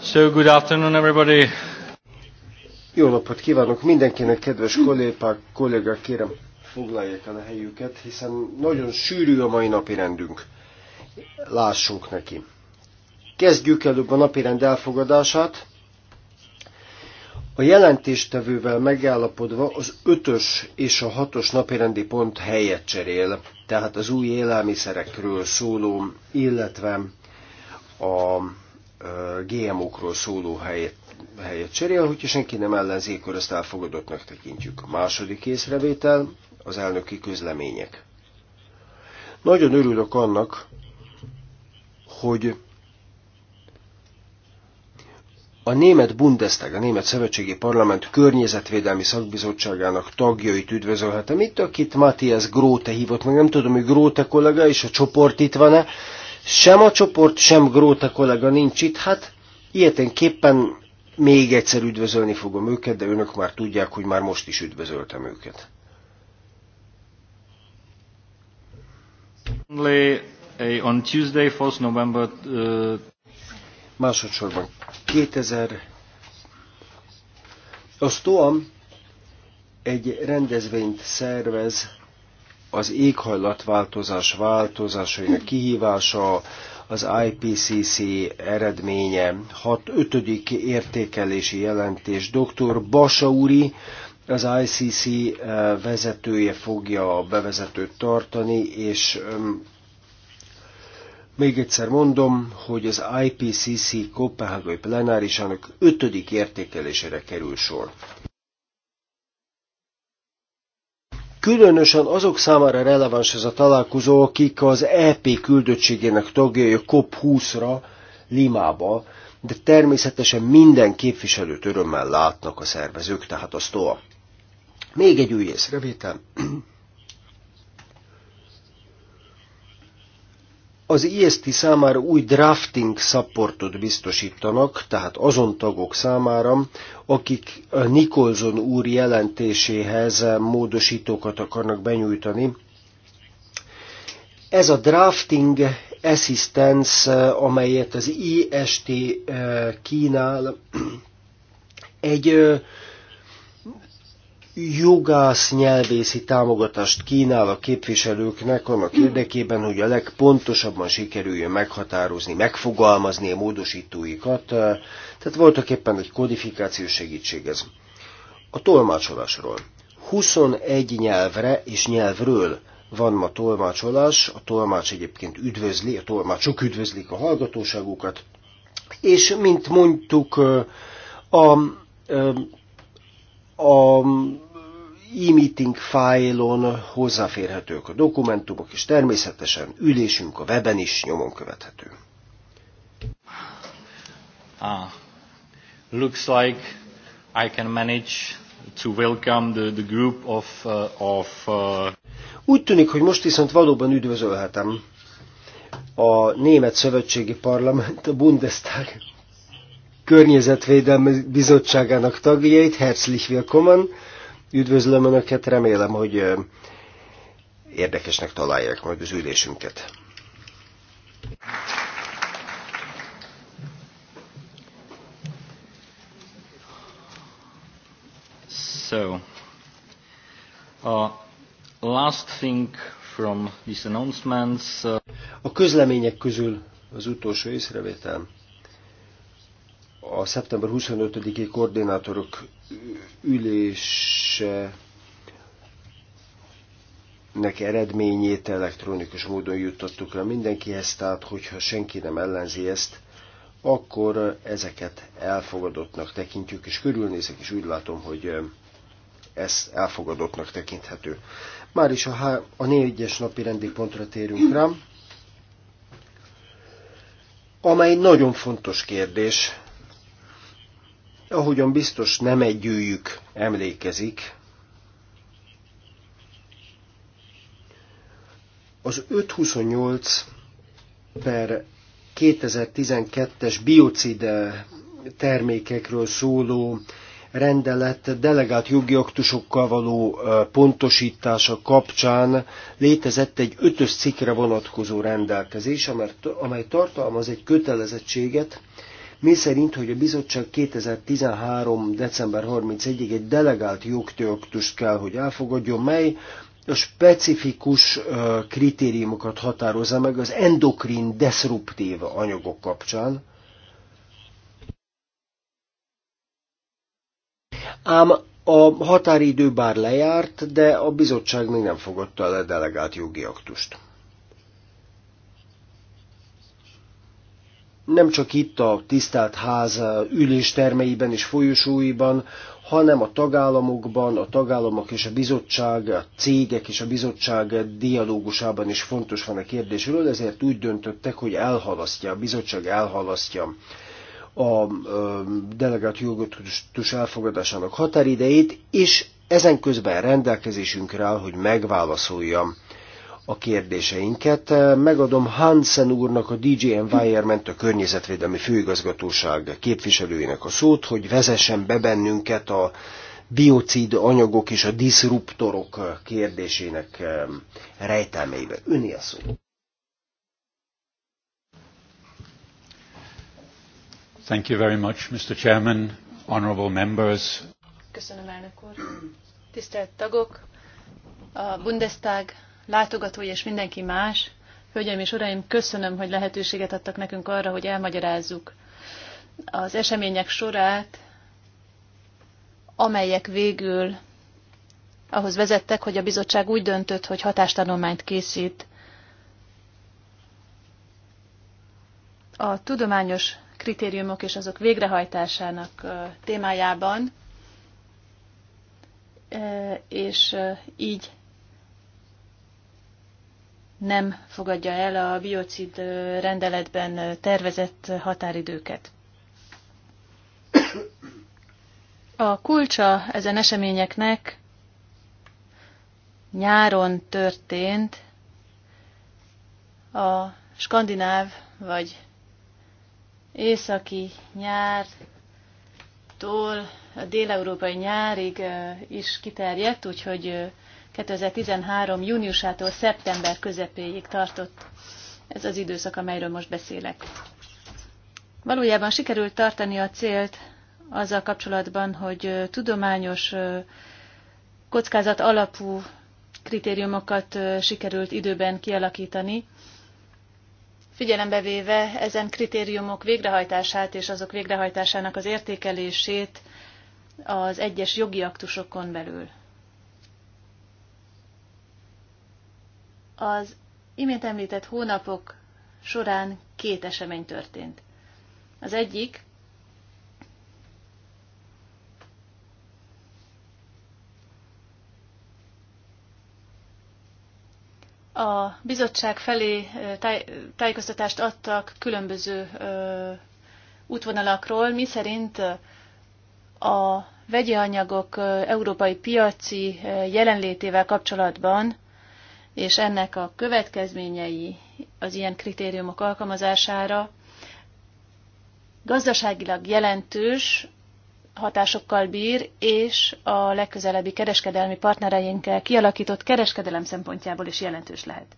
So good afternoon everybody. Jó napot kívánok mindenkinek, kedves kollégák, kollégák, kérem foglalják el a helyüket, hiszen nagyon sűrű a mai napi rendünk. Lássunk neki. Kezdjük előbb a napi rend elfogadását. A jelentéstevővel megállapodva az ötös és a hatos napirendi pont helyet cserél, tehát az új élelmiszerekről szóló, illetve a GMO-król szóló helyet, helyet cserél, hogyha senki nem ellenzi, ezt elfogadottnak tekintjük. A második észrevétel az elnöki közlemények. Nagyon örülök annak, hogy a német Bundestag, a német szövetségi parlament környezetvédelmi szakbizottságának tagjait üdvözölhetem itt, akit Matthias Gróte hívott meg, nem tudom, hogy Gróte kollega és a csoport itt van-e, sem a csoport, sem Gróta kollega nincs itt, hát ilyeténképpen még egyszer üdvözölni fogom őket, de önök már tudják, hogy már most is üdvözöltem őket. On Tuesday, 4 November, uh... Másodszorban 2000 a STOAM egy rendezvényt szervez az éghajlatváltozás változásainak kihívása, az IPCC eredménye, 6. 5. értékelési jelentés. Dr. Basauri, az ICC eh, vezetője fogja a bevezetőt tartani, és még egyszer mondom, hogy az IPCC Kopenhágai plenárisának ötödik értékelésére kerül sor. Különösen azok számára releváns ez a találkozó, akik az EP küldöttségének tagjai a COP20-ra Limába, de természetesen minden képviselőt örömmel látnak a szervezők, tehát a STOA. Még egy észrevétel. az IST számára új drafting supportot biztosítanak, tehát azon tagok számára, akik Nikolson úr jelentéséhez módosítókat akarnak benyújtani. Ez a drafting assistance, amelyet az IST eh, kínál, egy eh, jogász nyelvészi támogatást kínál a képviselőknek annak érdekében, hogy a legpontosabban sikerüljön meghatározni, megfogalmazni a módosítóikat. Eh, tehát voltak éppen egy kodifikációs segítség ez. A tolmácsolásról. 21 nyelvre és nyelvről van ma tolmácsolás, a tolmács egyébként üdvözli, a tolmácsok üdvözlik a hallgatóságukat, és mint mondtuk, eh, a eh, a e-meeting fájlon hozzáférhetők a dokumentumok, és természetesen ülésünk a weben is nyomon követhető. Ah, looks like I can manage to welcome the, the group of, uh, of uh... Úgy tűnik, hogy most viszont valóban üdvözölhetem a Német Szövetségi Parlament, a Bundestag Környezetvédelmi Bizottságának tagjait, herzlich willkommen. Üdvözlöm Önöket, remélem, hogy érdekesnek találják majd az ülésünket. So, uh, last thing from these announcements. Uh... A közlemények közül az utolsó észrevétel a szeptember 25-i koordinátorok ülése nek eredményét elektronikus módon juttattuk el mindenkihez, tehát hogyha senki nem ellenzi ezt, akkor ezeket elfogadottnak tekintjük, és körülnézek, és úgy látom, hogy ez elfogadottnak tekinthető. Már is a, a négyes napi rendi pontra térünk rá, amely nagyon fontos kérdés, Ahogyan biztos nem együljük emlékezik, az 528 per 2012-es biocide termékekről szóló rendelet delegált jogi aktusokkal való pontosítása kapcsán létezett egy ötös cikkre vonatkozó rendelkezés, amely tartalmaz egy kötelezettséget, mi szerint, hogy a bizottság 2013. december 31-ig egy delegált jogtöktust kell, hogy elfogadjon, mely a specifikus kritériumokat határozza meg az endokrin deszruptív anyagok kapcsán. Ám a határidő bár lejárt, de a bizottság még nem fogadta el a delegált jogi aktust. nem csak itt a tisztelt ház eh, üléstermeiben és folyosóiban, hanem a tagállamokban, a tagállamok és a bizottság, a cégek és a bizottság dialógusában is fontos van a kérdésről, ezért úgy döntöttek, hogy elhalasztja, a bizottság elhalasztja a eh, delegált jogotus elfogadásának határidejét, és ezen közben rendelkezésünkre áll, hogy megválaszoljam a kérdéseinket. Megadom Hansen úrnak a DJ Environment, a Környezetvédelmi Főigazgatóság képviselőjének a szót, hogy vezessen be bennünket a biocid anyagok és a diszruptorok kérdésének rejtelmeibe. Öné a szó. Thank you very much, Mr. Chairman, honorable members. Köszönöm, elnök úr. Tisztelt tagok, a Bundestag látogatói és mindenki más. Hölgyeim és uraim, köszönöm, hogy lehetőséget adtak nekünk arra, hogy elmagyarázzuk az események sorát, amelyek végül ahhoz vezettek, hogy a bizottság úgy döntött, hogy hatástanulmányt készít a tudományos kritériumok és azok végrehajtásának témájában, és így nem fogadja el a biocid rendeletben tervezett határidőket. A kulcsa ezen eseményeknek nyáron történt a skandináv vagy északi nyártól a déleurópai nyárig is kiterjedt, úgyhogy 2013. júniusától szeptember közepéig tartott ez az időszak, amelyről most beszélek. Valójában sikerült tartani a célt azzal kapcsolatban, hogy tudományos kockázat alapú kritériumokat sikerült időben kialakítani, figyelembe véve ezen kritériumok végrehajtását és azok végrehajtásának az értékelését az egyes jogi aktusokon belül. Az imént említett hónapok során két esemény történt. Az egyik a bizottság felé táj, tájékoztatást adtak különböző ö, útvonalakról, miszerint a vegyi anyagok európai piaci jelenlétével kapcsolatban és ennek a következményei az ilyen kritériumok alkalmazására gazdaságilag jelentős hatásokkal bír, és a legközelebbi kereskedelmi partnereinkkel kialakított kereskedelem szempontjából is jelentős lehet.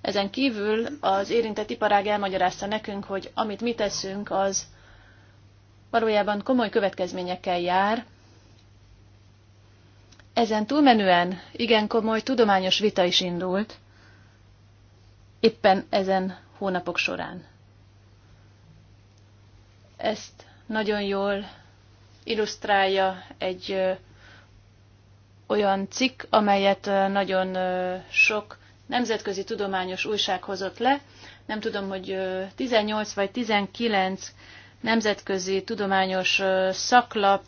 Ezen kívül az érintett iparág elmagyarázta nekünk, hogy amit mi teszünk, az valójában komoly következményekkel jár, ezen túlmenően igen komoly tudományos vita is indult, éppen ezen hónapok során. Ezt nagyon jól illusztrálja egy olyan cikk, amelyet nagyon sok nemzetközi tudományos újság hozott le. Nem tudom, hogy 18 vagy 19 nemzetközi tudományos szaklap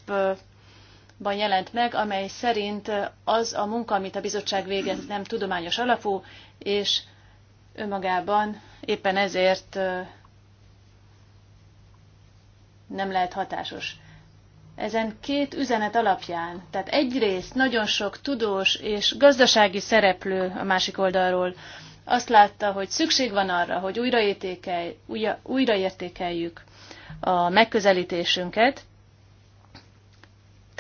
ban jelent meg, amely szerint az a munka, amit a bizottság végez, nem tudományos alapú, és önmagában éppen ezért nem lehet hatásos. Ezen két üzenet alapján, tehát egyrészt nagyon sok tudós és gazdasági szereplő a másik oldalról azt látta, hogy szükség van arra, hogy újraértékeljük a megközelítésünket,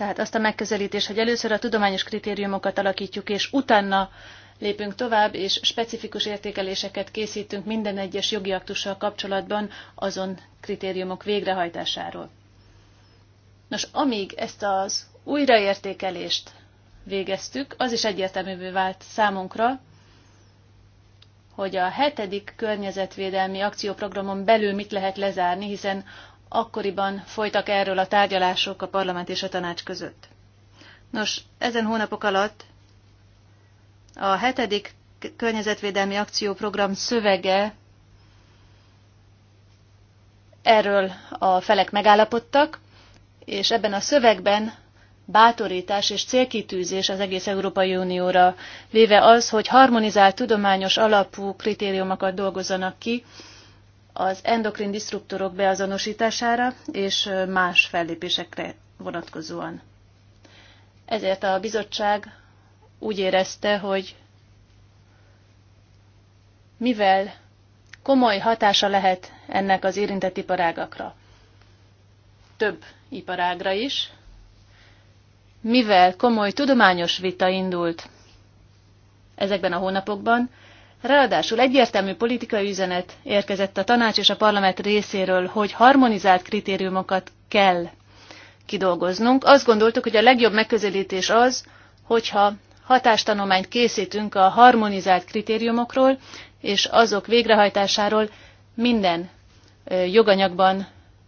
tehát azt a megközelítés, hogy először a tudományos kritériumokat alakítjuk, és utána lépünk tovább, és specifikus értékeléseket készítünk minden egyes jogi aktussal kapcsolatban azon kritériumok végrehajtásáról. Nos, amíg ezt az újraértékelést végeztük, az is egyértelművé vált számunkra, hogy a hetedik környezetvédelmi akcióprogramon belül mit lehet lezárni, hiszen akkoriban folytak erről a tárgyalások a parlament és a tanács között. Nos, ezen hónapok alatt a hetedik környezetvédelmi akcióprogram szövege erről a felek megállapodtak, és ebben a szövegben bátorítás és célkitűzés az egész Európai Unióra véve az, hogy harmonizált tudományos alapú kritériumokat dolgozzanak ki az endokrin disruptorok beazonosítására és más fellépésekre vonatkozóan. Ezért a bizottság úgy érezte, hogy mivel komoly hatása lehet ennek az érintett iparágakra, több iparágra is, mivel komoly tudományos vita indult ezekben a hónapokban, Ráadásul egyértelmű politikai üzenet érkezett a tanács és a parlament részéről, hogy harmonizált kritériumokat kell kidolgoznunk. Azt gondoltuk, hogy a legjobb megközelítés az, hogyha hatástanományt készítünk a harmonizált kritériumokról és azok végrehajtásáról minden joganyagban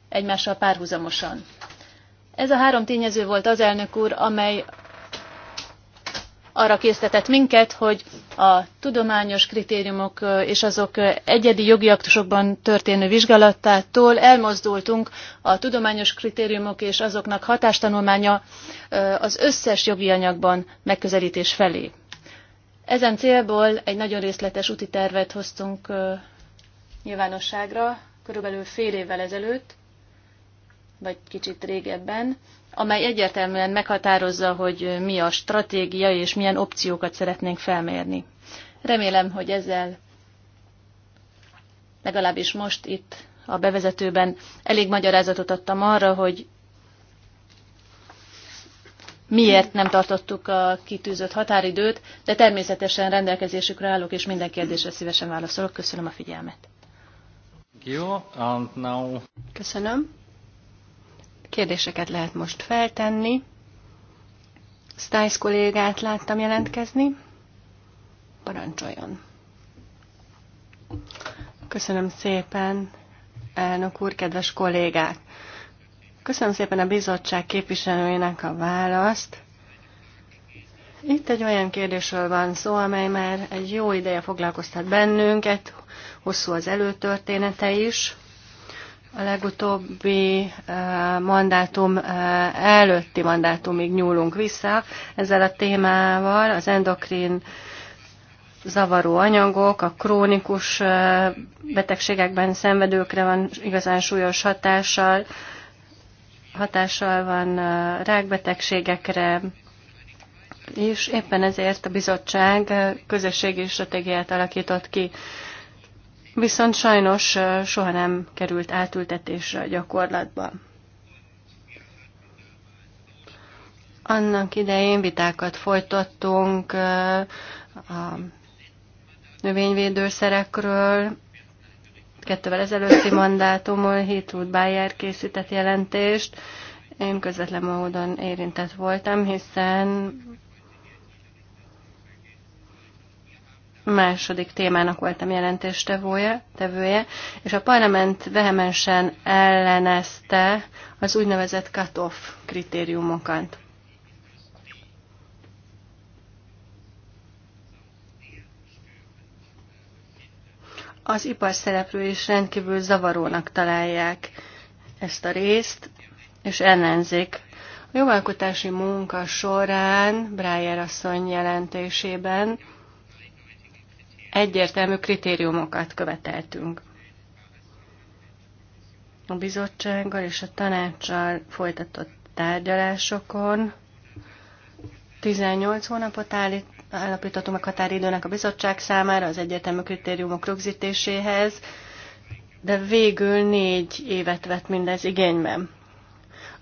egymással párhuzamosan. Ez a három tényező volt az elnök úr, amely arra késztetett minket, hogy a tudományos kritériumok és azok egyedi jogi aktusokban történő vizsgálatától elmozdultunk a tudományos kritériumok és azoknak hatástanulmánya az összes jogi anyagban megközelítés felé. Ezen célból egy nagyon részletes úti tervet hoztunk nyilvánosságra körülbelül fél évvel ezelőtt, vagy kicsit régebben, amely egyértelműen meghatározza, hogy mi a stratégia és milyen opciókat szeretnénk felmérni. Remélem, hogy ezzel legalábbis most itt a bevezetőben elég magyarázatot adtam arra, hogy miért nem tartottuk a kitűzött határidőt, de természetesen rendelkezésükre állok, és minden kérdésre szívesen válaszolok. Köszönöm a figyelmet. Köszönöm. Kérdéseket lehet most feltenni. Stice kollégát láttam jelentkezni. Parancsoljon. Köszönöm szépen, elnök úr, kedves kollégák! Köszönöm szépen a bizottság képviselőjének a választ. Itt egy olyan kérdésről van szó, amely már egy jó ideje foglalkoztat bennünket, hosszú az előtörténete is. A legutóbbi eh, mandátum eh, előtti mandátumig nyúlunk vissza ezzel a témával, az endokrin zavaró anyagok, a krónikus eh, betegségekben szenvedőkre van igazán súlyos hatással, hatással van rákbetegségekre, és éppen ezért a bizottság közösségi stratégiát alakított ki viszont sajnos soha nem került átültetésre a gyakorlatban. Annak idején vitákat folytattunk a növényvédőszerekről, kettővel ezelőtti mandátumon Hitrud Bayer készített jelentést. Én közvetlen módon érintett voltam, hiszen második témának voltam jelentéstevője, tevője, és a parlament vehemensen ellenezte az úgynevezett cut-off kritériumokat. Az ipar szereplő is rendkívül zavarónak találják ezt a részt, és ellenzik. A jogalkotási munka során Breyer asszony jelentésében egyértelmű kritériumokat követeltünk. A bizottsággal és a tanácssal folytatott tárgyalásokon 18 hónapot állít, állapítottunk meg határidőnek a bizottság számára az egyértelmű kritériumok rögzítéséhez, de végül négy évet vett mindez igényben.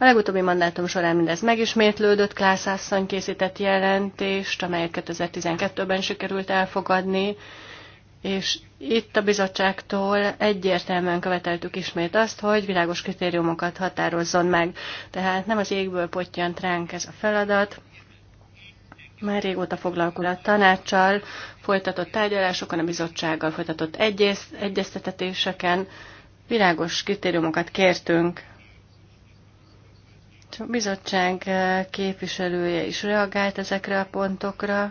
A legutóbbi mandátum során mindez megismétlődött, Klász asszony készített jelentést, amelyet 2012-ben sikerült elfogadni, és itt a bizottságtól egyértelműen követeltük ismét azt, hogy világos kritériumokat határozzon meg. Tehát nem az égből potyant ránk ez a feladat, már régóta a tanácssal, folytatott tárgyalásokon, a bizottsággal folytatott egyeztetetéseken világos kritériumokat kértünk bizottság eh, képviselője is reagált ezekre a pontokra.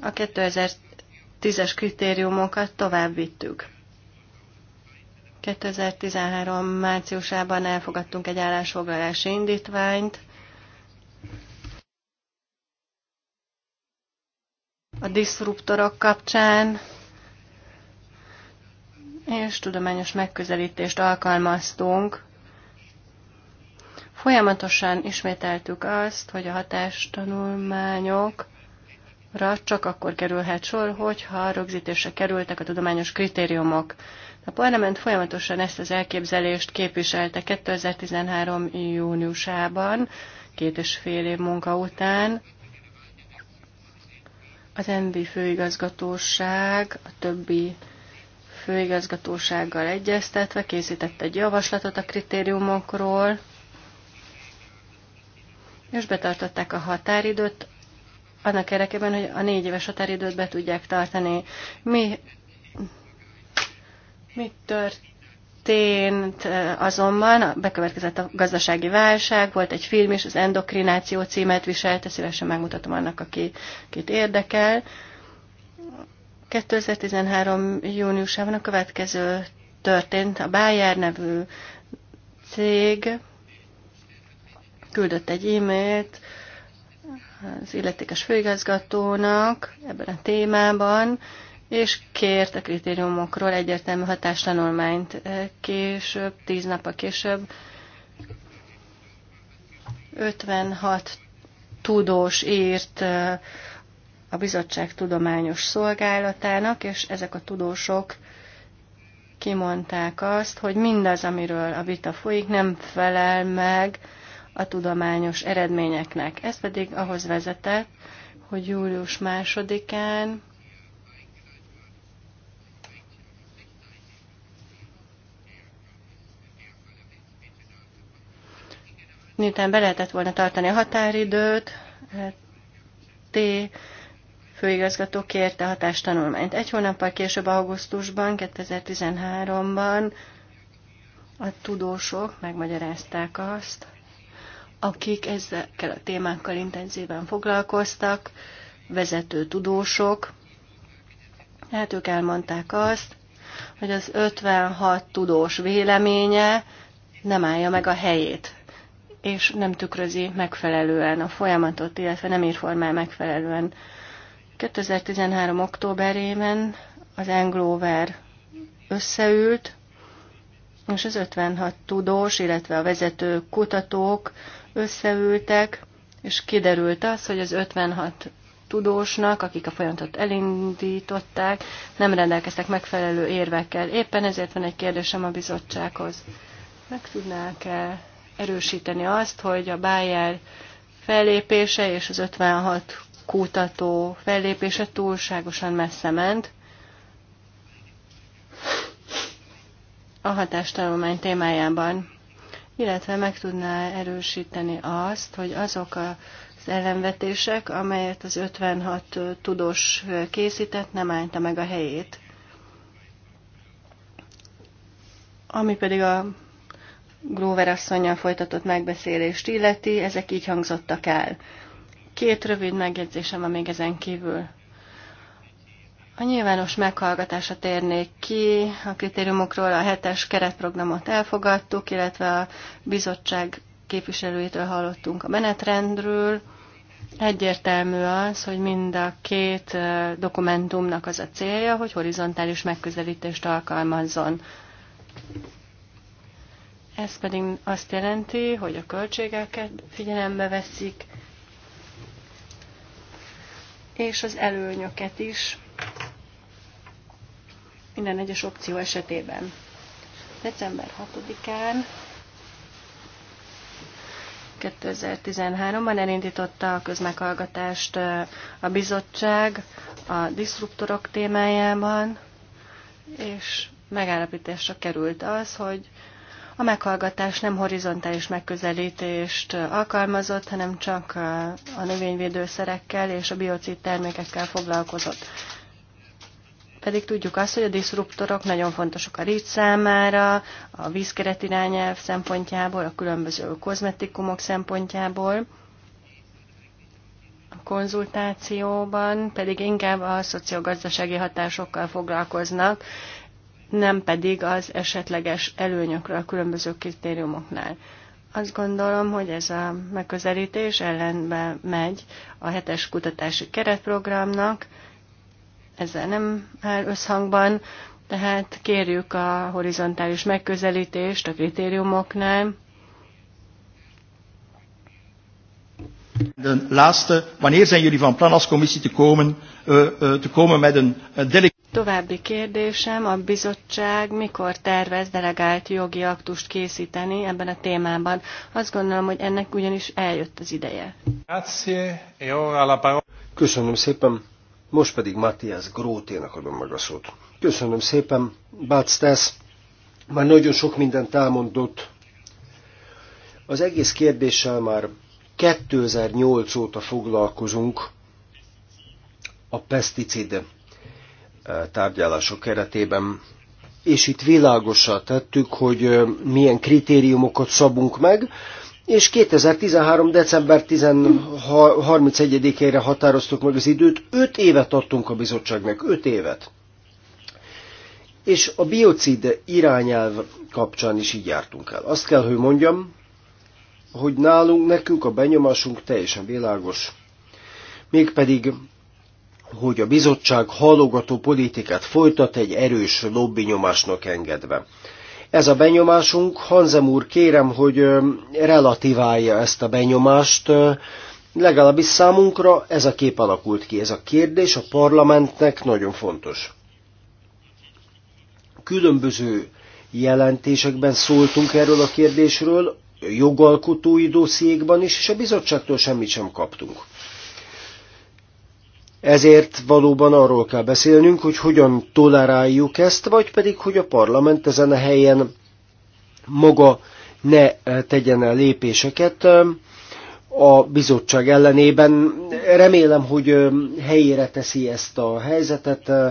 A 2010-es kritériumokat tovább vittük. 2013 márciusában elfogadtunk egy állásfoglalási indítványt, a diszruptorok kapcsán és tudományos megközelítést alkalmaztunk. Folyamatosan ismételtük azt, hogy a hatástanulmányok csak akkor kerülhet sor, hogyha rögzítésre kerültek a tudományos kritériumok. A parlament folyamatosan ezt az elképzelést képviselte 2013. júniusában, két és fél év munka után. Az MB főigazgatóság a többi főigazgatósággal egyeztetve készített egy javaslatot a kritériumokról, és betartották a határidőt, annak érdekében, hogy a négy éves határidőt be tudják tartani. Mi, mi történt e, azonban? Bekövetkezett a gazdasági válság, volt egy film is, az Endokrináció címet viselte, szívesen megmutatom annak, aki, akit érdekel. 2013. júniusában a következő történt. A Bayer nevű cég küldött egy e-mailt az illetékes főigazgatónak ebben a témában, és kért a kritériumokról egyértelmű hatástanulmányt. Később, tíz nappal később 56 tudós írt a bizottság tudományos szolgálatának, és ezek a tudósok kimondták azt, hogy mindaz, amiről a vita folyik, nem felel meg a tudományos eredményeknek. Ez pedig ahhoz vezetett, hogy július másodikán miután be lehetett volna tartani a határidőt, T főigazgató kérte hatástanulmányt. Egy hónappal később, augusztusban, 2013-ban a tudósok megmagyarázták azt, akik ezekkel a témákkal intenzíven foglalkoztak, vezető tudósok, hát ők elmondták azt, hogy az 56 tudós véleménye nem állja meg a helyét, és nem tükrözi megfelelően a folyamatot, illetve nem ír formál megfelelően 2013. októberében az Englover összeült, és az 56 tudós, illetve a vezető kutatók összeültek, és kiderült az, hogy az 56 tudósnak, akik a folyamatot elindították, nem rendelkeztek megfelelő érvekkel. Éppen ezért van egy kérdésem a bizottsághoz. Meg tudnák-e erősíteni azt, hogy a Bayer fellépése és az 56 kutató fellépése túlságosan messze ment. a hatástanulmány témájában, illetve meg tudná erősíteni azt, hogy azok az ellenvetések, amelyet az 56 tudós készített, nem állta meg a helyét. Ami pedig a Grover asszonyjal folytatott megbeszélést illeti, ezek így hangzottak el. Két rövid megjegyzésem van még ezen kívül. A nyilvános meghallgatásra térnék ki, a kritériumokról a hetes keretprogramot elfogadtuk, illetve a bizottság képviselőitől hallottunk a menetrendről. Egyértelmű az, hogy mind a két dokumentumnak az a célja, hogy horizontális megközelítést alkalmazzon. Ez pedig azt jelenti, hogy a költségeket figyelembe veszik, és az előnyöket is minden egyes opció esetében. December 6-án 2013-ban elindította a közmeghallgatást a bizottság a disruptorok témájában, és megállapításra került az, hogy a meghallgatás nem horizontális megközelítést alkalmazott, hanem csak a növényvédőszerekkel és a biocid termékekkel foglalkozott. Pedig tudjuk azt, hogy a diszruptorok nagyon fontosak a rics számára, a vízkeret irányelv szempontjából, a különböző kozmetikumok szempontjából A konzultációban pedig inkább a szociogazdasági hatásokkal foglalkoznak, nem pedig az esetleges előnyökről a különböző kritériumoknál. Azt gondolom, hogy ez a megközelítés ellenbe megy a hetes kutatási keretprogramnak, ezzel nem áll összhangban, tehát kérjük a horizontális megközelítést a kritériumoknál, De laatste, wanneer zijn jullie van plan als commissie te komen, uh, uh, te komen met een eh, delegatie? További kérdésem, a bizottság mikor tervez delegált jogi aktust készíteni ebben a témában? Azt gondolom, hogy ennek ugyanis eljött az ideje. E Köszönöm szépen. Most pedig Matthias Grótének adom meg a szót. Köszönöm szépen, Bác Tesz. Már nagyon sok mindent elmondott. Az egész kérdéssel már 2008 óta foglalkozunk a peszticid eh, tárgyalások keretében, és itt világosra tettük, hogy eh, milyen kritériumokat szabunk meg, és 2013. december 31-ére határoztuk meg az időt, 5 évet adtunk a bizottságnak, 5 évet. És a biocid irányelv kapcsán is így jártunk el. Azt kell, hogy mondjam, hogy nálunk, nekünk a benyomásunk teljesen világos. Mégpedig, hogy a bizottság halogató politikát folytat egy erős lobby nyomásnak engedve. Ez a benyomásunk, Hanzem úr, kérem, hogy relativálja ezt a benyomást, legalábbis számunkra ez a kép alakult ki. Ez a kérdés a parlamentnek nagyon fontos. Különböző jelentésekben szóltunk erről a kérdésről, jogalkotói dossziékban is, és a bizottságtól semmit sem kaptunk. Ezért valóban arról kell beszélnünk, hogy hogyan toleráljuk ezt, vagy pedig, hogy a parlament ezen a helyen maga ne tegyen el lépéseket um, a bizottság ellenében. Remélem, hogy um, helyére teszi ezt a helyzetet, uh,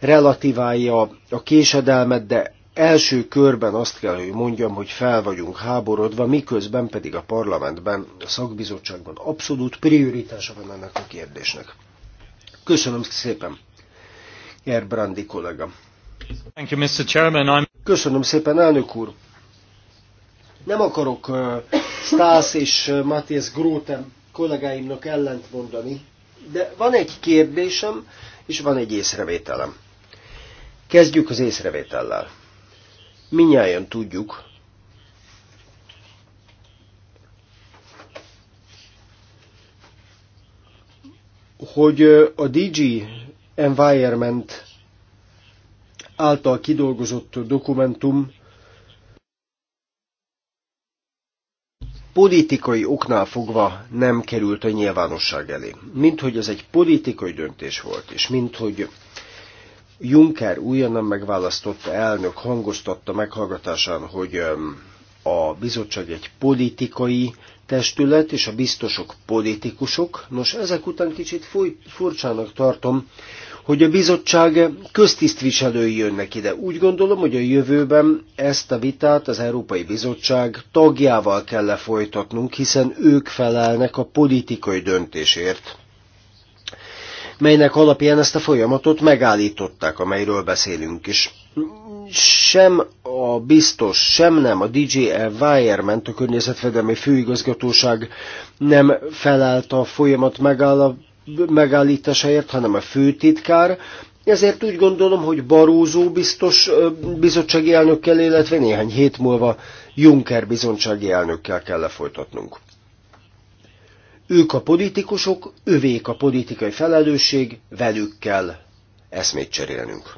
relatíválja a késedelmet, de Első körben azt kell, hogy mondjam, hogy fel vagyunk háborodva, miközben pedig a parlamentben, a szakbizottságban abszolút prioritása van ennek a kérdésnek. Köszönöm szépen, Erbrandi kollega. Thank you, Mr. Chairman. I'm... Köszönöm szépen, elnök úr. Nem akarok uh, Stász és uh, Matthias Gróten kollégáimnak ellent mondani, de van egy kérdésem, és van egy észrevételem. Kezdjük az észrevétellel. Minnyáján tudjuk, hogy a DG Environment által kidolgozott dokumentum politikai oknál fogva nem került a nyilvánosság elé. Mint hogy ez egy politikai döntés volt, és mint hogy Juncker újonnan megválasztott elnök hangoztatta meghallgatásán, hogy a bizottság egy politikai testület, és a biztosok politikusok. Nos, ezek után kicsit fúj, furcsának tartom, hogy a bizottság köztisztviselői jönnek ide. Úgy gondolom, hogy a jövőben ezt a vitát az Európai Bizottság tagjával kell lefolytatnunk, hiszen ők felelnek a politikai döntésért melynek alapján ezt a folyamatot megállították, amelyről beszélünk is. Sem a biztos, sem nem a DJ Environment, a környezetvédelmi főigazgatóság nem felállt a folyamat megállításáért, hanem a főtitkár, ezért úgy gondolom, hogy Barózó biztos bizottsági elnökkel, illetve néhány hét múlva Juncker bizottsági elnökkel kell lefolytatnunk. Ők a politikusok, övék a politikai felelősség, velük kell eszmét cserélnünk.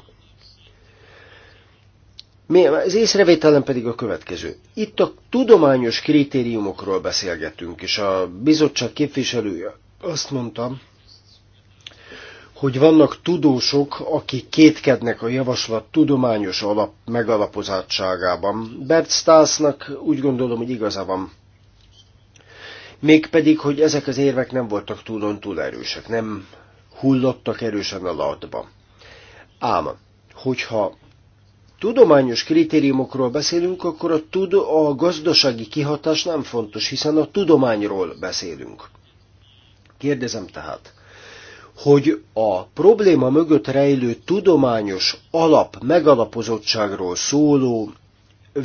Az észrevételem pedig a következő. Itt a tudományos kritériumokról beszélgetünk, és a bizottság képviselője azt mondta, hogy vannak tudósok, akik kétkednek a javaslat tudományos alap megalapozátságában. Bert Stasnak úgy gondolom, hogy igaza van mégpedig, hogy ezek az érvek nem voltak túlon túl erősek, nem hullottak erősen a latba. Ám, hogyha tudományos kritériumokról beszélünk, akkor a, tud a gazdasági kihatás nem fontos, hiszen a tudományról beszélünk. Kérdezem tehát, hogy a probléma mögött rejlő tudományos alap megalapozottságról szóló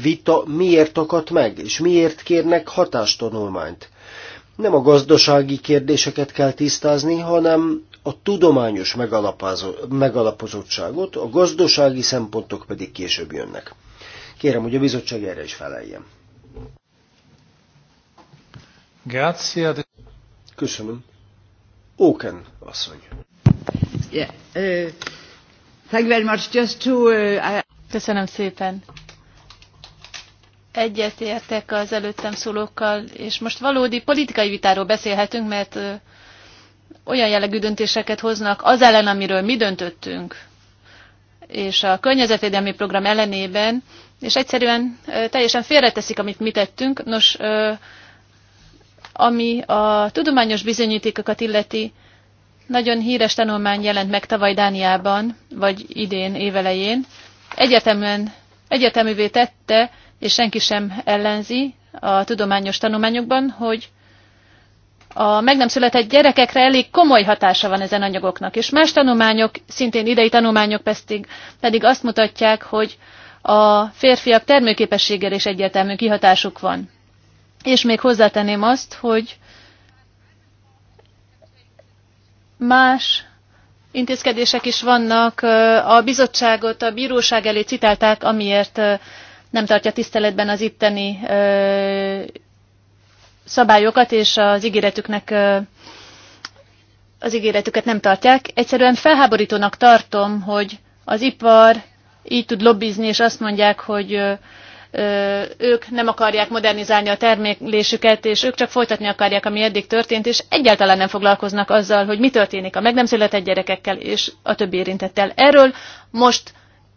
vita miért akadt meg, és miért kérnek hatástanulmányt? nem a gazdasági kérdéseket kell tisztázni, hanem a tudományos megalapozottságot, a gazdasági szempontok pedig később jönnek. Kérem, hogy a bizottság erre is feleljen. Köszönöm. Oken asszony. Yeah, uh, thank you very much. Just to, uh, I... Köszönöm szépen egyetértek az előttem szólókkal, és most valódi politikai vitáról beszélhetünk, mert olyan jellegű döntéseket hoznak az ellen, amiről mi döntöttünk, és a környezetvédelmi program ellenében, és egyszerűen teljesen félreteszik, amit mi tettünk. Nos, ami a tudományos bizonyítékokat illeti, nagyon híres tanulmány jelent meg tavaly Dániában, vagy idén évelején. Egyetemen, egyeteművé tette, és senki sem ellenzi a tudományos tanulmányokban, hogy a meg nem született gyerekekre elég komoly hatása van ezen anyagoknak. És más tanulmányok, szintén idei tanulmányok pedig, pedig azt mutatják, hogy a férfiak termőképességgel is egyértelmű kihatásuk van. És még hozzátenném azt, hogy más intézkedések is vannak. A bizottságot a bíróság elé citálták, amiért nem tartja tiszteletben az itteni ö, szabályokat, és az ígéretüknek ö, az ígéretüket nem tartják. Egyszerűen felháborítónak tartom, hogy az ipar így tud lobbizni, és azt mondják, hogy ö, ők nem akarják modernizálni a termelésüket, és ők csak folytatni akarják, ami eddig történt, és egyáltalán nem foglalkoznak azzal, hogy mi történik a meg nem született gyerekekkel és a többi érintettel. Erről most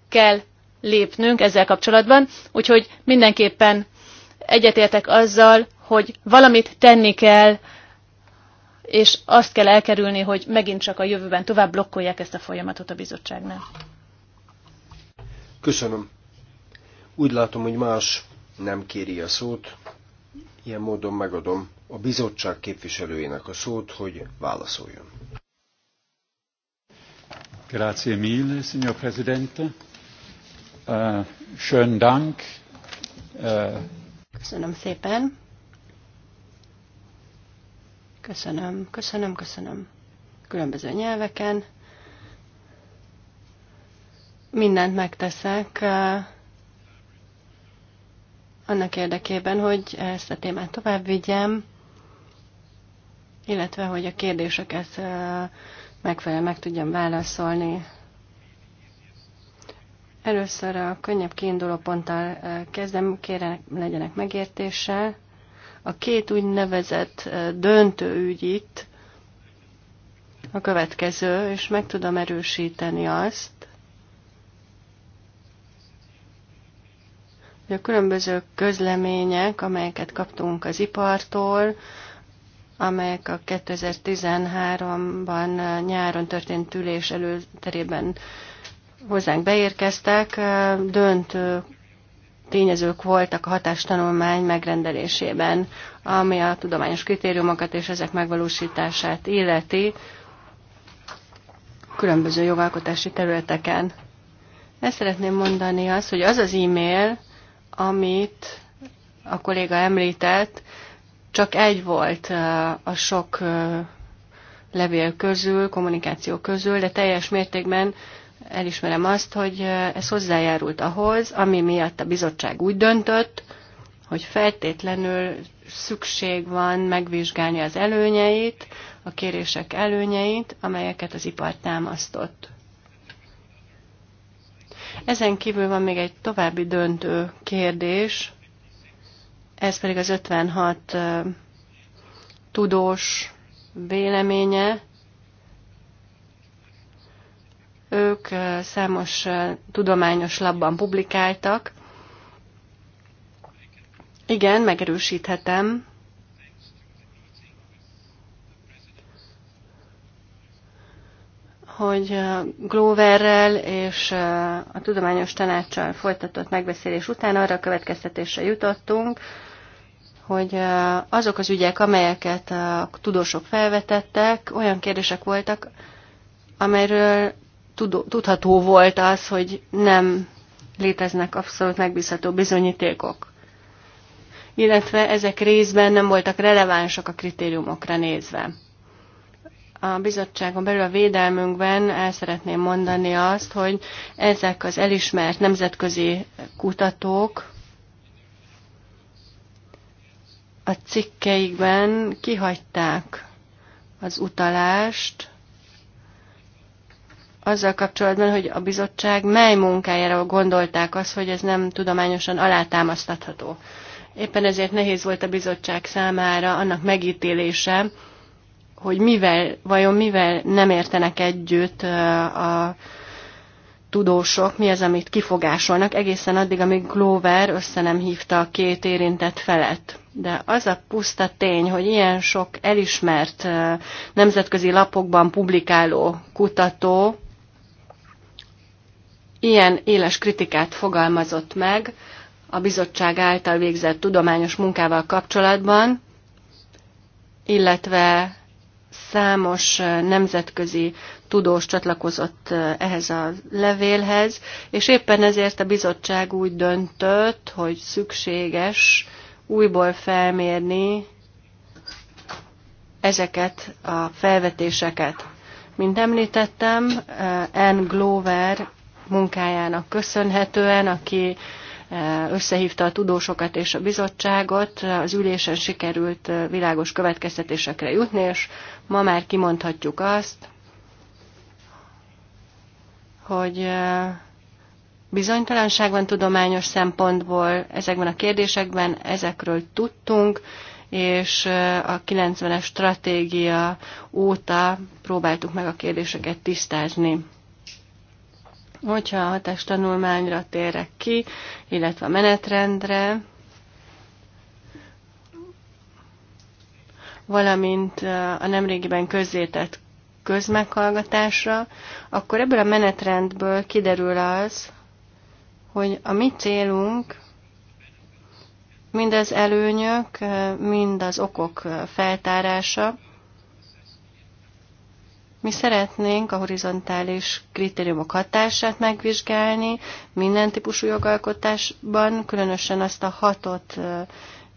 kell lépnünk ezzel kapcsolatban, úgyhogy mindenképpen egyetértek azzal, hogy valamit tenni kell, és azt kell elkerülni, hogy megint csak a jövőben tovább blokkolják ezt a folyamatot a bizottságnál. Köszönöm. Úgy látom, hogy más nem kéri a szót. Ilyen módon megadom a bizottság képviselőjének a szót, hogy válaszoljon. Grazie mille, signor Presidente. Uh, schönen Dank. Uh, köszönöm szépen. Köszönöm, köszönöm, köszönöm. Különböző nyelveken. Mindent megteszek uh, annak érdekében, hogy ezt a témát tovább vigyem, illetve hogy a kérdéseket megfelelően meg tudjam válaszolni Először a könnyebb kiinduló ponttal eh, kezdem, kérem legyenek megértéssel. A két úgynevezett eh, döntő ügy itt a következő, és meg tudom erősíteni azt, hogy a különböző közlemények, amelyeket kaptunk az ipartól, amelyek a 2013-ban eh, nyáron történt ülés előterében hozzánk beérkeztek, döntő tényezők voltak a hatástanulmány megrendelésében, ami a tudományos kritériumokat és ezek megvalósítását illeti különböző jogalkotási területeken. Ezt szeretném mondani azt, hogy az az e-mail, amit a kolléga említett, csak egy volt a sok levél közül, kommunikáció közül, de teljes mértékben elismerem azt, hogy ez hozzájárult ahhoz, ami miatt a bizottság úgy döntött, hogy feltétlenül szükség van megvizsgálni az előnyeit, a kérések előnyeit, amelyeket az ipar támasztott. Ezen kívül van még egy további döntő kérdés, ez pedig az 56 tudós véleménye, számos tudományos labban publikáltak. Igen, megerősíthetem. hogy Gloverrel és a tudományos tanácssal folytatott megbeszélés után arra a következtetésre jutottunk, hogy azok az ügyek, amelyeket a tudósok felvetettek, olyan kérdések voltak, amelyről tudható volt az, hogy nem léteznek abszolút megbízható bizonyítékok. Illetve ezek részben nem voltak relevánsak a kritériumokra nézve. A bizottságon belül a védelmünkben el szeretném mondani azt, hogy ezek az elismert nemzetközi kutatók a cikkeikben kihagyták az utalást azzal kapcsolatban, hogy a bizottság mely munkájára gondolták azt, hogy ez nem tudományosan alátámasztatható. Éppen ezért nehéz volt a bizottság számára annak megítélése, hogy mivel, vajon mivel nem értenek együtt a tudósok, mi az, amit kifogásolnak, egészen addig, amíg Glover össze nem hívta a két érintett felett. De az a puszta tény, hogy ilyen sok elismert nemzetközi lapokban publikáló kutató ilyen éles kritikát fogalmazott meg a bizottság által végzett tudományos munkával kapcsolatban, illetve számos nemzetközi tudós csatlakozott ehhez a levélhez, és éppen ezért a bizottság úgy döntött, hogy szükséges újból felmérni ezeket a felvetéseket. Mint említettem, Anne Glover munkájának köszönhetően, aki eh, összehívta a tudósokat és a bizottságot, az ülésen sikerült eh, világos következtetésekre jutni, és ma már kimondhatjuk azt, hogy eh, bizonytalanság van tudományos szempontból ezekben a kérdésekben, ezekről tudtunk, és a 90-es stratégia óta próbáltuk meg a kérdéseket tisztázni. Hogyha a tanulmányra térek ki, illetve a menetrendre, valamint a nemrégiben közzétett közmeghallgatásra, akkor ebből a menetrendből kiderül az, hogy a mi célunk mind az előnyök, mind az okok feltárása, mi szeretnénk a horizontális kritériumok hatását megvizsgálni minden típusú jogalkotásban, különösen azt a hatot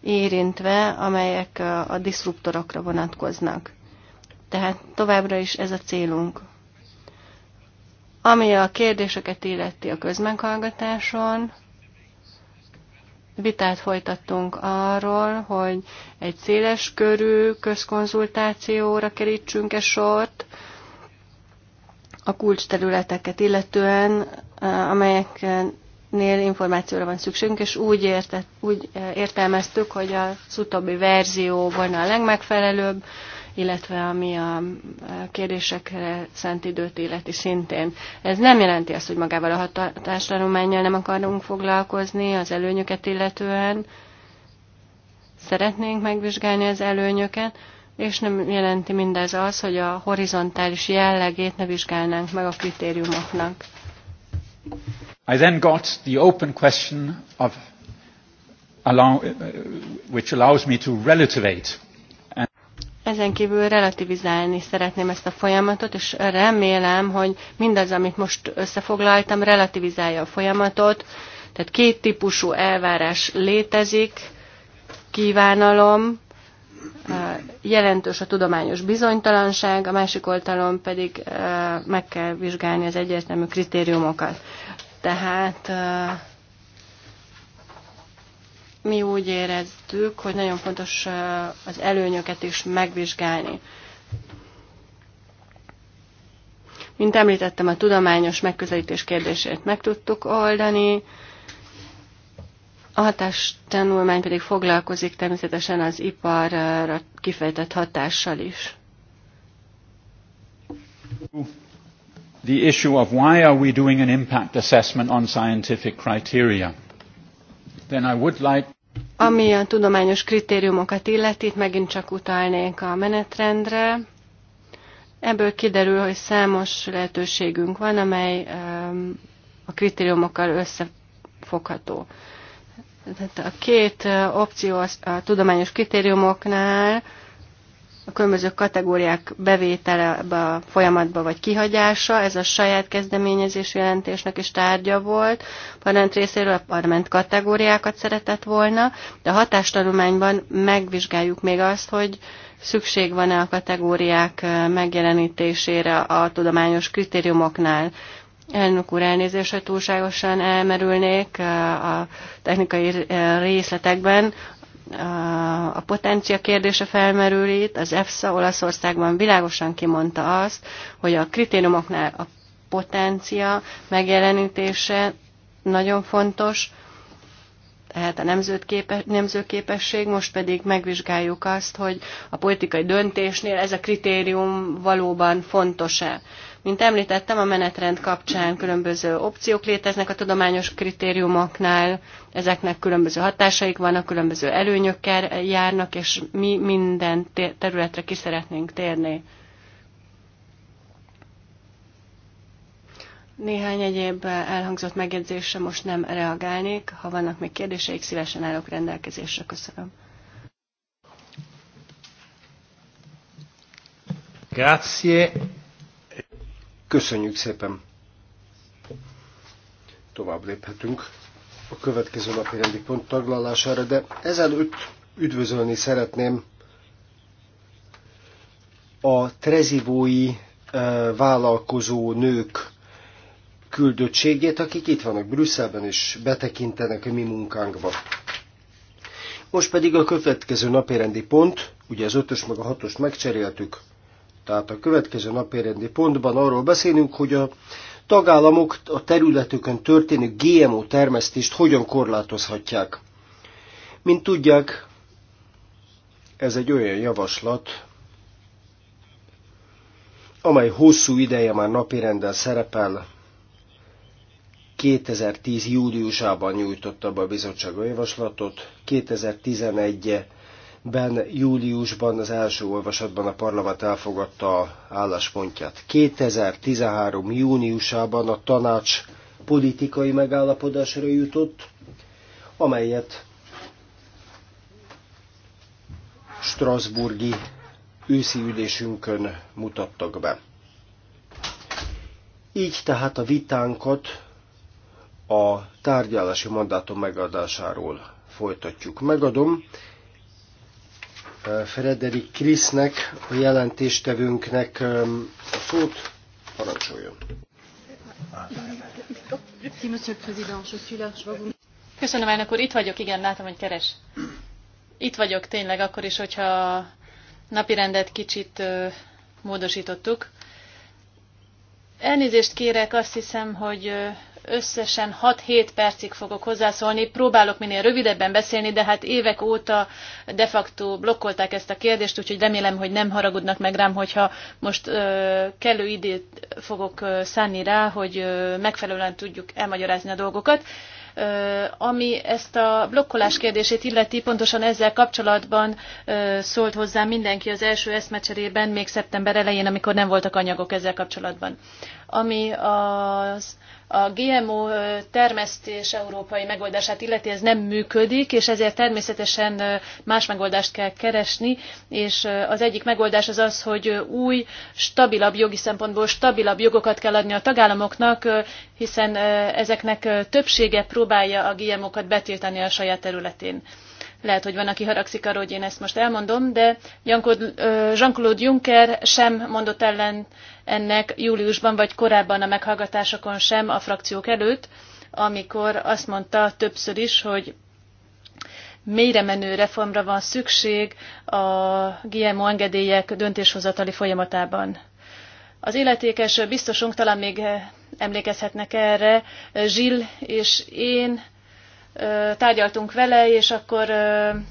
érintve, amelyek a diszruptorokra vonatkoznak. Tehát továbbra is ez a célunk. Ami a kérdéseket illeti a közmeghallgatáson, vitát folytattunk arról, hogy egy széles körű közkonzultációra kerítsünk-e sort, a kulcsterületeket illetően, eh, amelyeknél információra van szükségünk, és úgy, értett, úgy eh, értelmeztük, hogy az utóbbi verzió volna a legmegfelelőbb, illetve ami a kérdésekre szent időt illeti szintén. Ez nem jelenti azt, hogy magával a hatástanulmányjal nem akarunk foglalkozni, az előnyöket illetően. Szeretnénk megvizsgálni az előnyöket, és nem jelenti mindez az, hogy a horizontális jellegét ne vizsgálnánk meg a kritériumoknak. I then got the open question of allow, uh, which allows me to relativate. And ezen kívül relativizálni szeretném ezt a folyamatot, és remélem, hogy mindaz, amit most összefoglaltam, relativizálja a folyamatot. Tehát két típusú elvárás létezik, kívánalom, jelentős a tudományos bizonytalanság, a másik oldalon pedig meg kell vizsgálni az egyértelmű kritériumokat. Tehát mi úgy éreztük, hogy nagyon fontos az előnyöket is megvizsgálni. Mint említettem, a tudományos megközelítés kérdését meg tudtuk oldani, a hatástanulmány pedig foglalkozik természetesen az iparra kifejtett hatással is. The issue of why are we doing an impact assessment on scientific criteria? Then I would like ami a tudományos kritériumokat illeti, itt megint csak utalnék a menetrendre. Ebből kiderül, hogy számos lehetőségünk van, amely a kritériumokkal összefogható. Tehát a két opció az a tudományos kritériumoknál a különböző kategóriák bevétele a folyamatba vagy kihagyása, ez a saját kezdeményezésű jelentésnek is tárgya volt. A parlament részéről a parlament kategóriákat szeretett volna, de a hatástanulmányban megvizsgáljuk még azt, hogy szükség van-e a kategóriák megjelenítésére a tudományos kritériumoknál. Elnök úr, elnézést, hogy túlságosan elmerülnék eh, a technikai részletekben. Eh, a potencia kérdése felmerül itt. Az EFSA Olaszországban világosan kimondta azt, hogy a kritériumoknál a potencia megjelenítése nagyon fontos, tehát a nemzőképesség, most pedig megvizsgáljuk azt, hogy a politikai döntésnél ez a kritérium valóban fontos-e. Mint említettem, a menetrend kapcsán különböző opciók léteznek a tudományos kritériumoknál, ezeknek különböző hatásaik vannak, különböző előnyökkel járnak, és mi minden területre ki szeretnénk térni. Néhány egyéb elhangzott megjegyzésre most nem reagálnék. Ha vannak még kérdéseik, szívesen állok rendelkezésre. Köszönöm. Grazie. Köszönjük szépen! Tovább léphetünk a következő napi rendi pont taglalására, de ezelőtt üdvözölni szeretném a trezivói vállalkozó nők küldöttségét, akik itt vannak Brüsszelben, és betekintenek a mi munkánkba. Most pedig a következő napi rendi pont, ugye az ötös meg a hatos megcseréltük, tehát a következő napérendi pontban arról beszélünk, hogy a tagállamok a területükön történő GMO termesztést hogyan korlátozhatják. Mint tudják, ez egy olyan javaslat, amely hosszú ideje már napirenden szerepel, 2010. júliusában nyújtotta be a bizottság a javaslatot, 2011 ben júliusban az első olvasatban a parlament elfogadta álláspontját. 2013. júniusában a tanács politikai megállapodásra jutott, amelyet Strasburgi őszi ülésünkön mutattak be. Így tehát a vitánkat a tárgyalási mandátum megadásáról folytatjuk. Megadom Frederik Krisznek, a jelentéstevőnknek a szót. Parancsoljon! Köszönöm, elnök úr, itt vagyok, igen, látom, hogy keres. Itt vagyok tényleg, akkor is, hogyha a napirendet kicsit módosítottuk. Elnézést kérek, azt hiszem, hogy összesen 6-7 percig fogok hozzászólni. Próbálok minél rövidebben beszélni, de hát évek óta de facto blokkolták ezt a kérdést, úgyhogy remélem, hogy nem haragudnak meg rám, hogyha most ö, kellő időt fogok szánni rá, hogy ö, megfelelően tudjuk elmagyarázni a dolgokat. Ö, ami ezt a blokkolás kérdését illeti, pontosan ezzel kapcsolatban ö, szólt hozzá mindenki az első eszmecserében, még szeptember elején, amikor nem voltak anyagok ezzel kapcsolatban ami az a GMO termesztés európai megoldását illeti, ez nem működik, és ezért természetesen más megoldást kell keresni, és az egyik megoldás az az, hogy új, stabilabb jogi szempontból stabilabb jogokat kell adni a tagállamoknak, hiszen ezeknek többsége próbálja a GMO-kat betiltani a saját területén. Lehet, hogy van, aki haragszik arra, hogy én ezt most elmondom, de Jean-Claude Juncker sem mondott ellen ennek júliusban vagy korábban a meghallgatásokon sem a frakciók előtt, amikor azt mondta többször is, hogy menő reformra van szükség a GMO engedélyek döntéshozatali folyamatában. Az életékes biztosunk talán még emlékezhetnek erre, Zsill és én tárgyaltunk vele, és akkor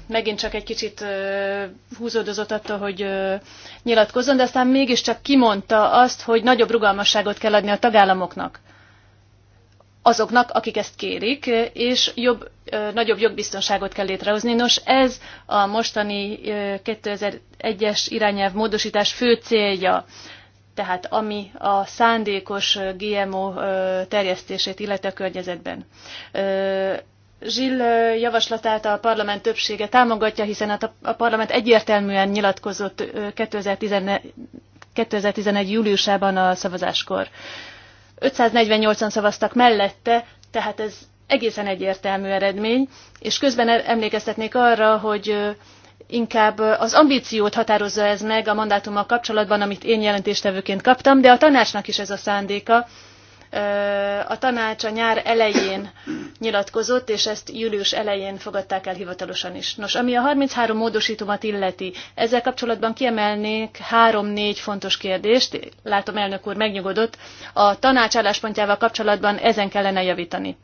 megint csak egy kicsit húzódozott attól, hogy nyilatkozzon, de aztán mégiscsak kimondta azt, hogy nagyobb rugalmasságot kell adni a tagállamoknak azoknak, akik ezt kérik, és jobb, nagyobb jogbiztonságot kell létrehozni. Nos, ez a mostani 2001-es irányelv módosítás fő célja, tehát ami a szándékos GMO terjesztését illeti a környezetben. Zsill javaslatát a parlament többsége támogatja, hiszen hát a parlament egyértelműen nyilatkozott 2011. júliusában a szavazáskor. 548-an szavaztak mellette, tehát ez egészen egyértelmű eredmény, és közben emlékeztetnék arra, hogy inkább az ambíciót határozza ez meg a mandátummal kapcsolatban, amit én jelentéstevőként kaptam, de a tanácsnak is ez a szándéka, a tanács a nyár elején nyilatkozott, és ezt július elején fogadták el hivatalosan is. Nos, ami a 33 módosítomat illeti, ezzel kapcsolatban kiemelnék három-négy fontos kérdést. Látom, elnök úr megnyugodott. A tanács álláspontjával kapcsolatban ezen kellene javítani.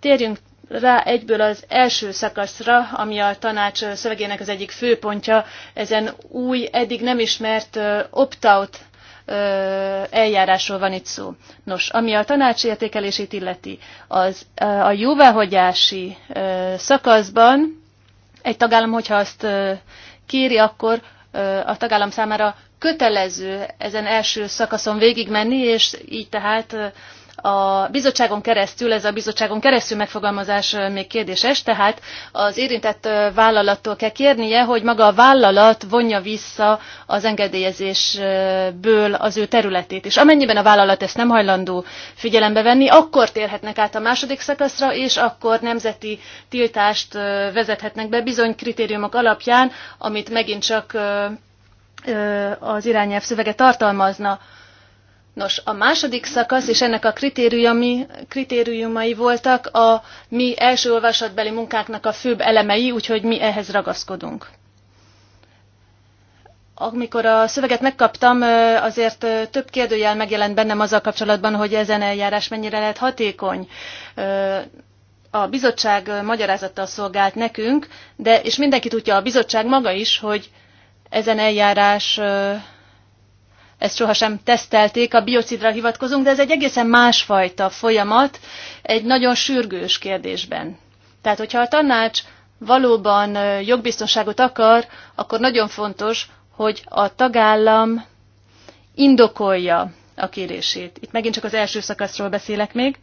Térjünk rá egyből az első szakaszra, ami a tanács szövegének az egyik főpontja, ezen új, eddig nem ismert opt-out eljárásról van itt szó. Nos, ami a tanácsi értékelését illeti, az a jóváhagyási szakaszban egy tagállam, hogyha azt kéri, akkor a tagállam számára kötelező ezen első szakaszon végigmenni, és így tehát a bizottságon keresztül, ez a bizottságon keresztül megfogalmazás még kérdéses, tehát az érintett vállalattól kell kérnie, hogy maga a vállalat vonja vissza az engedélyezésből az ő területét. És amennyiben a vállalat ezt nem hajlandó figyelembe venni, akkor térhetnek át a második szakaszra, és akkor nemzeti tiltást vezethetnek be bizony kritériumok alapján, amit megint csak az irányelv szövege tartalmazna Nos, a második szakasz és ennek a kritériumi, kritériumai voltak a mi első olvasatbeli munkáknak a főbb elemei, úgyhogy mi ehhez ragaszkodunk. Amikor a szöveget megkaptam, azért több kérdőjel megjelent bennem azzal kapcsolatban, hogy ezen eljárás mennyire lehet hatékony. A bizottság magyarázattal szolgált nekünk, de és mindenki tudja a bizottság maga is, hogy ezen eljárás ezt sohasem tesztelték, a biocidra hivatkozunk, de ez egy egészen másfajta folyamat, egy nagyon sürgős kérdésben. Tehát, hogyha a tanács valóban jogbiztonságot akar, akkor nagyon fontos, hogy a tagállam indokolja a kérését. Itt megint csak az első szakaszról beszélek még.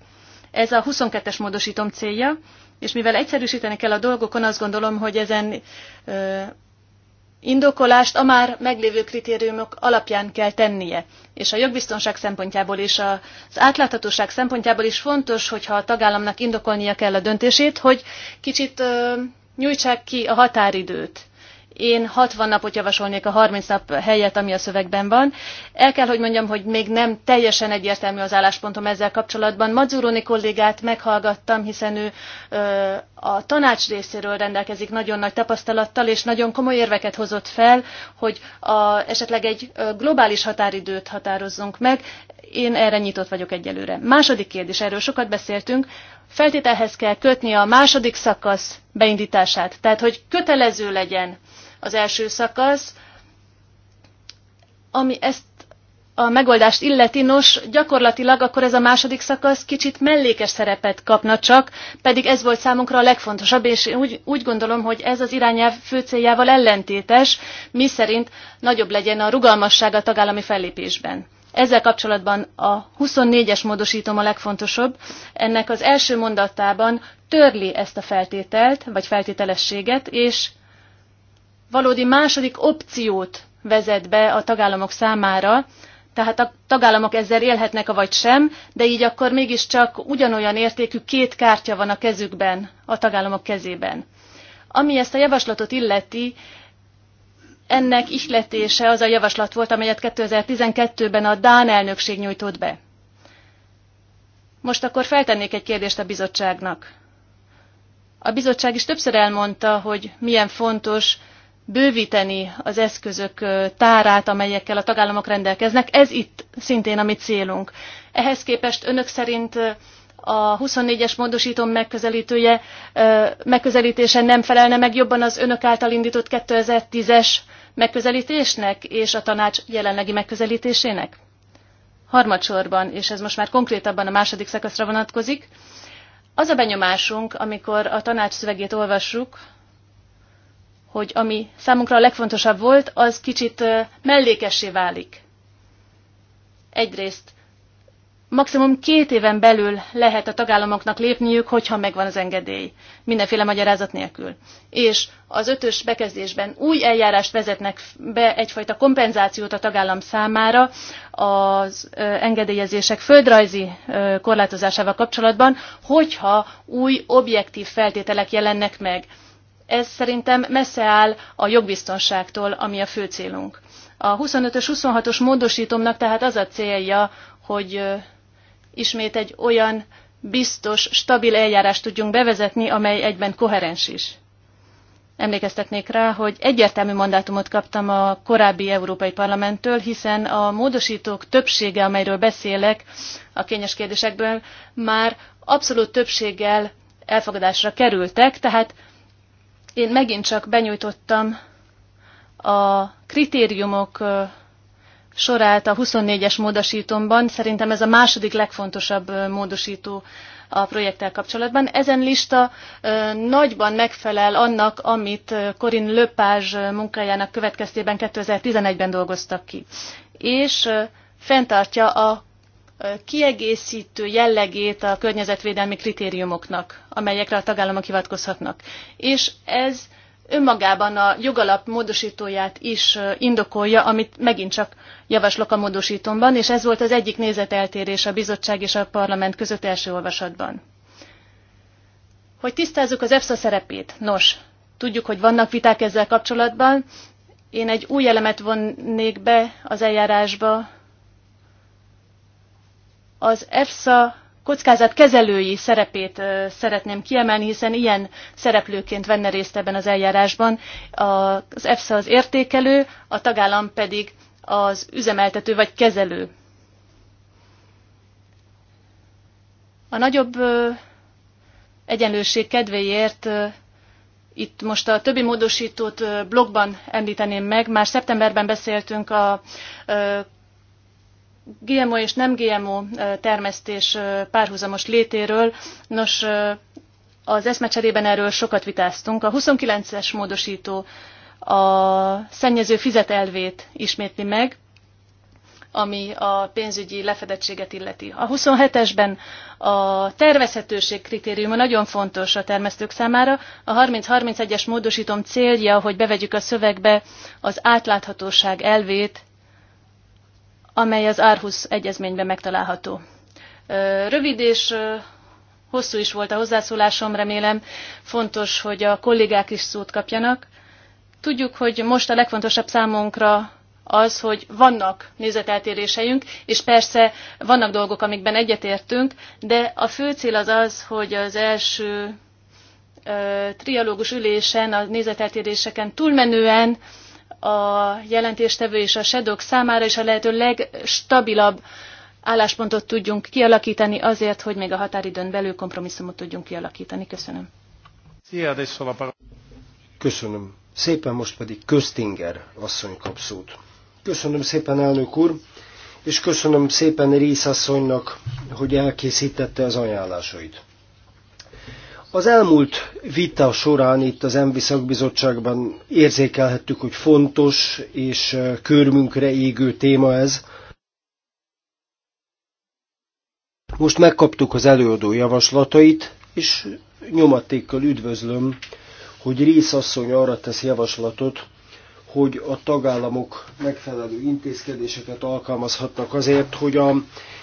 Ez a 22-es módosítom célja, és mivel egyszerűsíteni kell a dolgokon, azt gondolom, hogy ezen indokolást a már meglévő kritériumok alapján kell tennie. És a jogbiztonság szempontjából és az átláthatóság szempontjából is fontos, hogyha a tagállamnak indokolnia kell a döntését, hogy kicsit nyújtsák ki a határidőt én 60 napot javasolnék a 30 nap helyett, ami a szövegben van. El kell, hogy mondjam, hogy még nem teljesen egyértelmű az álláspontom ezzel kapcsolatban. Mazzuroni kollégát meghallgattam, hiszen ő ö, a tanács részéről rendelkezik nagyon nagy tapasztalattal, és nagyon komoly érveket hozott fel, hogy a, esetleg egy globális határidőt határozzunk meg. Én erre nyitott vagyok egyelőre. Második kérdés, erről sokat beszéltünk, feltételhez kell kötni a második szakasz beindítását, tehát hogy kötelező legyen az első szakasz. Ami ezt a megoldást illeti, nos, gyakorlatilag akkor ez a második szakasz kicsit mellékes szerepet kapna csak, pedig ez volt számunkra a legfontosabb, és én úgy, úgy gondolom, hogy ez az irányelv fő céljával ellentétes, mi szerint nagyobb legyen a rugalmasság a tagállami fellépésben. Ezzel kapcsolatban a 24-es módosítom a legfontosabb. Ennek az első mondatában törli ezt a feltételt, vagy feltételességet, és valódi második opciót vezet be a tagállamok számára, tehát a tagállamok ezzel élhetnek, vagy sem, de így akkor mégiscsak ugyanolyan értékű két kártya van a kezükben, a tagállamok kezében. Ami ezt a javaslatot illeti, ennek ihletése az a javaslat volt, amelyet 2012-ben a Dán elnökség nyújtott be. Most akkor feltennék egy kérdést a bizottságnak. A bizottság is többször elmondta, hogy milyen fontos bővíteni az eszközök tárát, amelyekkel a tagállamok rendelkeznek. Ez itt szintén a mi célunk. Ehhez képest önök szerint a 24-es módosító megközelítője, megközelítése nem felelne meg jobban az önök által indított 2010-es megközelítésnek és a tanács jelenlegi megközelítésének? Harmadsorban, és ez most már konkrétabban a második szakaszra vonatkozik, az a benyomásunk, amikor a tanács szövegét olvassuk, hogy ami számunkra a legfontosabb volt, az kicsit mellékessé válik. Egyrészt maximum két éven belül lehet a tagállamoknak lépniük, hogyha megvan az engedély, mindenféle magyarázat nélkül. És az ötös bekezdésben új eljárást vezetnek be egyfajta kompenzációt a tagállam számára az engedélyezések földrajzi korlátozásával kapcsolatban, hogyha új objektív feltételek jelennek meg ez szerintem messze áll a jogbiztonságtól, ami a fő célunk. A 25-ös, 26-os módosítomnak tehát az a célja, hogy ismét egy olyan biztos, stabil eljárást tudjunk bevezetni, amely egyben koherens is. Emlékeztetnék rá, hogy egyértelmű mandátumot kaptam a korábbi Európai Parlamenttől, hiszen a módosítók többsége, amelyről beszélek a kényes kérdésekből, már abszolút többséggel elfogadásra kerültek, tehát én megint csak benyújtottam a kritériumok sorát a 24-es módosítomban. Szerintem ez a második legfontosabb módosító a projekttel kapcsolatban. Ezen lista nagyban megfelel annak, amit Corinne Lepage munkájának következtében 2011-ben dolgoztak ki. És fenntartja a kiegészítő jellegét a környezetvédelmi kritériumoknak, amelyekre a tagállamok hivatkozhatnak. És ez önmagában a jogalap módosítóját is indokolja, amit megint csak javaslok a módosítomban, és ez volt az egyik nézeteltérés a bizottság és a parlament között első olvasatban. Hogy tisztázzuk az EFSA szerepét. Nos, tudjuk, hogy vannak viták ezzel kapcsolatban. Én egy új elemet vonnék be az eljárásba, az EFSA kockázatkezelői szerepét szeretném kiemelni, hiszen ilyen szereplőként venne részt ebben az eljárásban. Az EFSA az értékelő, a tagállam pedig az üzemeltető vagy kezelő. A nagyobb egyenlőség kedvéért itt most a többi módosítót blogban említeném meg. Már szeptemberben beszéltünk a GMO és nem GMO termesztés párhuzamos létéről. Nos, az eszmecserében erről sokat vitáztunk. A 29-es módosító a szennyező fizetelvét ismétli meg, ami a pénzügyi lefedettséget illeti. A 27-esben a tervezhetőség kritériuma nagyon fontos a termesztők számára. A 30-31-es módosítom célja, hogy bevegyük a szövegbe az átláthatóság elvét amely az Árhusz egyezményben megtalálható. Rövid és hosszú is volt a hozzászólásom, remélem fontos, hogy a kollégák is szót kapjanak. Tudjuk, hogy most a legfontosabb számunkra az, hogy vannak nézeteltéréseink, és persze vannak dolgok, amikben egyetértünk, de a fő cél az az, hogy az első ö, trialógus ülésen, a nézeteltéréseken túlmenően a jelentéstevő és a sedok számára is a lehető legstabilabb álláspontot tudjunk kialakítani azért, hogy még a határidőn belül kompromisszumot tudjunk kialakítani. Köszönöm. Köszönöm. Szépen most pedig Köztinger asszony kap szót. Köszönöm szépen, elnök úr, és köszönöm szépen Rész asszonynak, hogy elkészítette az ajánlásait. Az elmúlt vita során itt az ENVI szakbizottságban érzékelhettük, hogy fontos és körmünkre égő téma ez. Most megkaptuk az előadó javaslatait, és nyomatékkal üdvözlöm, hogy asszony arra tesz javaslatot, hogy a tagállamok megfelelő intézkedéseket alkalmazhatnak azért, hogy a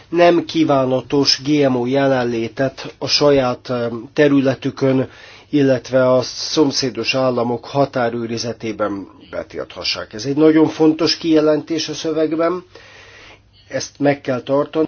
nem kívánatos GMO jelenlétet a saját területükön, illetve a szomszédos államok határőrizetében betilthassák. Ez egy nagyon fontos kijelentés a szövegben, ezt meg kell tartani.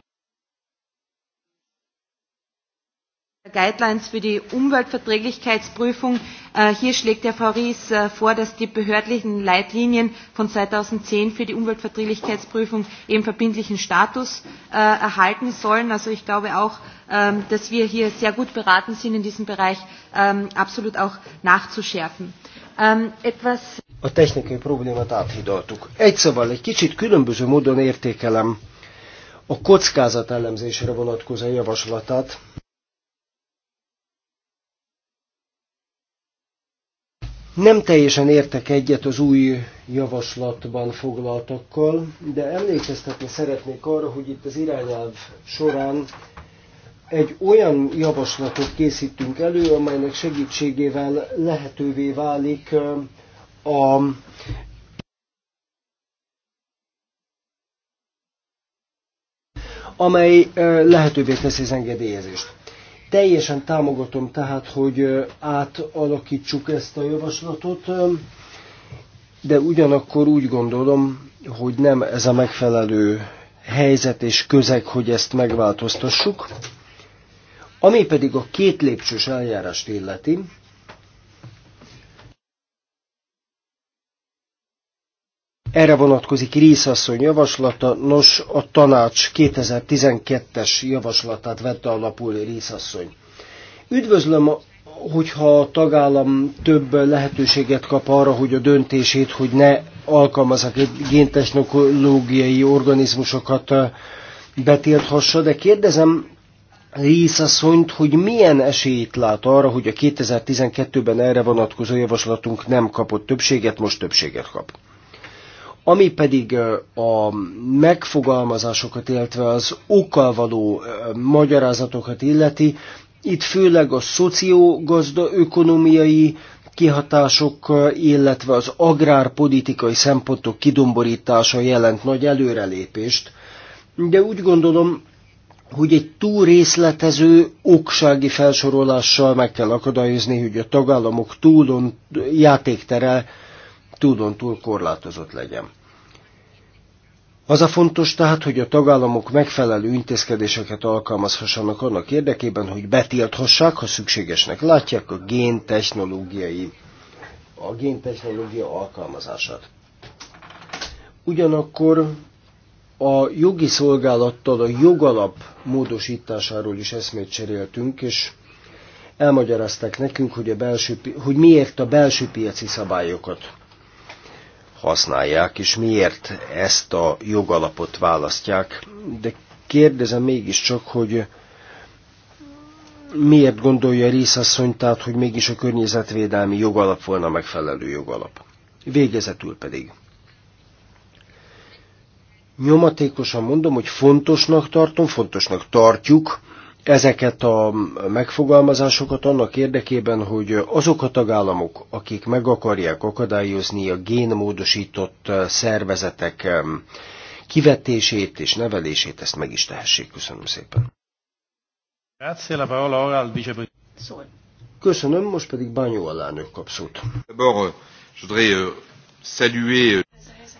Guidelines für die Umweltverträglichkeitsprüfung. Äh, hier schlägt der Frau Ries äh, vor, dass die behördlichen Leitlinien von 2010 für die Umweltverträglichkeitsprüfung eben verbindlichen Status äh, erhalten sollen. Also ich glaube auch, ähm, dass wir hier sehr gut beraten sind, in diesem Bereich ähm, absolut auch nachzuschärfen. Ähm, etwas a technikai problémát áthidaltuk. Egy szóval egy kicsit különböző módon értékelem a kockázatelemzésre vonatkozó javaslatát, Nem teljesen értek egyet az új javaslatban foglaltakkal, de emlékeztetni szeretnék arra, hogy itt az irányelv során egy olyan javaslatot készítünk elő, amelynek segítségével lehetővé válik a amely lehetővé teszi az engedélyezést. Teljesen támogatom tehát, hogy átalakítsuk ezt a javaslatot, de ugyanakkor úgy gondolom, hogy nem ez a megfelelő helyzet és közeg, hogy ezt megváltoztassuk. Ami pedig a két lépcsős eljárást illeti, Erre vonatkozik Rízasszony javaslata, nos a tanács 2012-es javaslatát vette alapul Rízasszony. Üdvözlöm, hogyha a tagállam több lehetőséget kap arra, hogy a döntését, hogy ne alkalmazzak géntechnológiai organizmusokat betilthassa, de kérdezem Rízasszonyt, hogy milyen esélyt lát arra, hogy a 2012-ben erre vonatkozó javaslatunk nem kapott többséget, most többséget kap. Ami pedig a megfogalmazásokat, illetve az okkal való magyarázatokat illeti, itt főleg a szociogazdaökonomiai kihatások, illetve az agrárpolitikai szempontok kidomborítása jelent nagy előrelépést, de úgy gondolom, hogy egy túl részletező oksági felsorolással meg kell akadályozni, hogy a tagállamok túlon játéktere tudon túl korlátozott legyen. Az a fontos tehát, hogy a tagállamok megfelelő intézkedéseket alkalmazhassanak annak érdekében, hogy betilthassák, ha szükségesnek látják a géntechnológiai, a géntechnológia alkalmazását. Ugyanakkor a jogi szolgálattal a jogalap módosításáról is eszmét cseréltünk, és elmagyarázták nekünk, hogy, a belső, hogy miért a belső piaci szabályokat használják, és miért ezt a jogalapot választják. De kérdezem mégiscsak, hogy miért gondolja részasszony, tehát, hogy mégis a környezetvédelmi jogalap volna megfelelő jogalap. Végezetül pedig. Nyomatékosan mondom, hogy fontosnak tartom, fontosnak tartjuk, ezeket a megfogalmazásokat annak érdekében, hogy azok a tagállamok, akik meg akarják akadályozni a génmódosított szervezetek kivetését és nevelését, ezt meg is tehessék. Köszönöm szépen. Szóval. Köszönöm, most pedig Bányó alánök kap szót. Euh, euh, euh,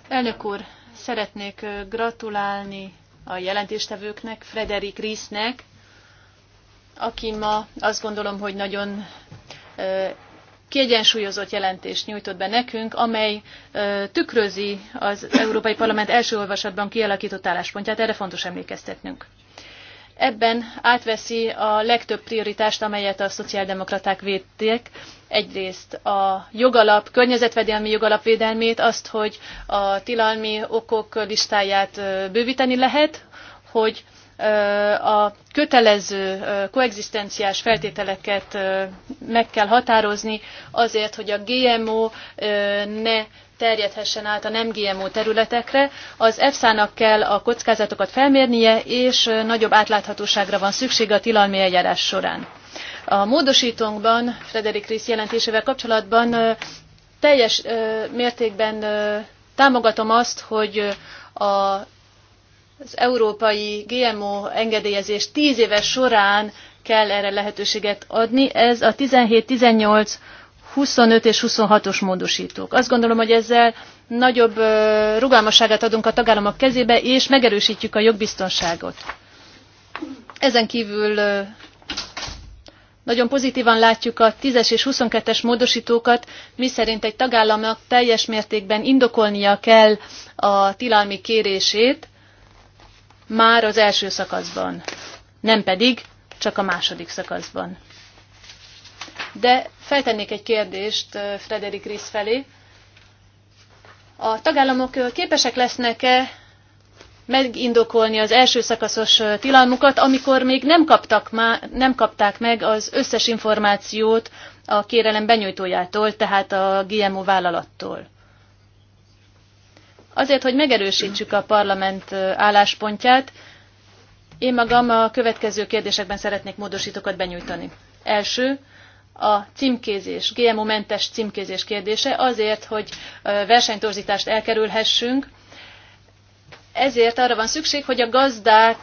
Elnök úr, szeretnék gratulálni a jelentéstevőknek, Frederik Riesnek, aki ma azt gondolom, hogy nagyon kiegyensúlyozott jelentést nyújtott be nekünk, amely tükrözi az Európai Parlament első olvasatban kialakított álláspontját, erre fontos emlékeztetnünk. Ebben átveszi a legtöbb prioritást, amelyet a szociáldemokraták védték. Egyrészt a jogalap, környezetvédelmi jogalap védelmét, azt, hogy a tilalmi okok listáját bővíteni lehet, hogy a kötelező koexisztenciás feltételeket meg kell határozni azért, hogy a GMO ne terjedhessen át a nem GMO területekre. Az EFSA-nak kell a kockázatokat felmérnie, és nagyobb átláthatóságra van szüksége a tilalmi eljárás során. A módosítónkban, Frederik Rész jelentésével kapcsolatban teljes mértékben támogatom azt, hogy a az európai GMO engedélyezés 10 éves során kell erre lehetőséget adni. Ez a 17, 18, 25 és 26-os módosítók. Azt gondolom, hogy ezzel nagyobb rugalmasságát adunk a tagállamok kezébe, és megerősítjük a jogbiztonságot. Ezen kívül nagyon pozitívan látjuk a 10-es és 22-es módosítókat, miszerint egy tagállamnak teljes mértékben indokolnia kell a tilalmi kérését, már az első szakaszban, nem pedig csak a második szakaszban. De feltennék egy kérdést eh, Frederik Rész felé. A tagállamok eh, képesek lesznek-e megindokolni az első szakaszos eh, tilalmukat, amikor még nem, kaptak má, nem kapták meg az összes információt a kérelem benyújtójától, tehát a GMO vállalattól. Azért, hogy megerősítsük a parlament álláspontját, én magam a következő kérdésekben szeretnék módosítókat benyújtani. Első, a címkézés, GMO-mentes címkézés kérdése azért, hogy versenytorzítást elkerülhessünk. Ezért arra van szükség, hogy a gazdák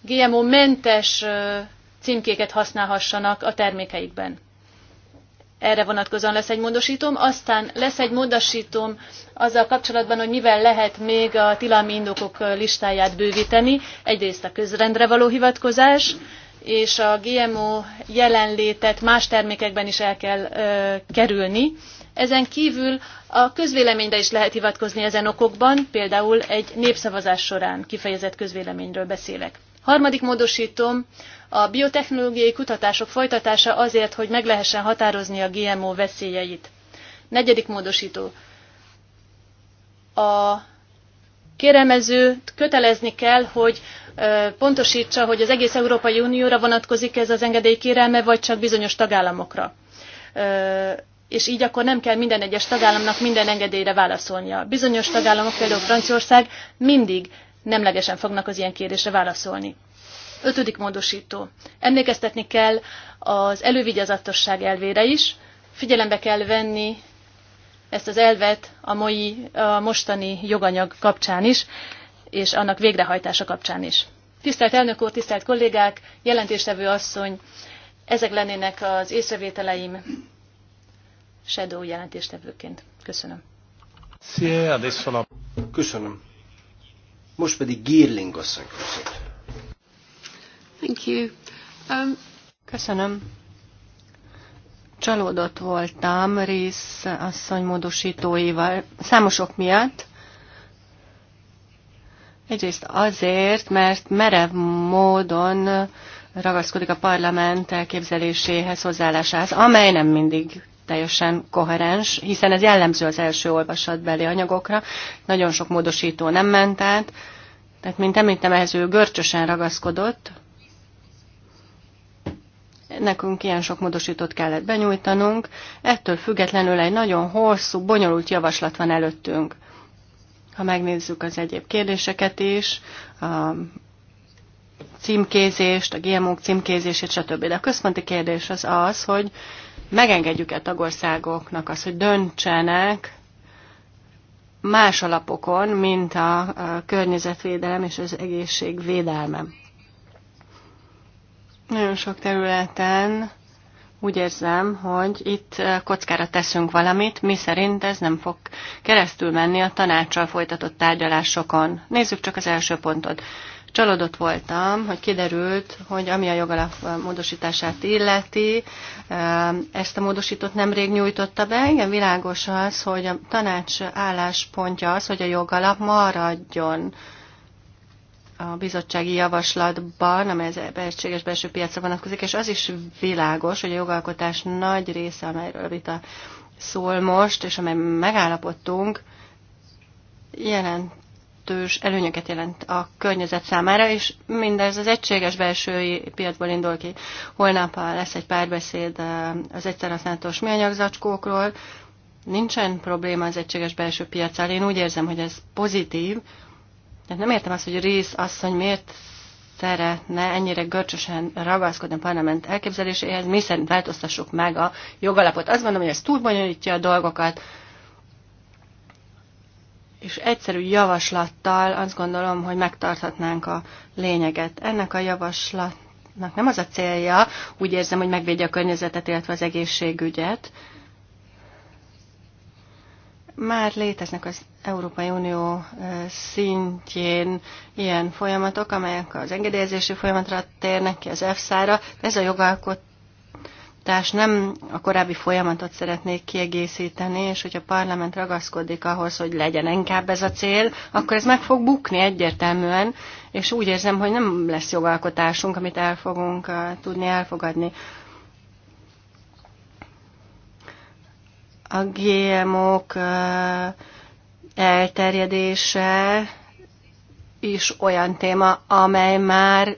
GMO-mentes címkéket használhassanak a termékeikben erre vonatkozóan lesz egy módosítom, aztán lesz egy módosítom azzal kapcsolatban, hogy mivel lehet még a tilalmi indokok listáját bővíteni. Egyrészt a közrendre való hivatkozás, és a GMO jelenlétet más termékekben is el kell ö, kerülni. Ezen kívül a közvéleményre is lehet hivatkozni ezen okokban, például egy népszavazás során kifejezett közvéleményről beszélek. Harmadik módosítom a biotechnológiai kutatások folytatása azért, hogy meg lehessen határozni a GMO veszélyeit. Negyedik módosító. A kérelmezőt kötelezni kell, hogy pontosítsa, hogy az egész Európai Unióra vonatkozik ez az engedély kérelme, vagy csak bizonyos tagállamokra. És így akkor nem kell minden egyes tagállamnak minden engedélyre válaszolnia. Bizonyos tagállamok, például Franciaország mindig nemlegesen fognak az ilyen kérdésre válaszolni. Ötödik módosító. Emlékeztetni kell az elővigyázatosság elvére is. Figyelembe kell venni ezt az elvet a, mai, a mostani joganyag kapcsán is, és annak végrehajtása kapcsán is. Tisztelt elnök úr, tisztelt kollégák, jelentéstevő asszony, ezek lennének az észrevételeim Shadow jelentéstevőként. Köszönöm. Köszönöm. Most pedig Gírling asszony köszönöm. Thank you. Um... Köszönöm. Csalódott voltam rész asszony módosítóival, számosok miatt. Egyrészt azért, mert merev módon ragaszkodik a parlament elképzeléséhez, hozzáállásához, amely nem mindig teljesen koherens, hiszen ez jellemző az első olvasatbeli anyagokra, nagyon sok módosító nem ment át, tehát, mint említem, ehhez ő görcsösen ragaszkodott, nekünk ilyen sok módosítót kellett benyújtanunk, ettől függetlenül egy nagyon hosszú, bonyolult javaslat van előttünk. Ha megnézzük az egyéb kérdéseket is, a címkézést, a GMO címkézését, stb. De a központi kérdés az az, hogy megengedjük-e tagországoknak az, hogy döntsenek más alapokon, mint a környezetvédelem és az egészségvédelmem. Nagyon sok területen úgy érzem, hogy itt eh, kockára teszünk valamit, mi szerint ez nem fog keresztül menni a tanácssal folytatott tárgyalásokon. Nézzük csak az első pontot. Csalódott voltam, hogy kiderült, hogy ami a jogalap eh, módosítását illeti, eh, ezt a módosítót nemrég nyújtotta be. Igen, világos az, hogy a tanács álláspontja az, hogy a jogalap maradjon a bizottsági javaslatban, amely az egységes belső piacra vonatkozik, és az is világos, hogy a jogalkotás nagy része, amelyről vita szól most, és amely megállapodtunk, jelentős előnyöket jelent a környezet számára, és mindez az egységes belső piacból indul ki. Holnap lesz egy párbeszéd eh, az használatos műanyagzacskókról. Nincsen probléma az egységes belső piacsal. Én úgy érzem, hogy ez pozitív, tehát nem értem azt, hogy Rész asszony miért szeretne ennyire görcsösen ragaszkodni a parlament elképzeléséhez, mi szerint változtassuk meg a jogalapot. Azt gondolom, hogy ez bonyolítja a dolgokat, és egyszerű javaslattal azt gondolom, hogy megtarthatnánk a lényeget. Ennek a javaslatnak nem az a célja, úgy érzem, hogy megvédje a környezetet, illetve az egészségügyet, már léteznek az Európai Unió szintjén ilyen folyamatok, amelyek az engedélyezési folyamatra térnek ki az EFSA-ra. Ez a jogalkotás nem a korábbi folyamatot szeretnék kiegészíteni, és hogyha a parlament ragaszkodik ahhoz, hogy legyen inkább ez a cél, akkor ez meg fog bukni egyértelműen, és úgy érzem, hogy nem lesz jogalkotásunk, amit el fogunk tudni elfogadni. A GMO-k elterjedése is olyan téma, amely már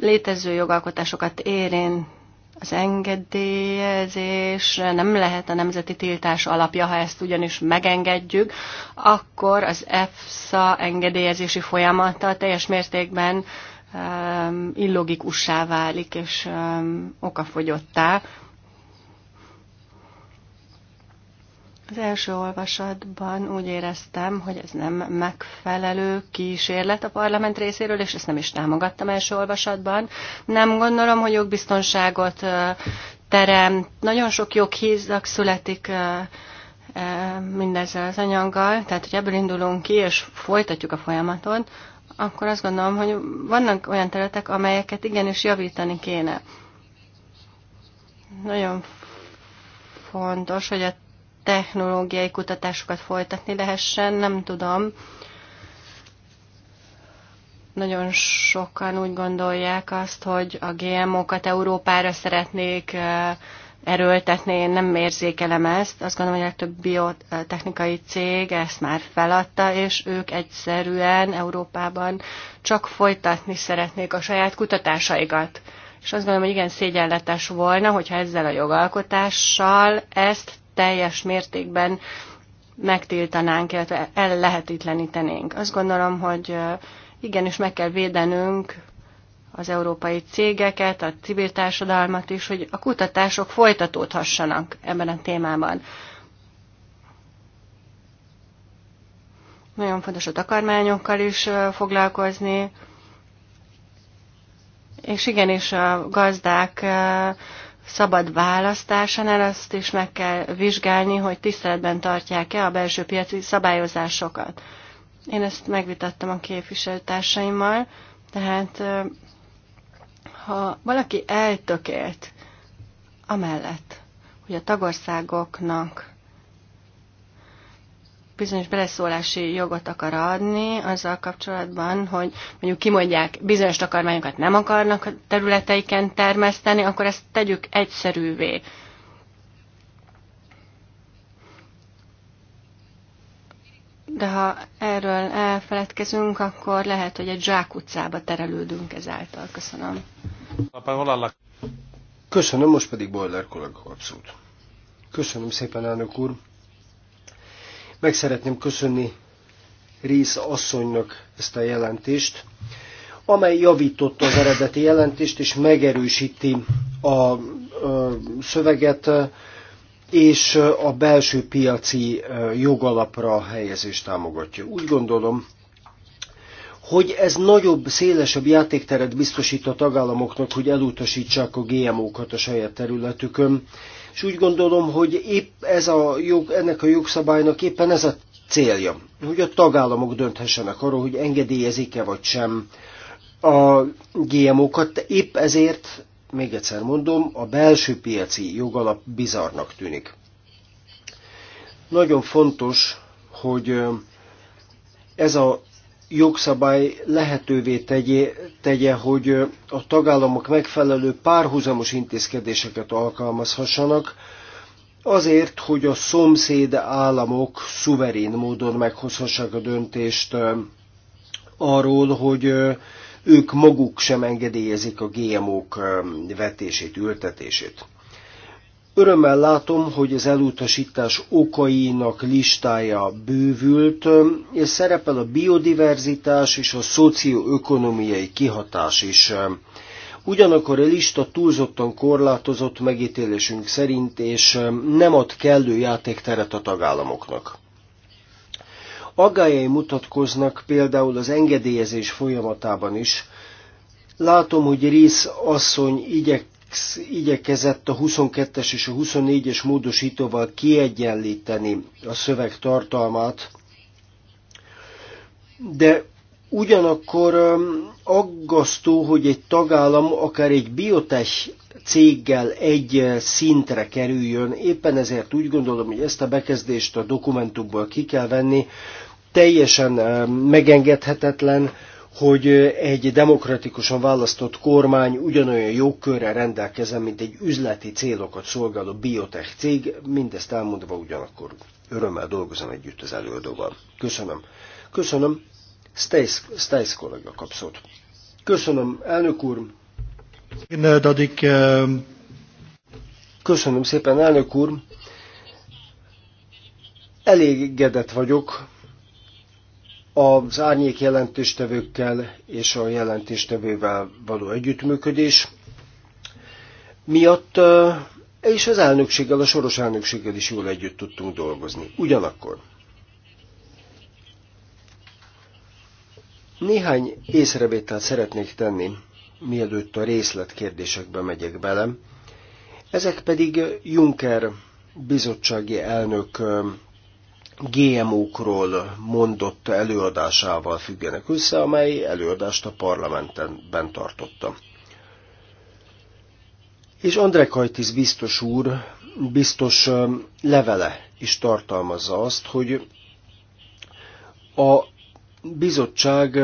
létező jogalkotásokat érint az engedélyezés nem lehet a nemzeti tiltás alapja, ha ezt ugyanis megengedjük, akkor az EFSA engedélyezési folyamata teljes mértékben um, illogikussá válik és um, okafogyottá, Az első olvasatban úgy éreztem, hogy ez nem megfelelő kísérlet a parlament részéről, és ezt nem is támogattam első olvasatban. Nem gondolom, hogy jogbiztonságot terem. Nagyon sok joghízak születik mindezzel az anyaggal, tehát hogy ebből indulunk ki, és folytatjuk a folyamatot, akkor azt gondolom, hogy vannak olyan területek, amelyeket igenis javítani kéne. Nagyon fontos, hogy a technológiai kutatásokat folytatni lehessen, nem tudom. Nagyon sokan úgy gondolják azt, hogy a GMO-kat Európára szeretnék erőltetni, én nem érzékelem ezt. Azt gondolom, hogy a több biotechnikai cég ezt már feladta, és ők egyszerűen Európában csak folytatni szeretnék a saját kutatásaikat. És azt gondolom, hogy igen szégyenletes volna, hogyha ezzel a jogalkotással ezt teljes mértékben megtiltanánk, illetve ellehetetlenítenénk. Azt gondolom, hogy igenis meg kell védenünk az európai cégeket, a civil társadalmat is, hogy a kutatások folytatódhassanak ebben a témában. Nagyon fontos a takarmányokkal is foglalkozni, és igenis a gazdák szabad választásánál azt is meg kell vizsgálni, hogy tiszteletben tartják-e a belső piaci szabályozásokat. Én ezt megvitattam a képviselőtársaimmal, tehát ha valaki eltökélt amellett, hogy a tagországoknak bizonyos beleszólási jogot akar adni azzal kapcsolatban, hogy mondjuk kimondják bizonyos takarmányokat nem akarnak a területeiken termeszteni, akkor ezt tegyük egyszerűvé. De ha erről elfeledkezünk, akkor lehet, hogy egy zsákutcába terelődünk ezáltal. Köszönöm. Köszönöm, most pedig Boiler kollega abszolút. Köszönöm szépen, elnök úr. Meg szeretném köszönni Rész asszonynak ezt a jelentést, amely javította az eredeti jelentést és megerősíti a, a szöveget és a belső piaci jogalapra helyezést támogatja. Úgy gondolom, hogy ez nagyobb, szélesebb játékteret biztosít a tagállamoknak, hogy elutasítsák a GMO-kat a saját területükön. És úgy gondolom, hogy épp ez a jog, ennek a jogszabálynak éppen ez a célja, hogy a tagállamok dönthessenek arról, hogy engedélyezik-e vagy sem a GMO-kat. Épp ezért, még egyszer mondom, a belső piaci jogalap bizarnak tűnik. Nagyon fontos, hogy ez a jogszabály lehetővé tegye, tegye, hogy a tagállamok megfelelő párhuzamos intézkedéseket alkalmazhassanak, azért, hogy a szomszéd államok szuverén módon meghozhassák a döntést arról, hogy ők maguk sem engedélyezik a GMO-k vetését, ültetését. Örömmel látom, hogy az elutasítás okainak listája bővült, és szerepel a biodiverzitás és a szocioökonomiai kihatás is. Ugyanakkor a lista túlzottan korlátozott megítélésünk szerint, és nem ad kellő játékteret a tagállamoknak. Aggályai mutatkoznak például az engedélyezés folyamatában is. Látom, hogy Rész asszony igyek, X igyekezett a 22-es és a 24-es módosítóval kiegyenlíteni a szöveg tartalmát, de ugyanakkor aggasztó, hogy egy tagállam akár egy biotech céggel egy szintre kerüljön. Éppen ezért úgy gondolom, hogy ezt a bekezdést a dokumentumból ki kell venni. Teljesen megengedhetetlen, hogy egy demokratikusan választott kormány ugyanolyan jogkörrel rendelkezzen, mint egy üzleti célokat szolgáló biotech cég, mindezt elmondva ugyanakkor örömmel dolgozom együtt az előadóval. Köszönöm. Köszönöm. Stace kollega kapszott. Köszönöm, elnök úr. Köszönöm szépen, elnök úr. Elégedett vagyok az árnyék jelentéstevőkkel és a jelentéstevővel való együttműködés miatt, és az elnökséggel, a soros elnökséggel is jól együtt tudtunk dolgozni. Ugyanakkor néhány észrevételt szeretnék tenni, mielőtt a részletkérdésekbe megyek belem. Ezek pedig Juncker bizottsági elnök GMO-król mondott előadásával függenek össze, amely előadást a parlamentben tartotta. És André Kajtis biztos úr, biztos levele is tartalmazza azt, hogy a bizottság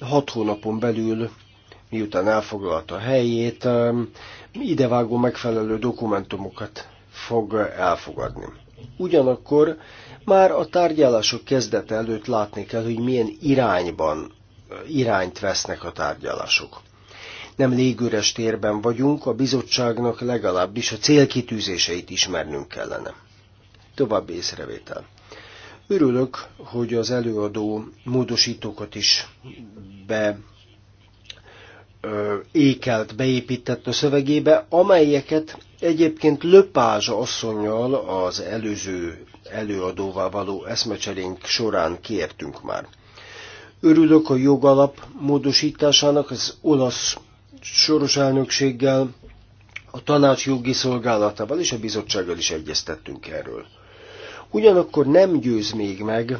hat hónapon belül, miután elfoglalta a helyét, idevágó megfelelő dokumentumokat fog elfogadni. Ugyanakkor már a tárgyalások kezdete előtt látni kell, hogy milyen irányban irányt vesznek a tárgyalások. Nem légüres térben vagyunk, a bizottságnak legalábbis a célkitűzéseit ismernünk kellene. További észrevétel. Örülök, hogy az előadó módosítókat is be ékelt beépített a szövegébe, amelyeket egyébként Löpázsa asszonynal az előző előadóval való eszmecserénk során kértünk már. Örülök a jogalap módosításának az olasz soros elnökséggel, a tanács jogi szolgálatával és a bizottsággal is egyeztettünk erről. Ugyanakkor nem győz még meg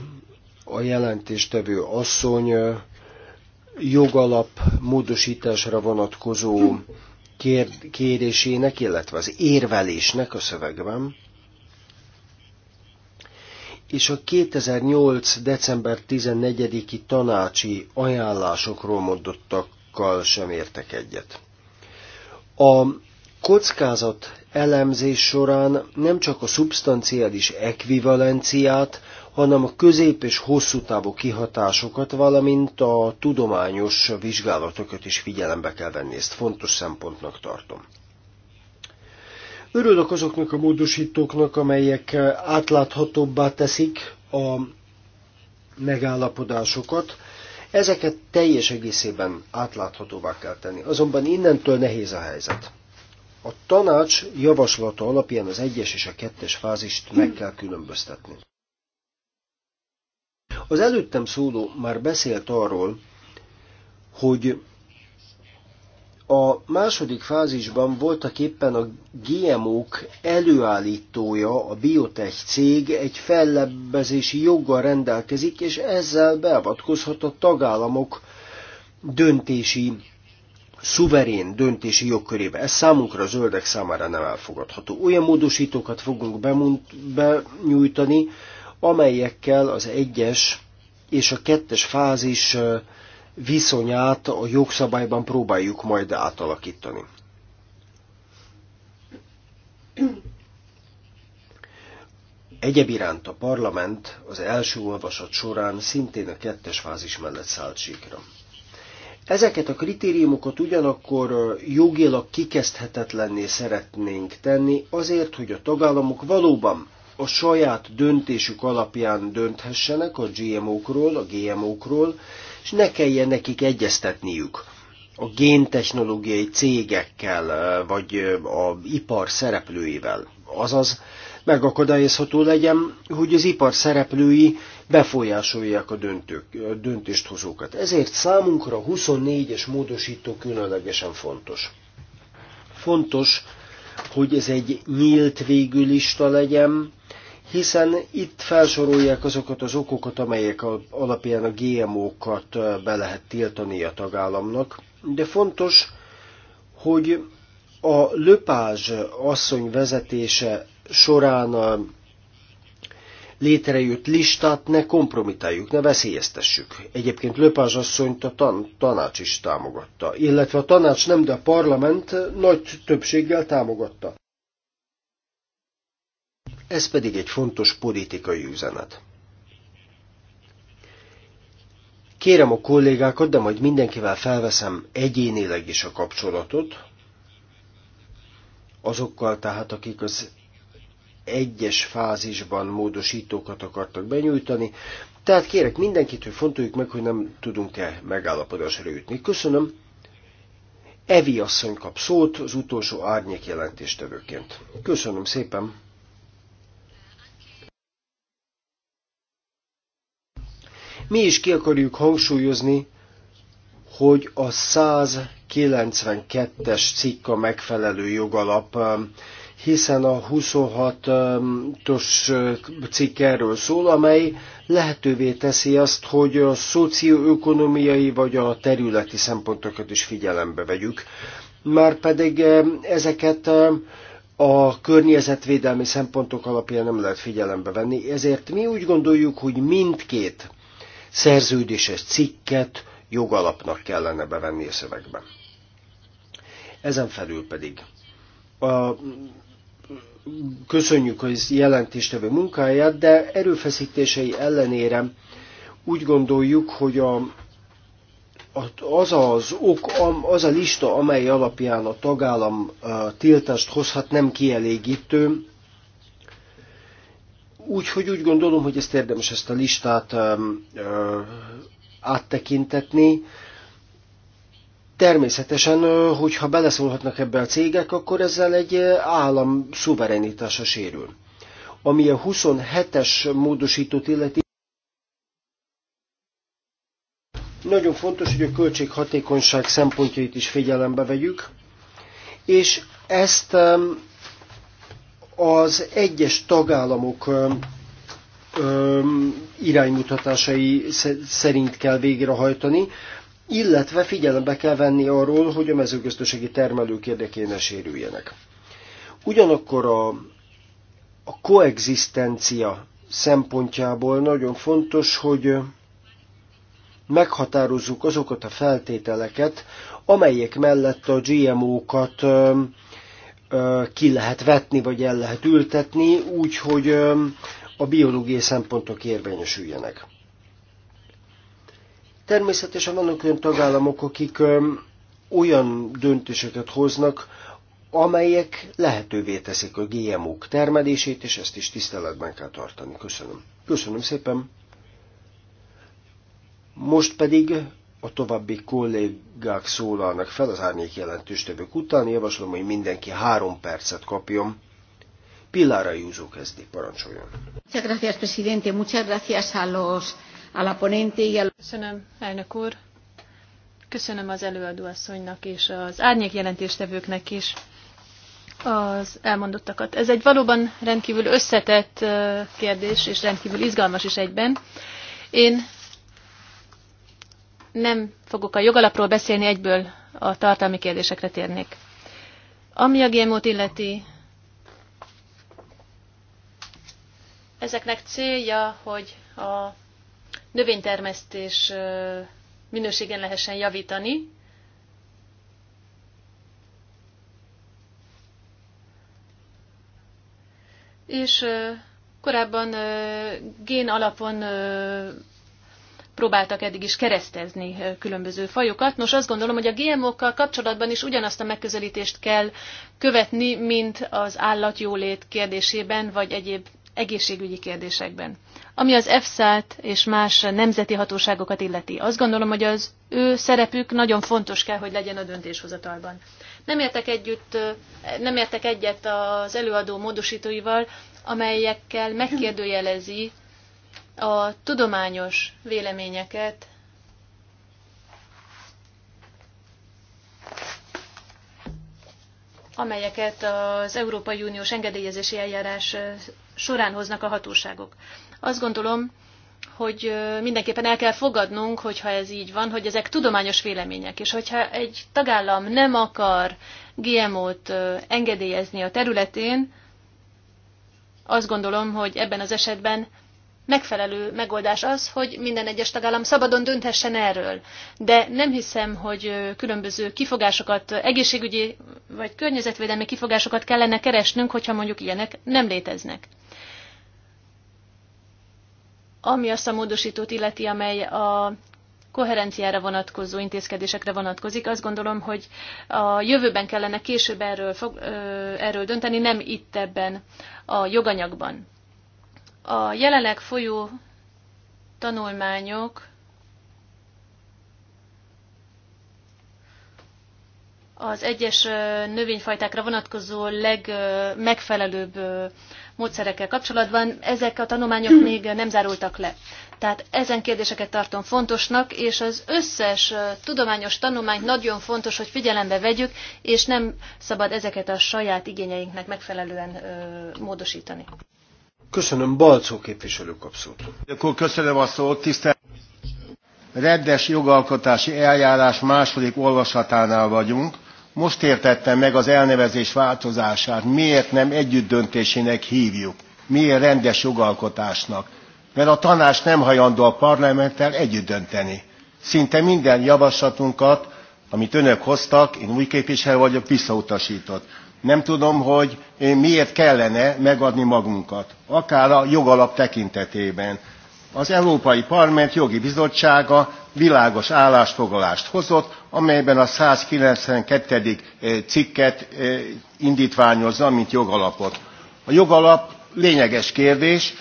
a jelentéstevő asszony jogalap módosításra vonatkozó kér- kérésének, illetve az érvelésnek a szövegben. És a 2008. december 14-i tanácsi ajánlásokról mondottakkal sem értek egyet. A kockázat elemzés során nem csak a szubstanciális ekvivalenciát, hanem a közép- és hosszú távú kihatásokat, valamint a tudományos vizsgálatokat is figyelembe kell venni. Ezt fontos szempontnak tartom. Örülök azoknak a módosítóknak, amelyek átláthatóbbá teszik a megállapodásokat. Ezeket teljes egészében átláthatóvá kell tenni. Azonban innentől nehéz a helyzet. A tanács javaslata alapján az egyes és a kettes fázist meg kell különböztetni. Az előttem szóló már beszélt arról, hogy a második fázisban voltak éppen a GMO-k előállítója, a biotech cég egy fellebbezési joggal rendelkezik, és ezzel beavatkozhat a tagállamok döntési, szuverén döntési jogkörébe. Ez számunkra a zöldek számára nem elfogadható. Olyan módosítókat fogunk benyújtani, amelyekkel az egyes és a kettes fázis viszonyát a jogszabályban próbáljuk majd átalakítani. Egyéb iránt a parlament az első olvasat során szintén a kettes fázis mellett szállt síkra. Ezeket a kritériumokat ugyanakkor jogilag kikezdhetetlenné szeretnénk tenni azért, hogy a tagállamok valóban a saját döntésük alapján dönthessenek a GMO-król, a GMO-król, és ne kelljen nekik egyeztetniük a géntechnológiai cégekkel, vagy a ipar szereplőivel. Azaz, megakadályozható legyen, hogy az ipar szereplői befolyásolják a, döntők, a hozókat. Ezért számunkra a 24-es módosító különlegesen fontos. Fontos, hogy ez egy nyílt végű lista legyen, hiszen itt felsorolják azokat az okokat, amelyek alapján a GMO-kat be lehet tiltani a tagállamnak. De fontos, hogy a Löpázs asszony vezetése során a létrejött listát ne kompromitáljuk, ne veszélyeztessük. Egyébként Löpázs asszonyt a tan- tanács is támogatta, illetve a tanács nem, de a parlament nagy többséggel támogatta. Ez pedig egy fontos politikai üzenet. Kérem a kollégákat, de majd mindenkivel felveszem egyénileg is a kapcsolatot, azokkal tehát, akik az egyes fázisban módosítókat akartak benyújtani. Tehát kérek mindenkit, hogy fontoljuk meg, hogy nem tudunk-e megállapodásra jutni. Köszönöm. Evi asszony kap szót az utolsó árnyék jelentéstevőként. Köszönöm szépen. Mi is ki akarjuk hangsúlyozni, hogy a 192-es cikk a megfelelő jogalap, um, hiszen a 26-os um, cikk erről szól, amely lehetővé teszi azt, hogy a szocioökonomiai vagy a területi szempontokat is figyelembe vegyük. Márpedig um, ezeket a környezetvédelmi szempontok alapján nem lehet figyelembe venni, ezért mi úgy gondoljuk, hogy mindkét szerződéses cikket jogalapnak kellene bevenni a szövegbe. Ezen felül pedig a, köszönjük az jelentéstevő munkáját, de erőfeszítései ellenére úgy gondoljuk, hogy a, az, az, ok, az a lista, amely alapján a tagállam tiltást hozhat, nem kielégítő, Úgyhogy úgy gondolom, hogy ezt érdemes ezt a listát áttekintetni. Természetesen, hogyha beleszólhatnak ebbe a cégek, akkor ezzel egy állam szuverenitása sérül. Ami a 27-es módosítót illeti, nagyon fontos, hogy a költséghatékonyság szempontjait is figyelembe vegyük, és ezt az egyes tagállamok iránymutatásai szerint kell végrehajtani, illetve figyelembe kell venni arról, hogy a mezőgazdasági termelők érdekén sérüljenek. Ugyanakkor a, a koexisztencia szempontjából nagyon fontos, hogy meghatározzuk azokat a feltételeket, amelyek mellett a GMO-kat ki lehet vetni, vagy el lehet ültetni, úgy, hogy a biológiai szempontok érvényesüljenek. Természetesen vannak olyan tagállamok, akik olyan döntéseket hoznak, amelyek lehetővé teszik a GMO-k termelését, és ezt is tiszteletben kell tartani. Köszönöm. Köszönöm szépen. Most pedig a további kollégák szólalnak fel az árnyék jelentőstevők után. Javaslom, hogy mindenki három percet kapjon. Pillára Júzó kezdi, parancsoljon. Muchas gracias, presidente. Muchas gracias a los, a la ponente y a... Köszönöm, elnök úr. Köszönöm az előadóasszonynak és az árnyék jelentéstevőknek is az elmondottakat. Ez egy valóban rendkívül összetett kérdés, és rendkívül izgalmas is egyben. Én nem fogok a jogalapról beszélni, egyből a tartalmi kérdésekre térnék. Ami a GMO-t illeti, ezeknek célja, hogy a növénytermesztés minőségen lehessen javítani, és korábban gén alapon próbáltak eddig is keresztezni különböző fajokat. Nos, azt gondolom, hogy a GMO-kkal kapcsolatban is ugyanazt a megközelítést kell követni, mint az állatjólét kérdésében, vagy egyéb egészségügyi kérdésekben. Ami az EFSA-t és más nemzeti hatóságokat illeti, azt gondolom, hogy az ő szerepük nagyon fontos kell, hogy legyen a döntéshozatalban. Nem értek, együtt, nem értek egyet az előadó módosítóival, amelyekkel megkérdőjelezi a tudományos véleményeket amelyeket az Európai Uniós engedélyezési eljárás során hoznak a hatóságok. Azt gondolom, hogy mindenképpen el kell fogadnunk, hogyha ez így van, hogy ezek tudományos vélemények, és hogyha egy tagállam nem akar GMO-t engedélyezni a területén, azt gondolom, hogy ebben az esetben megfelelő megoldás az, hogy minden egyes tagállam szabadon dönthessen erről. De nem hiszem, hogy különböző kifogásokat, egészségügyi vagy környezetvédelmi kifogásokat kellene keresnünk, hogyha mondjuk ilyenek nem léteznek. Ami azt a módosítót illeti, amely a koherenciára vonatkozó intézkedésekre vonatkozik. Azt gondolom, hogy a jövőben kellene később erről, fog, erről dönteni, nem itt ebben a joganyagban. A jelenleg folyó tanulmányok az egyes növényfajtákra vonatkozó legmegfelelőbb módszerekkel kapcsolatban. Ezek a tanulmányok még nem zárultak le. Tehát ezen kérdéseket tartom fontosnak, és az összes tudományos tanulmányt nagyon fontos, hogy figyelembe vegyük, és nem szabad ezeket a saját igényeinknek megfelelően módosítani. Köszönöm, Balcó képviselő kapszót. Köszönöm a szót, tisztelt reddes jogalkotási eljárás második olvasatánál vagyunk. Most értettem meg az elnevezés változását. Miért nem együttdöntésének hívjuk? Miért rendes jogalkotásnak? Mert a tanács nem hajlandó a parlamenttel együtt dönteni. Szinte minden javaslatunkat, amit önök hoztak, én új képviselő vagyok, visszautasított nem tudom, hogy eh, miért kellene megadni magunkat, akár a jogalap tekintetében. Az Európai Parlament jogi bizottsága világos állásfoglalást hozott, amelyben a 192. Eh, cikket eh, indítványozza, mint jogalapot. A jogalap lényeges kérdés,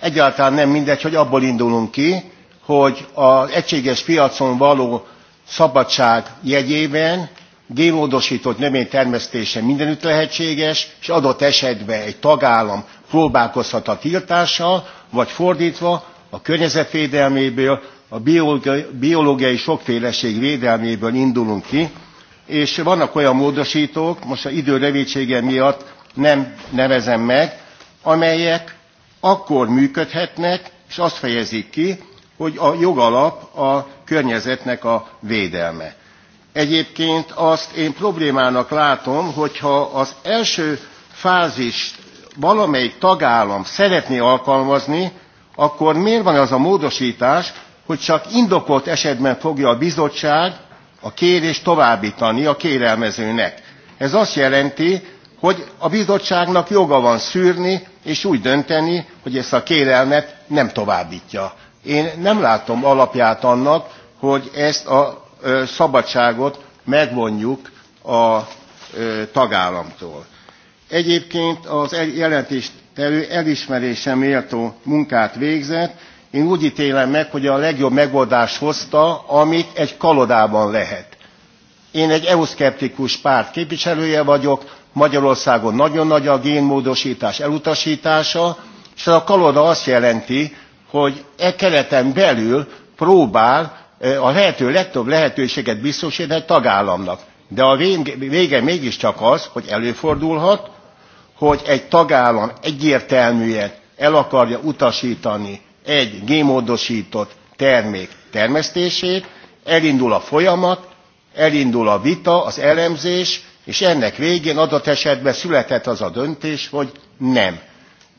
egyáltalán nem mindegy, hogy abból indulunk ki, hogy az egységes piacon való szabadság jegyében génmódosított növény termesztése mindenütt lehetséges, és adott esetben egy tagállam próbálkozhat a tiltással, vagy fordítva a környezetvédelméből, a biológiai sokféleség védelméből indulunk ki, és vannak olyan módosítók, most az idő rövidsége miatt nem nevezem meg, amelyek akkor működhetnek, és azt fejezik ki, hogy a jogalap a környezetnek a védelme. Egyébként azt én problémának látom, hogyha az első fázist valamelyik tagállam szeretné alkalmazni, akkor miért van az a módosítás, hogy csak indokolt esetben fogja a bizottság a kérést továbbítani a kérelmezőnek. Ez azt jelenti, hogy a bizottságnak joga van szűrni és úgy dönteni, hogy ezt a kérelmet nem továbbítja. Én nem látom alapját annak, hogy ezt a szabadságot megvonjuk a tagállamtól. Egyébként az jelentéstevő elismerése méltó munkát végzett. Én úgy ítélem meg, hogy a legjobb megoldást hozta, amit egy kalodában lehet. Én egy euszkeptikus párt képviselője vagyok, Magyarországon nagyon nagy a génmódosítás elutasítása, és a kaloda azt jelenti, hogy e kereten belül próbál a lehető legtöbb lehetőséget biztosít egy tagállamnak. De a vége mégiscsak az, hogy előfordulhat, hogy egy tagállam egyértelműen el akarja utasítani egy gémódosított termék termesztését, elindul a folyamat, elindul a vita, az elemzés, és ennek végén adott esetben született az a döntés, hogy nem.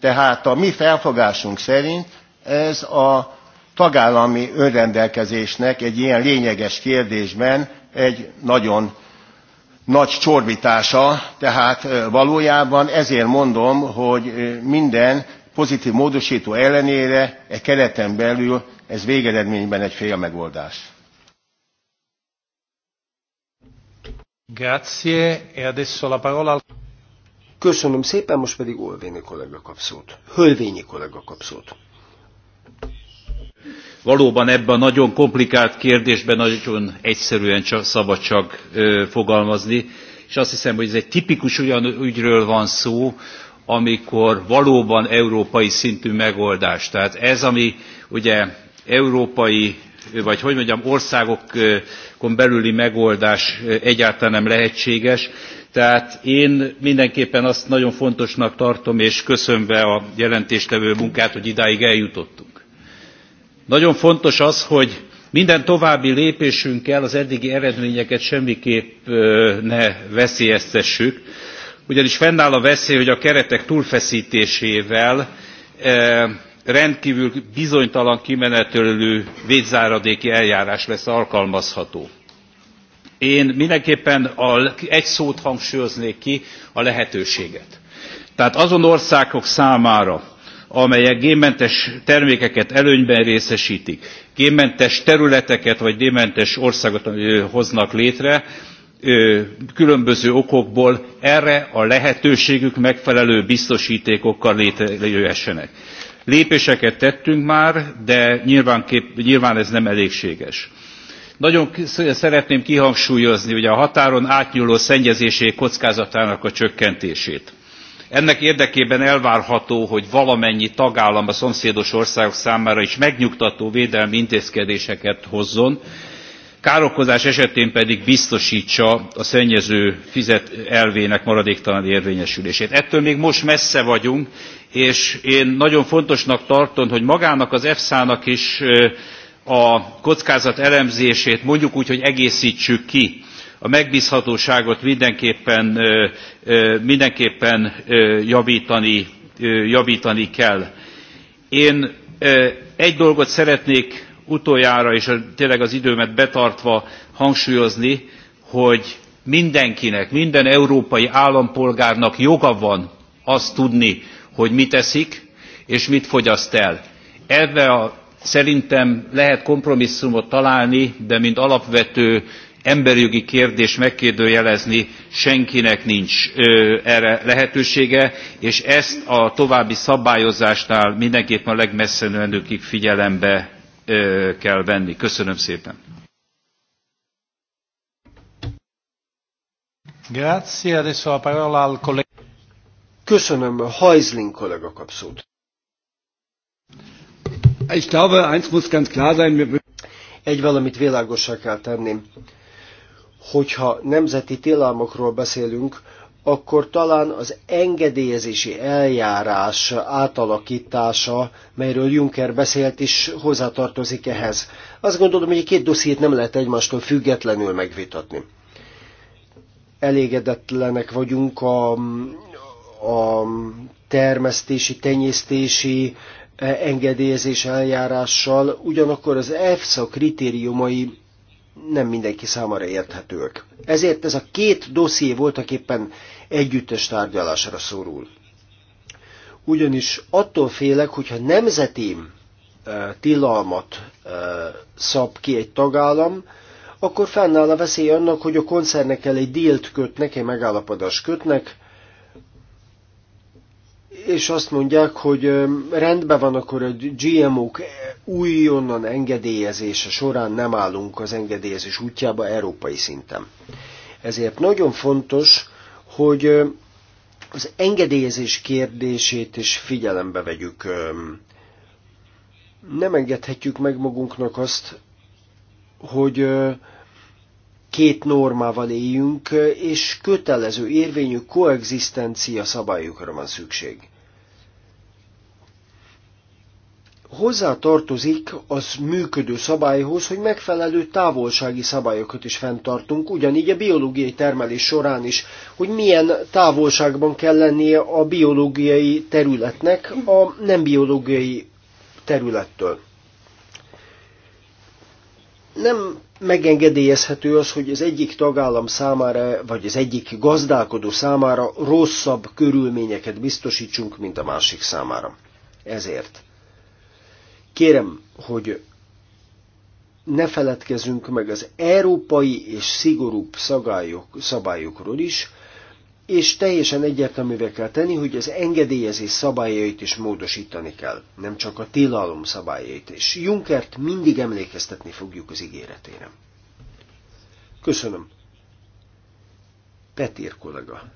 Tehát a mi felfogásunk szerint ez a tagállami önrendelkezésnek egy ilyen lényeges kérdésben egy nagyon nagy csorbítása, tehát valójában ezért mondom hogy minden pozitív módosító ellenére e kereten belül ez végeredményben egy félmegoldás. E Köszönöm szépen, most pedig Olvéni kollega kap szót. Hölvényi kollega kap szót valóban ebben a nagyon komplikált kérdésben nagyon egyszerűen csak, szabad csak ö, fogalmazni, és azt hiszem, hogy ez egy tipikus olyan ügyről van szó, amikor valóban európai szintű megoldás. Tehát ez, ami ugye európai, vagy hogy mondjam, országokon belüli megoldás egyáltalán nem lehetséges. Tehát én mindenképpen azt nagyon fontosnak tartom, és köszönve a jelentéstevő munkát, hogy idáig eljutottunk nagyon fontos az hogy minden további lépésünkkel az eddigi eredményeket semmiképp ne veszélyeztessük ugyanis fennáll a veszély hogy a keretek túlfesztésével rendkvül bizonytalan kimenetelű védzáradéki eljárás lesz alkalmazható. én mindenképpen a, egy szót hangsúlyoznék ki a lehetőséget. tehát azon országok számára amelyek génmentes termékeket előnyben részestik génmentes területeket vagy génmentes országot hoznak létre, különböző okokból erre a lehetőségük megfelelő biztosítékokkal létrejöhessenek. Lépéseket tettünk már, de nyilván, kép, nyilván ez nem elégséges. Nagyon szeretném kihangsúlyozni hogy a határon átnyúló szennyezésé kockázatának a csökkentését ennek érdekében elvárható hogy valamennyi tagállam a szomszédos országok számára is megnyugtató védelmi intézkedéseket hozzon károkozás esetén pedig biztostsa a szennyező fizet elvének maradéktalan érvényesülését. ettől még most messze vagyunk és én nagyon fontosnak tartom hogy magának az efsa nak is a kockázat elemzését mondjuk úgy hogy egésztsük ki a megbízhatóságot mindenképpen, mindenképpen javítani, javítani kell. Én egy dolgot szeretnék utoljára, és tényleg az időmet betartva hangsúlyozni, hogy mindenkinek, minden európai állampolgárnak joga van azt tudni, hogy mit eszik és mit fogyaszt el. Ebben a, szerintem lehet kompromisszumot találni, de mint alapvető emberjogi kérdést megkérdőjelezni senkinek nincs ö, erre lehetősége és ezt a további szabályozásnál mindenképpen a legmesszenőenőkig figyelembe ö, kell venni. köszönöm szépen! Grazie, adesso la parola al collega. Köszönöm, Heusling kollega kap szót. Ich glaube, eins muss ganz klar sein. Egy valamit világosra kell tenni hogyha nemzeti tilalmakról beszélünk, akkor talán az engedélyezési eljárás átalakítása, melyről Juncker beszélt is, hozzátartozik ehhez. Azt gondolom, hogy a két dossziét nem lehet egymástól függetlenül megvitatni. Elégedetlenek vagyunk a, a termesztési, tenyésztési engedélyezés eljárással, ugyanakkor az EFSA kritériumai nem mindenki számára érthetők. Ezért ez a két dosszié voltak éppen együttes tárgyalásra szorul. Ugyanis attól félek, hogyha nemzeti e, tilalmat e, szab ki egy tagállam, akkor fennáll a veszély annak, hogy a koncernek el egy dílt kötnek, egy megállapodást kötnek, és azt mondják, hogy rendben van, akkor a GMO-k újonnan engedélyezése során nem állunk az engedélyezés útjába európai szinten. Ezért nagyon fontos, hogy az engedélyezés kérdését is figyelembe vegyük. Nem engedhetjük meg magunknak azt, hogy két normával éljünk, és kötelező érvényű koexisztencia szabályokra van szükség. Hozzá tartozik az működő szabályhoz, hogy megfelelő távolsági szabályokat is fenntartunk, ugyanígy a biológiai termelés során is, hogy milyen távolságban kell lennie a biológiai területnek a nem biológiai területtől. Nem megengedélyezhető az, hogy az egyik tagállam számára, vagy az egyik gazdálkodó számára rosszabb körülményeket biztosítsunk, mint a másik számára. Ezért kérem, hogy ne feledkezünk meg az európai és szigorúbb szabályok, szabályokról is, és teljesen egyértelművé kell tenni, hogy az engedélyezés szabályait is módosítani kell, nem csak a tilalom szabályait, és Junkert mindig emlékeztetni fogjuk az ígéretére. Köszönöm. Petír kollega.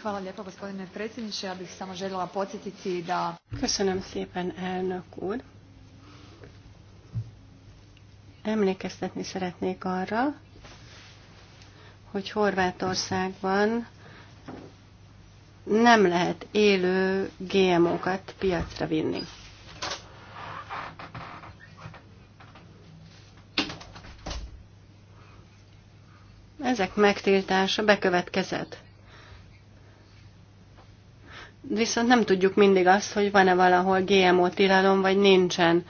Hvala lijepo gospodine predsjedniče. Ja bih samo željela podsjetiti da... Köszönöm szépen, elnök úr. Emlékeztetni szeretnék arra, hogy Horvátországban nem lehet élő GMO-kat piacra vinni. Ezek megtiltása bekövetkezett. Viszont nem tudjuk mindig azt, hogy van-e valahol GMO tilalom, vagy nincsen.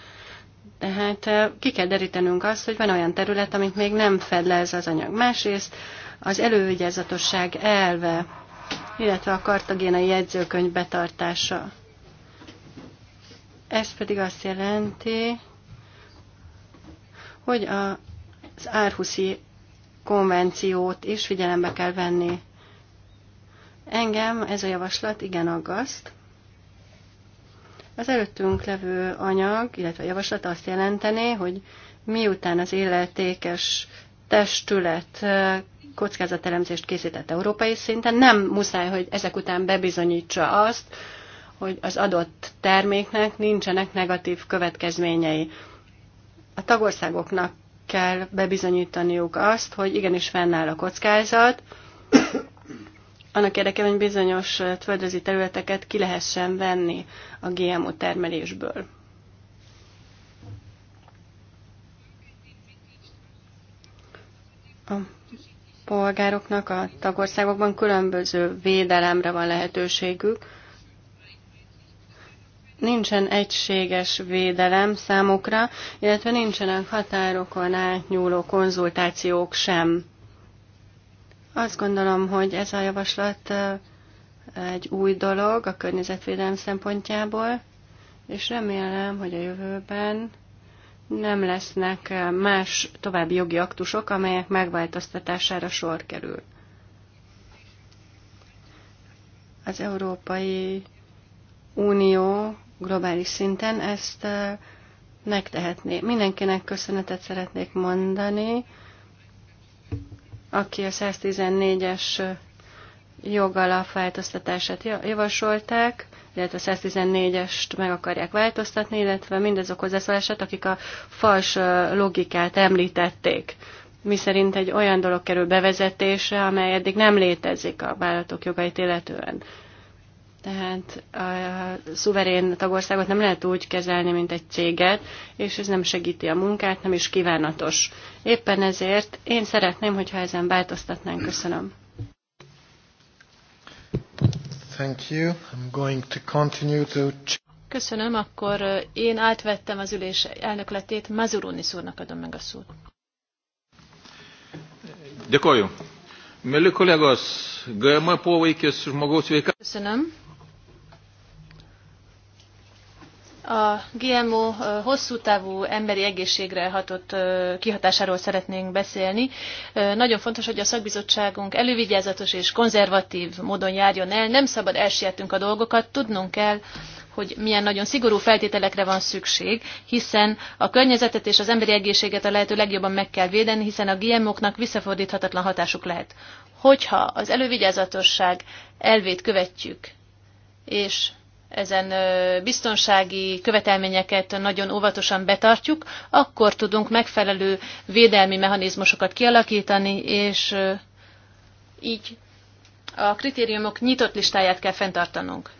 Tehát eh, ki kell derítenünk azt, hogy van olyan terület, amit még nem fed le ez az anyag. Másrészt az elővigyázatosság elve illetve a kartagénai jegyzőkönyv betartása. Ez pedig azt jelenti, hogy a, az Árhuszi konvenciót is figyelembe kell venni. Engem ez a javaslat igen aggaszt. Az előttünk levő anyag, illetve a javaslat azt jelenteni, hogy miután az illetékes testület kockázatelemzést készített európai szinten, nem muszáj, hogy ezek után bebizonyítsa azt, hogy az adott terméknek nincsenek negatív következményei. A tagországoknak kell bebizonyítaniuk azt, hogy igenis fennáll a kockázat, annak érdekében, hogy bizonyos földrözi területeket ki lehessen venni a GMO termelésből. A polgároknak a tagországokban különböző védelemre van lehetőségük. Nincsen egységes védelem számukra, illetve nincsenek határokon átnyúló konzultációk sem. Azt gondolom, hogy ez a javaslat egy új dolog a környezetvédelem szempontjából, és remélem, hogy a jövőben nem lesznek eh, más további jogi aktusok, amelyek megváltoztatására sor kerül. Az Európai Unió globális szinten ezt eh, megtehetné. Mindenkinek köszönetet szeretnék mondani, aki a 114-es jogalap változtatását javasolták illetve 114-est meg akarják változtatni, illetve mindezok hozzászólását, akik a fals logikát említették szerint egy olyan dolog kerül bevezetésre, amely eddig nem létezik a vállalatok jogait illetően. Tehát a szuverén tagországot nem lehet úgy kezelni, mint egy céget, és ez nem segíti a munkát, nem is kívánatos. Éppen ezért én szeretném, hogyha ezen változtatnánk. Köszönöm. Thank you. I'm going to continue to... Köszönöm, akkor én átvettem az ülés elnökletét, Mazuruni szúrnak adom meg a szót. Gyakorljunk. Köszönöm. A GMO hosszú távú emberi egészségre hatott kihatásáról szeretnénk beszélni. Nagyon fontos, hogy a szakbizottságunk elővigyázatos és konzervatív módon járjon el. Nem szabad elsietünk a dolgokat, tudnunk kell, hogy milyen nagyon szigorú feltételekre van szükség, hiszen a környezetet és az emberi egészséget a lehető legjobban meg kell védeni, hiszen a GMO-knak visszafordíthatatlan hatásuk lehet. Hogyha az elővigyázatosság elvét követjük, és ezen biztonsági követelményeket nagyon óvatosan betartjuk, akkor tudunk megfelelő védelmi mechanizmusokat kialakítani, és így a kritériumok nyitott listáját kell fenntartanunk.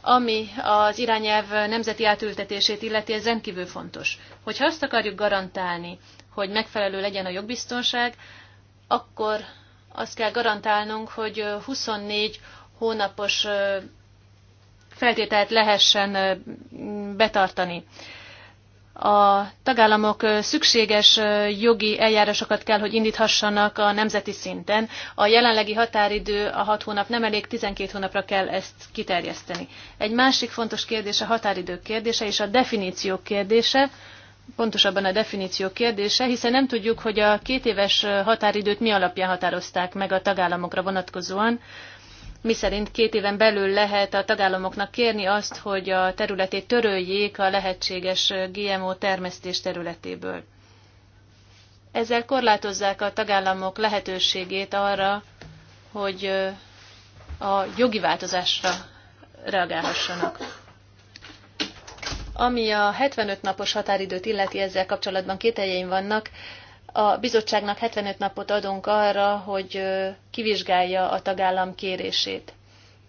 Ami az irányelv nemzeti átültetését illeti, ez rendkívül fontos. Hogyha azt akarjuk garantálni, hogy megfelelő legyen a jogbiztonság, akkor azt kell garantálnunk, hogy 24 hónapos feltételt lehessen betartani. A tagállamok szükséges jogi eljárásokat kell, hogy indíthassanak a nemzeti szinten. A jelenlegi határidő a 6 hónap nem elég, 12 hónapra kell ezt kiterjeszteni. Egy másik fontos kérdés a határidők kérdése és a definíciók kérdése pontosabban a definíció kérdése, hiszen nem tudjuk, hogy a két éves határidőt mi alapján határozták meg a tagállamokra vonatkozóan miszerint két éven belül lehet a tagállamoknak kérni azt, hogy a területét töröljék a lehetséges GMO termesztés területéből. Ezzel korlátozzák a tagállamok lehetőségét arra, hogy a jogi változásra reagálhassanak. Ami a 75 napos határidőt illeti ezzel kapcsolatban kételjeim vannak, a bizottságnak 75 napot adunk arra, hogy kivizsgálja a tagállam kérését.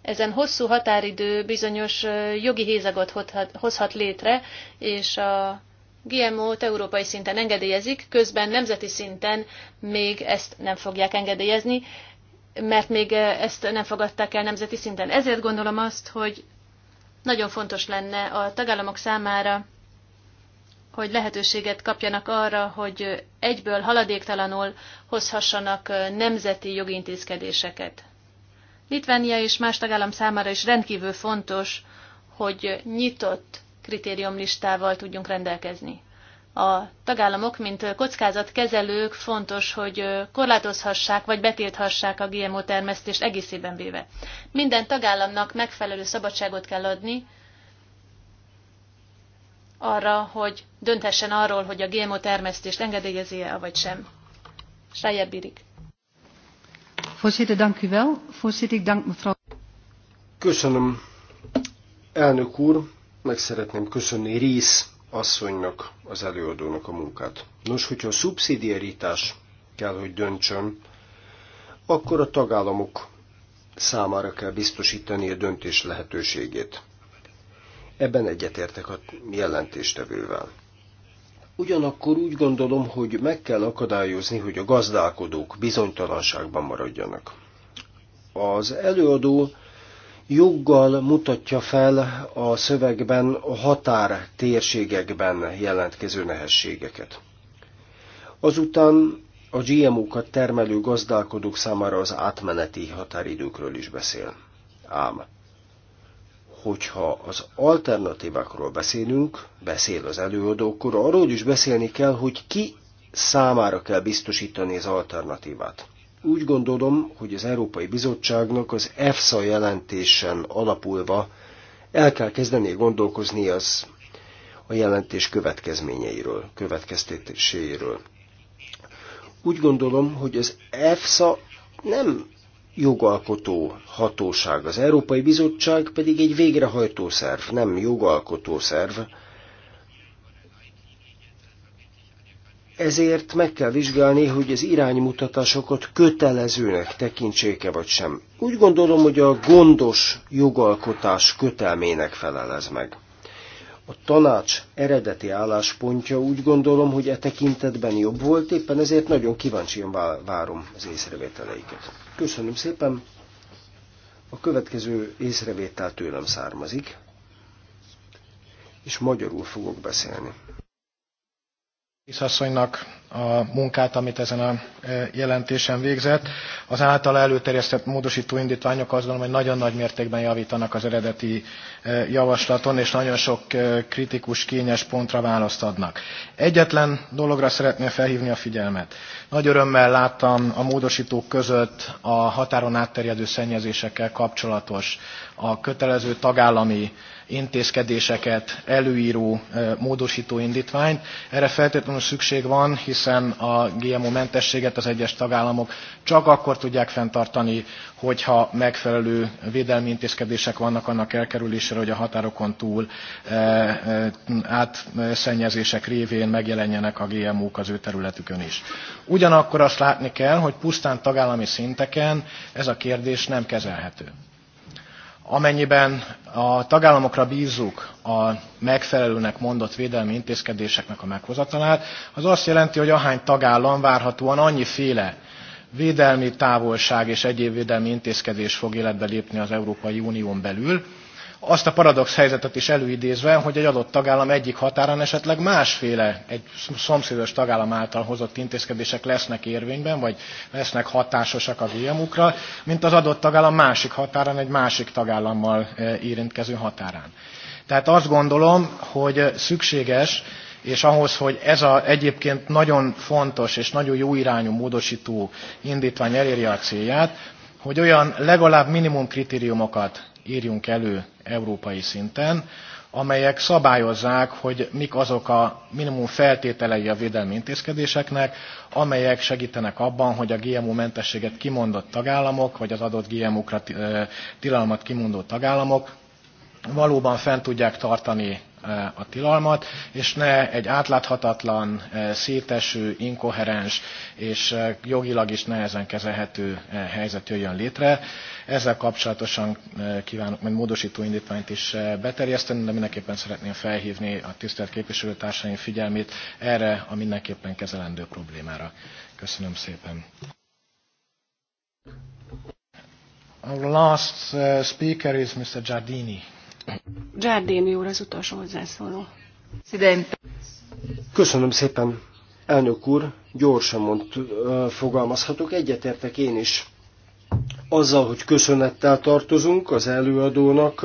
Ezen hosszú határidő bizonyos jogi hézagot hozhat létre, és a GMO-t európai szinten engedélyezik, közben nemzeti szinten még ezt nem fogják engedélyezni, mert még ezt nem fogadták el nemzeti szinten. Ezért gondolom azt, hogy nagyon fontos lenne a tagállamok számára hogy lehetőséget kapjanak arra, hogy egyből haladéktalanul hozhassanak nemzeti jogintézkedéseket. Litvánia és más tagállam számára is rendkívül fontos, hogy nyitott kritériumlistával tudjunk rendelkezni. A tagállamok, mint kockázatkezelők fontos, hogy korlátozhassák vagy betilthassák a GMO termesztést egészében véve. Minden tagállamnak megfelelő szabadságot kell adni, arra, hogy dönthessen arról, hogy a GMO termesztést engedélyezi-e, vagy sem. Sajjebb Birik. Köszönöm, elnök úr. Meg szeretném köszönni Rész asszonynak, az előadónak a munkát. Nos, hogyha a szubszidiaritás kell, hogy döntsön, akkor a tagállamok számára kell biztosítani a döntés lehetőségét. Ebben egyetértek a jelentéstevővel. Ugyanakkor úgy gondolom, hogy meg kell akadályozni, hogy a gazdálkodók bizonytalanságban maradjanak. Az előadó joggal mutatja fel a szövegben a határ térségekben jelentkező nehézségeket. Azután a GMO-kat termelő gazdálkodók számára az átmeneti határidőkről is beszél. Ám hogyha az alternatívákról beszélünk, beszél az előadó, akkor arról is beszélni kell, hogy ki számára kell biztosítani az alternatívát. Úgy gondolom, hogy az Európai Bizottságnak az EFSA jelentésen alapulva el kell kezdeni gondolkozni az a jelentés következményeiről, következtetéséről. Úgy gondolom, hogy az EFSA nem jogalkotó hatóság. Az Európai Bizottság pedig egy végrehajtó szerv, nem jogalkotó szerv. Ezért meg kell vizsgálni, hogy az iránymutatásokat kötelezőnek tekintséke vagy sem. Úgy gondolom, hogy a gondos jogalkotás kötelmének felelez meg. A tanács eredeti álláspontja úgy gondolom, hogy e tekintetben jobb volt, éppen ezért nagyon kíváncsian várom az észrevételeiket. Köszönöm szépen. A következő észrevétel tőlem származik, és magyarul fogok beszélni asszonynak a munkát, amit ezen a e, jelentésen végzett. Az által előterjesztett módosító indítványok azt gondolom, hogy nagyon nagy mértékben javítanak az eredeti e, javaslaton, és nagyon sok e, kritikus, kényes pontra választ adnak. Egyetlen dologra szeretném felhívni a figyelmet. Nagy örömmel láttam a módosítók között a határon átterjedő szennyezésekkel kapcsolatos, a kötelező tagállami intézkedéseket előíró módosító indítványt. Erre feltétlenül szükség van, hiszen a GMO mentességet az egyes tagállamok csak akkor tudják fenntartani, hogyha megfelelő védelmi intézkedések vannak annak elkerülésére, hogy a határokon túl átszennyezések révén megjelenjenek a GMO-k az ő területükön is. Ugyanakkor azt látni kell, hogy pusztán tagállami szinteken ez a kérdés nem kezelhető. Amennyiben a tagállamokra bízzuk a megfelelőnek mondott védelmi intézkedéseknek a meghozatalát, az azt jelenti, hogy ahány tagállam várhatóan annyiféle védelmi távolság és egyéb védelmi intézkedés fog életbe lépni az Európai Unión belül, azt a paradox helyzetet is előidézve, hogy egy adott tagállam egyik határán esetleg másféle egy szomszédos tagállam által hozott intézkedések lesznek érvényben, vagy lesznek hatásosak a GMU-kra, mint az adott tagállam másik határán, egy másik tagállammal e, érintkező határán. Tehát azt gondolom, hogy szükséges, és ahhoz, hogy ez a egyébként nagyon fontos és nagyon jó irányú módosító indítvány elérje a célját, hogy olyan legalább minimum kritériumokat írjunk elő európai szinten, amelyek szabályozzák, hogy mik azok a minimum feltételei a védelmi intézkedéseknek, amelyek segítenek abban, hogy a GMO mentességet kimondott tagállamok, vagy az adott GMO-kra tilalmat kimondó tagállamok valóban fent tudják tartani a tilalmat, és ne egy átláthatatlan, széteső, inkoherens és jogilag is nehezen kezelhető helyzet jöjjön létre. Ezzel kapcsolatosan kívánok majd módosító indítványt is beterjeszteni, de mindenképpen szeretném felhívni a tisztelt képviselőtársaim figyelmét erre a mindenképpen kezelendő problémára. Köszönöm szépen. Our last speaker is Mr. Giardini. Giardini úr az utolsó hozzászóló. Köszönöm szépen, elnök úr. Gyorsan mond, fogalmazhatok. Egyetértek én is azzal, hogy köszönettel tartozunk az előadónak,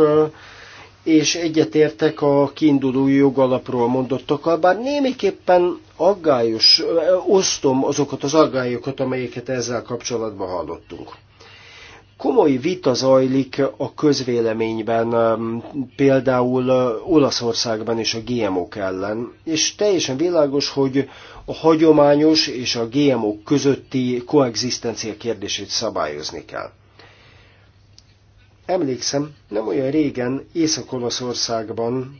és egyetértek a kiinduló jogalapról mondottakkal, bár némiképpen aggályos, osztom azokat az aggályokat, amelyeket ezzel kapcsolatban hallottunk komoly vita zajlik a közvéleményben, um, például uh, Olaszországban is a GMO-k ellen, és teljesen világos, hogy a hagyományos és a GMO-k közötti koexisztencia kérdését szabályozni kell. Emlékszem, nem olyan régen Észak-Olaszországban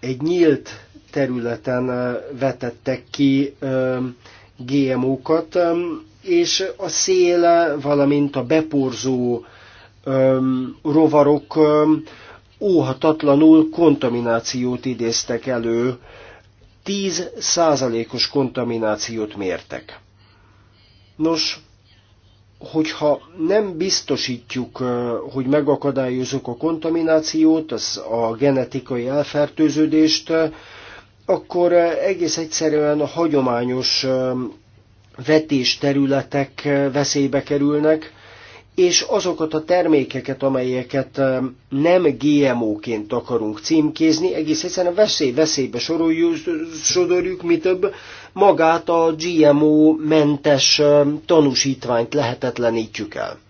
egy nyílt területen uh, vetettek ki um, GMO-kat, um, és a szél, valamint a beporzó öm, rovarok öm, óhatatlanul kontaminációt idéztek elő, 10 százalékos kontaminációt mértek. Nos, hogyha nem biztosítjuk, hogy megakadályozunk a kontaminációt, az a genetikai elfertőződést, akkor egész egyszerűen a hagyományos vetés területek eh, veszélybe kerülnek, és azokat a termékeket, amelyeket eh, nem GMO-ként akarunk címkézni, egész egyszerűen a veszély veszélybe soroljuk, sodorjuk, mi több, magát a GMO-mentes eh, tanúsítványt lehetetlenítjük el.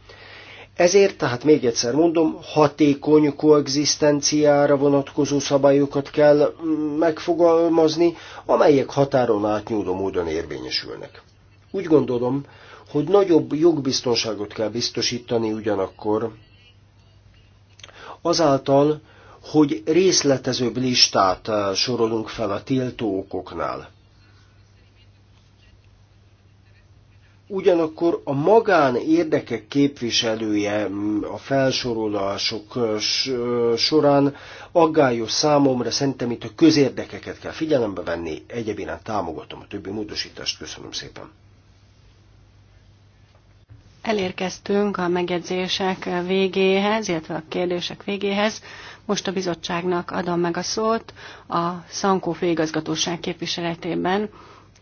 Ezért, tehát még egyszer mondom, hatékony koexisztenciára vonatkozó szabályokat kell mm, megfogalmazni, amelyek határon átnyúló módon érvényesülnek. Úgy gondolom, hogy nagyobb jogbiztonságot kell biztosítani ugyanakkor, azáltal, hogy részletezőbb listát eh, sorolunk fel a tiltó okoknál. Ugyanakkor a magán érdekek képviselője mm, a felsorolások eh, eh, során aggályos számomra, szerintem itt a közérdekeket kell figyelembe venni, egyébként támogatom a többi módosítást. Köszönöm szépen. Elérkeztünk a megjegyzések végéhez, illetve a kérdések végéhez. Most a bizottságnak adom meg a szót a Szankó főigazgatóság képviseletében.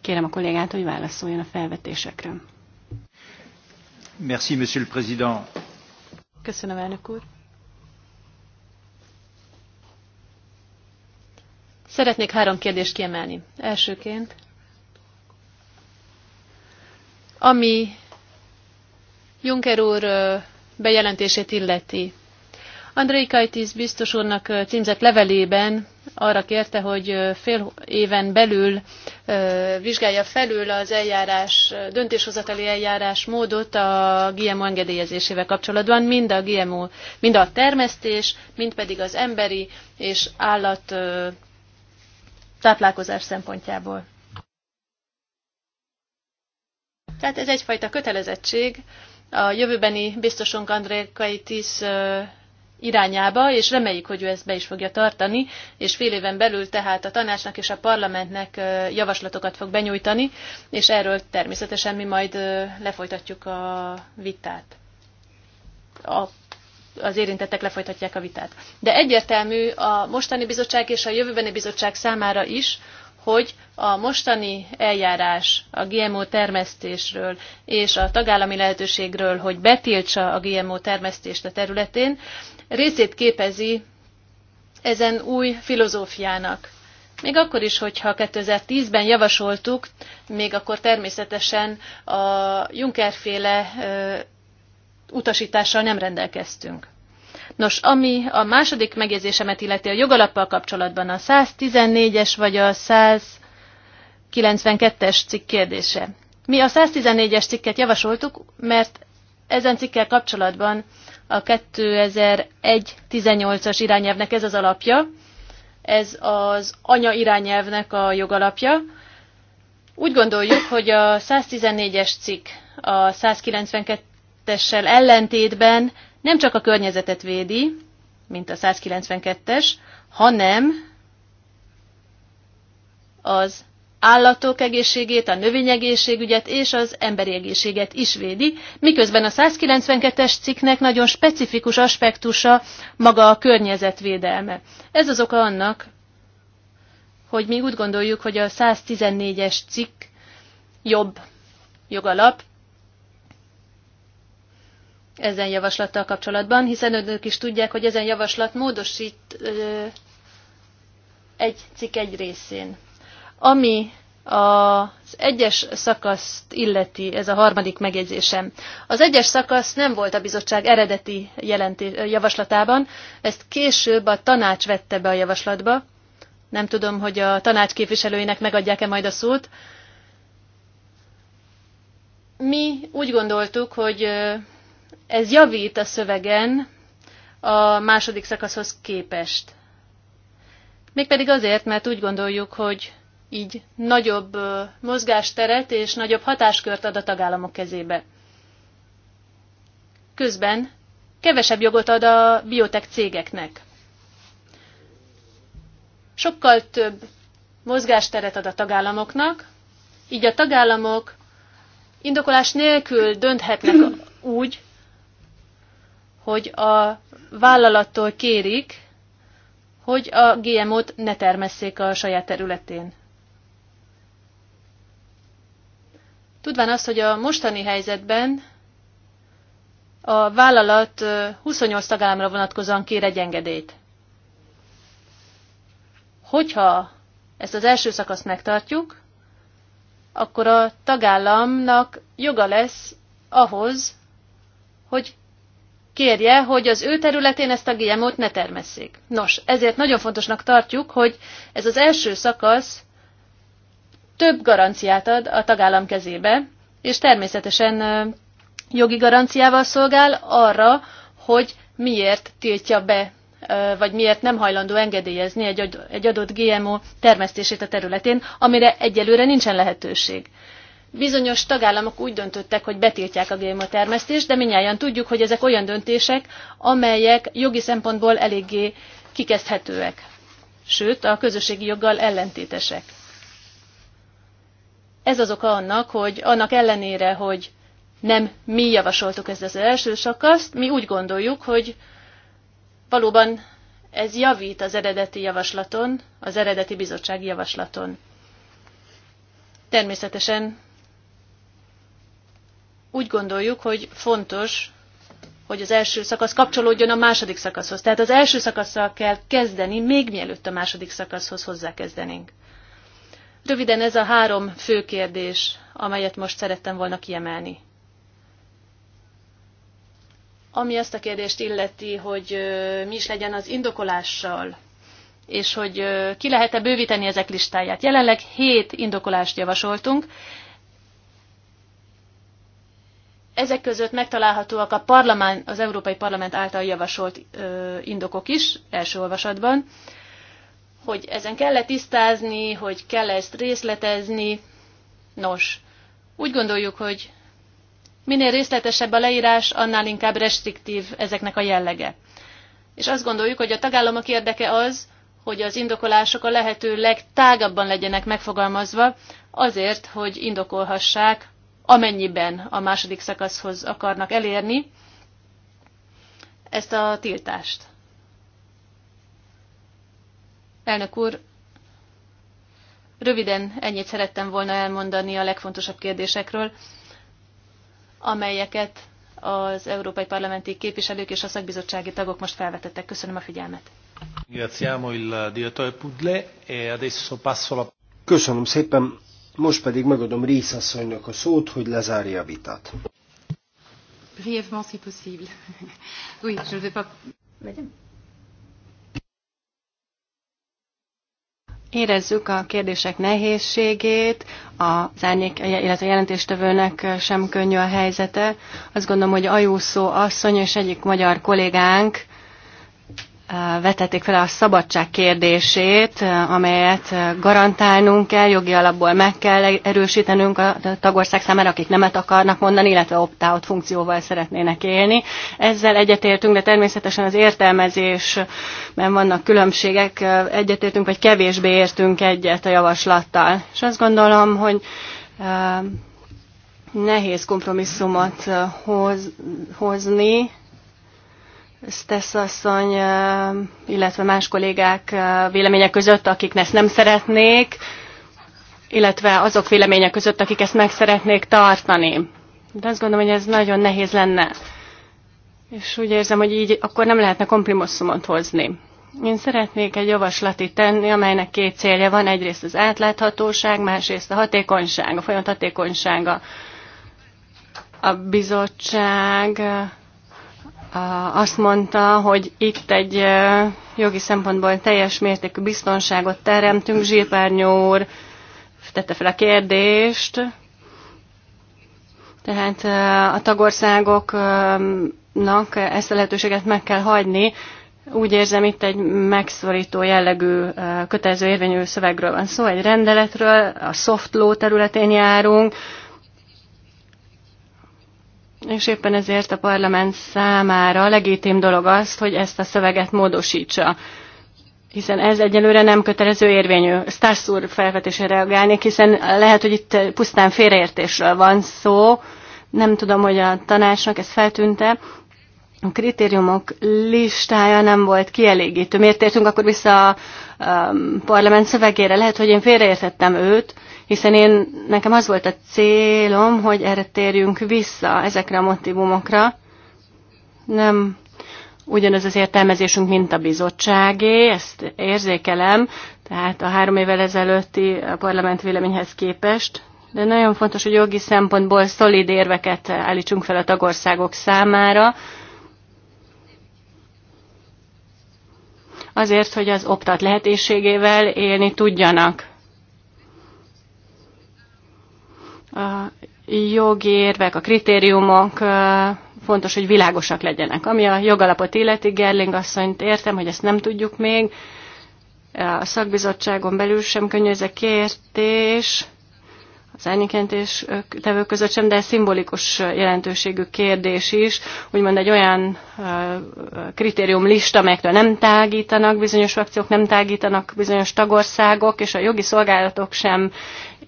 Kérem a kollégát, hogy válaszoljon a felvetésekre. Merci, monsieur le président. Köszönöm, elnök úr. Szeretnék három kérdést kiemelni. Elsőként, ami Juncker úr bejelentését illeti. Andrei Kajtis biztos úrnak címzett levelében arra kérte, hogy fél éven belül vizsgálja felül az eljárás, döntéshozatali eljárás módot a GMO engedélyezésével kapcsolatban, mind a GMO, mind a termesztés, mind pedig az emberi és állat táplálkozás szempontjából. Tehát ez egyfajta kötelezettség, a jövőbeni biztosunk André Kaitis irányába, és reméljük, hogy ő ezt be is fogja tartani, és fél éven belül tehát a tanácsnak és a parlamentnek javaslatokat fog benyújtani, és erről természetesen mi majd lefolytatjuk a vitát. A az érintettek lefolytatják a vitát. De egyértelmű a mostani bizottság és a jövőbeni bizottság számára is, hogy a mostani eljárás a GMO termesztésről és a tagállami lehetőségről, hogy betiltsa a GMO termesztést a területén, részét képezi ezen új filozófiának. Még akkor is, hogyha 2010-ben javasoltuk, még akkor természetesen a Juncker féle utasítással nem rendelkeztünk. Nos, ami a második megjegyzésemet illeti a jogalappal kapcsolatban a 114-es vagy a 192-es cikk kérdése. Mi a 114-es cikket javasoltuk, mert ezen cikkel kapcsolatban a 2001-18-as irányelvnek ez az alapja, ez az anya irányelvnek a jogalapja. Úgy gondoljuk, hogy a 114-es cikk a 192-essel ellentétben nem csak a környezetet védi, mint a 192-es, hanem az állatok egészségét, a növényegészségügyet és az emberi egészséget is védi, miközben a 192-es cikknek nagyon specifikus aspektusa maga a környezetvédelme. Ez az oka annak, hogy mi úgy gondoljuk, hogy a 114-es cikk jobb jogalap, ezen javaslattal kapcsolatban, hiszen önök is tudják, hogy ezen javaslat módosít ö, egy cikk egy részén. Ami az egyes szakaszt illeti, ez a harmadik megjegyzésem. Az egyes szakasz nem volt a bizottság eredeti jelenti, javaslatában, ezt később a tanács vette be a javaslatba. Nem tudom, hogy a tanács képviselőinek megadják-e majd a szót. Mi úgy gondoltuk, hogy ez javít a szövegen a második szakaszhoz képest. Mégpedig azért, mert úgy gondoljuk, hogy így nagyobb mozgásteret és nagyobb hatáskört ad a tagállamok kezébe. Közben kevesebb jogot ad a biotek cégeknek. Sokkal több mozgásteret ad a tagállamoknak, így a tagállamok indokolás nélkül dönthetnek úgy, hogy a vállalattól kérik, hogy a GMO-t ne termesszék a saját területén. Tudván azt, hogy a mostani helyzetben a vállalat 28 tagállamra vonatkozóan kér egy engedélyt. Hogyha ezt az első szakaszt megtartjuk, akkor a tagállamnak joga lesz ahhoz, hogy kérje, hogy az ő területén ezt a GMO-t ne termesszék. Nos, ezért nagyon fontosnak tartjuk, hogy ez az első szakasz több garanciát ad a tagállam kezébe, és természetesen jogi garanciával szolgál arra, hogy miért tiltja be, vagy miért nem hajlandó engedélyezni egy adott GMO termesztését a területén, amire egyelőre nincsen lehetőség. Bizonyos tagállamok úgy döntöttek, hogy betiltják a termesztést de mindnyájan tudjuk, hogy ezek olyan döntések, amelyek jogi szempontból eléggé kikezdhetőek, sőt a közösségi joggal ellentétesek. Ez az oka annak, hogy annak ellenére, hogy nem mi javasoltuk ezt az első szakaszt, mi úgy gondoljuk, hogy valóban ez javít az eredeti javaslaton, az eredeti bizottsági javaslaton. Természetesen úgy gondoljuk, hogy fontos, hogy az első szakasz kapcsolódjon a második szakaszhoz. Tehát az első szakaszsal kell kezdeni, még mielőtt a második szakaszhoz hozzákezdenénk. Röviden ez a három fő kérdés, amelyet most szerettem volna kiemelni. Ami azt a kérdést illeti, hogy mi is legyen az indokolással, és hogy ki lehet-e bővíteni ezek listáját. Jelenleg hét indokolást javasoltunk, ezek között megtalálhatóak a parlament, az Európai Parlament által javasolt ö, indokok is első olvasatban, hogy ezen kell-e tisztázni, hogy kell -e ezt részletezni. Nos, úgy gondoljuk, hogy minél részletesebb a leírás, annál inkább restriktív ezeknek a jellege. És azt gondoljuk, hogy a tagállamok érdeke az, hogy az indokolások a lehető legtágabban legyenek megfogalmazva, azért, hogy indokolhassák amennyiben a második szakaszhoz akarnak elérni ezt a tiltást. Elnök úr, röviden ennyit szerettem volna elmondani a legfontosabb kérdésekről, amelyeket az európai parlamenti képviselők és a szakbizottsági tagok most felvetettek. Köszönöm a figyelmet. E Köszönöm szépen. Most pedig megadom részasszonynak a szót, hogy lezárja a vitát. Brièvement, si possible. Oui, je ne vais pas... Érezzük a kérdések nehézségét, az árnyék, illetve a jelentéstevőnek sem könnyű a helyzete. Azt gondolom, hogy Ajúszó asszony és egyik magyar kollégánk vetették fel a szabadság kérdését, amelyet garantálnunk kell, jogi alapból meg kell erősítenünk a tagország számára, akik nemet akarnak mondani, illetve opt-out funkcióval szeretnének élni. Ezzel egyetértünk, de természetesen az értelmezésben vannak különbségek, egyetértünk, vagy kevésbé értünk egyet a javaslattal. És azt gondolom, hogy nehéz kompromisszumot hoz, hozni, Stessz asszony, illetve más kollégák véleménye között, akik ezt nem szeretnék, illetve azok véleménye között, akik ezt meg szeretnék tartani. De azt gondolom, hogy ez nagyon nehéz lenne. És úgy érzem, hogy így akkor nem lehetne komprimosszumot hozni. Én szeretnék egy javaslati tenni, amelynek két célja van. Egyrészt az átláthatóság, másrészt a hatékonyság, a folyamat hatékonysága. A bizottság azt mondta, hogy itt egy jogi szempontból teljes mértékű biztonságot teremtünk. Zsírpárnyó úr tette fel a kérdést. Tehát a tagországoknak ezt a lehetőséget meg kell hagyni. Úgy érzem, itt egy megszorító jellegű kötelező érvényű szövegről van szó, egy rendeletről, a soft law területén járunk, és éppen ezért a parlament számára legitim dolog az, hogy ezt a szöveget módosítsa hiszen ez egyelőre nem kötelező érvényű. Stász úr felvetésre reagálnék, hiszen lehet, hogy itt pusztán félreértésről van szó. Nem tudom, hogy a tanácsnak ez feltűnte. A kritériumok listája nem volt kielégítő. Miért értünk akkor vissza a parlament szövegére? Lehet, hogy én félreértettem őt, hiszen én, nekem az volt a célom, hogy erre térjünk vissza ezekre a motivumokra. Nem ugyanaz az értelmezésünk, mint a bizottságé, ezt érzékelem, tehát a három évvel ezelőtti parlament véleményhez képest, de nagyon fontos, hogy jogi szempontból szolid érveket állítsunk fel a tagországok számára, azért, hogy az optat lehetőségével élni tudjanak. A jogi érvek, a kritériumok fontos, hogy világosak legyenek. Ami a jogalapot illeti, Gerling asszonyt értem, hogy ezt nem tudjuk még. A szakbizottságon belül sem könnyű ez a kértés, az elnyikentés tevők között sem, de szimbolikus jelentőségű kérdés is, úgymond egy olyan kritérium lista, amelyektől nem tágítanak, bizonyos akciók, nem tágítanak, bizonyos tagországok, és a jogi szolgálatok sem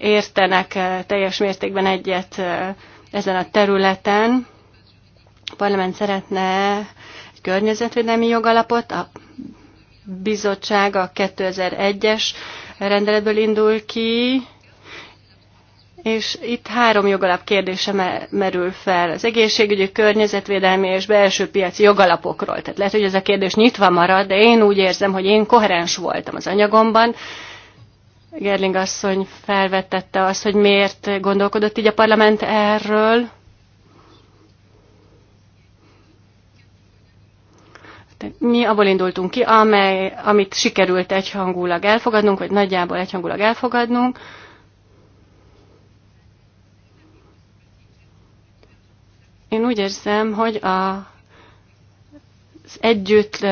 értenek eh, teljes mértékben egyet eh, ezen a területen. A parlament szeretne egy környezetvédelmi jogalapot, a bizottság a 2001-es rendeletből indul ki, és itt három jogalap kérdése merül fel. Az egészségügyi, környezetvédelmi és belső piaci jogalapokról. Tehát lehet, hogy ez a kérdés nyitva marad, de én úgy érzem, hogy én koherens voltam az anyagomban, Gerling asszony felvetette azt, hogy miért gondolkodott így a parlament erről. Mi abból indultunk ki, amely, amit sikerült egyhangulag elfogadnunk, vagy nagyjából egyhangulag elfogadnunk, én úgy érzem, hogy a az együtt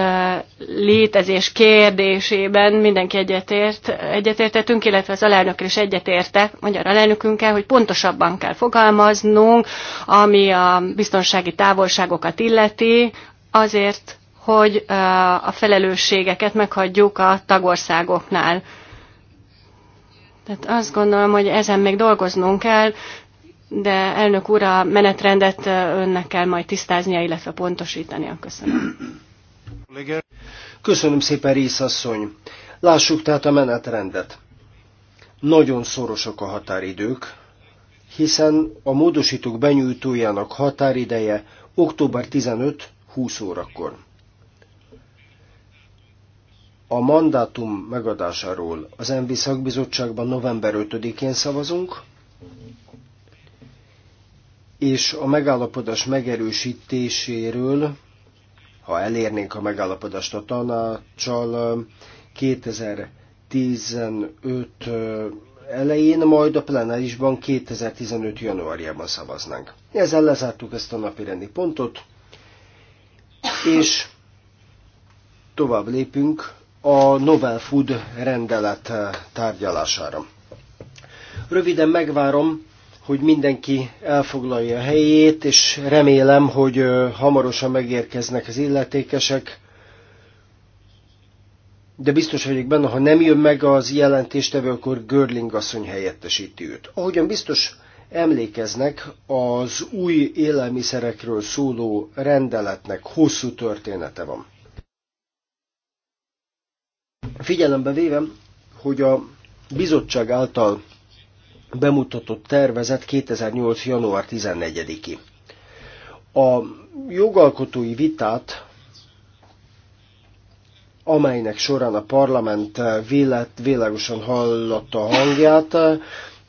létezés kérdésében mindenki egyetért, egyetértettünk, illetve az alelnök is egyetértek, magyar alelnökünkkel, hogy pontosabban kell fogalmaznunk, ami a biztonsági távolságokat illeti, azért, hogy a felelősségeket meghagyjuk a tagországoknál. Tehát azt gondolom, hogy ezen még dolgoznunk kell, de elnök úr, a menetrendet önnek kell majd tisztáznia, illetve pontosítania. Köszönöm. Köszönöm szépen, részasszony. Lássuk tehát a menetrendet. Nagyon szorosak a határidők, hiszen a módosítók benyújtójának határideje október 15-20 órakor. A mandátum megadásáról az MV szakbizottságban november 5-én szavazunk, és a megállapodás megerősítéséről, ha elérnénk a megállapodást a tanácsal 2015 elején, majd a plenárisban 2015. januárjában szavaznánk. Ezzel lezártuk ezt a napirendi pontot, és tovább lépünk a Novel Food rendelet tárgyalására. Röviden megvárom, hogy mindenki elfoglalja a helyét, és remélem, hogy hamarosan megérkeznek az illetékesek. De biztos vagyok benne, ha nem jön meg az jelentéstevő, akkor Görling asszony helyettesíti őt. Ahogyan biztos emlékeznek, az új élelmiszerekről szóló rendeletnek hosszú története van. Figyelembe véve, hogy a bizottság által bemutatott tervezet 2008. január 14-i. A jogalkotói vitát, amelynek során a parlament vélet, világosan hallotta a hangját,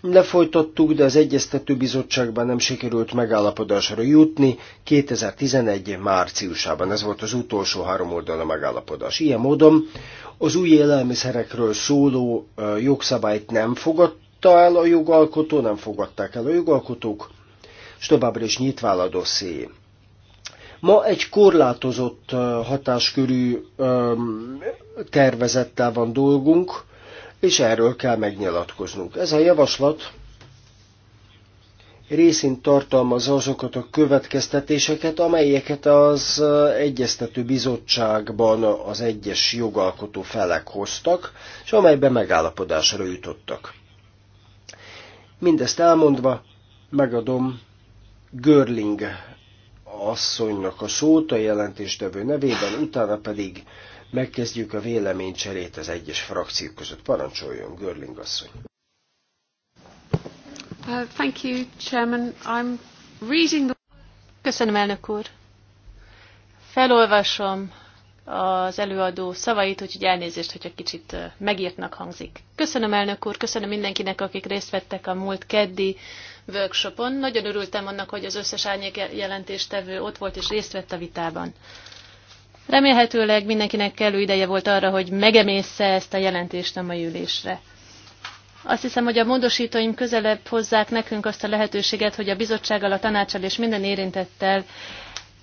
lefolytattuk, de az Egyeztető Bizottságban nem sikerült megállapodásra jutni 2011. márciusában. Ez volt az utolsó három a megállapodás. Ilyen módon az új élelmiszerekről szóló jogszabályt nem fogadtuk, fogadta el a jogalkotó, nem fogadták el a jogalkotók, és továbbra is nyitva a dosszié. Ma egy korlátozott hatáskörű tervezettel van dolgunk, és erről kell megnyilatkoznunk. Ez a javaslat részint tartalmazza azokat a következtetéseket, amelyeket az Egyeztető Bizottságban az egyes jogalkotó felek hoztak, és amelyben megállapodásra jutottak. Mindezt elmondva megadom Görling asszonynak a szót a jelentéstevő nevében, utána pedig megkezdjük a véleménycserét az egyes frakciók között. Parancsoljon, Görling asszony! Uh, thank you, Chairman. I'm reading the... Köszönöm, elnök úr! Felolvasom az előadó szavait, úgyhogy elnézést, hogyha kicsit megírtnak hangzik. Köszönöm elnök úr, köszönöm mindenkinek, akik részt vettek a múlt keddi workshopon. Nagyon örültem annak, hogy az összes árnyék jelentéstevő ott volt és részt vett a vitában. Remélhetőleg mindenkinek kellő ideje volt arra, hogy megemészze ezt a jelentést a mai ülésre. Azt hiszem, hogy a módosítóim közelebb hozzák nekünk azt a lehetőséget, hogy a bizottsággal, a tanácsal és minden érintettel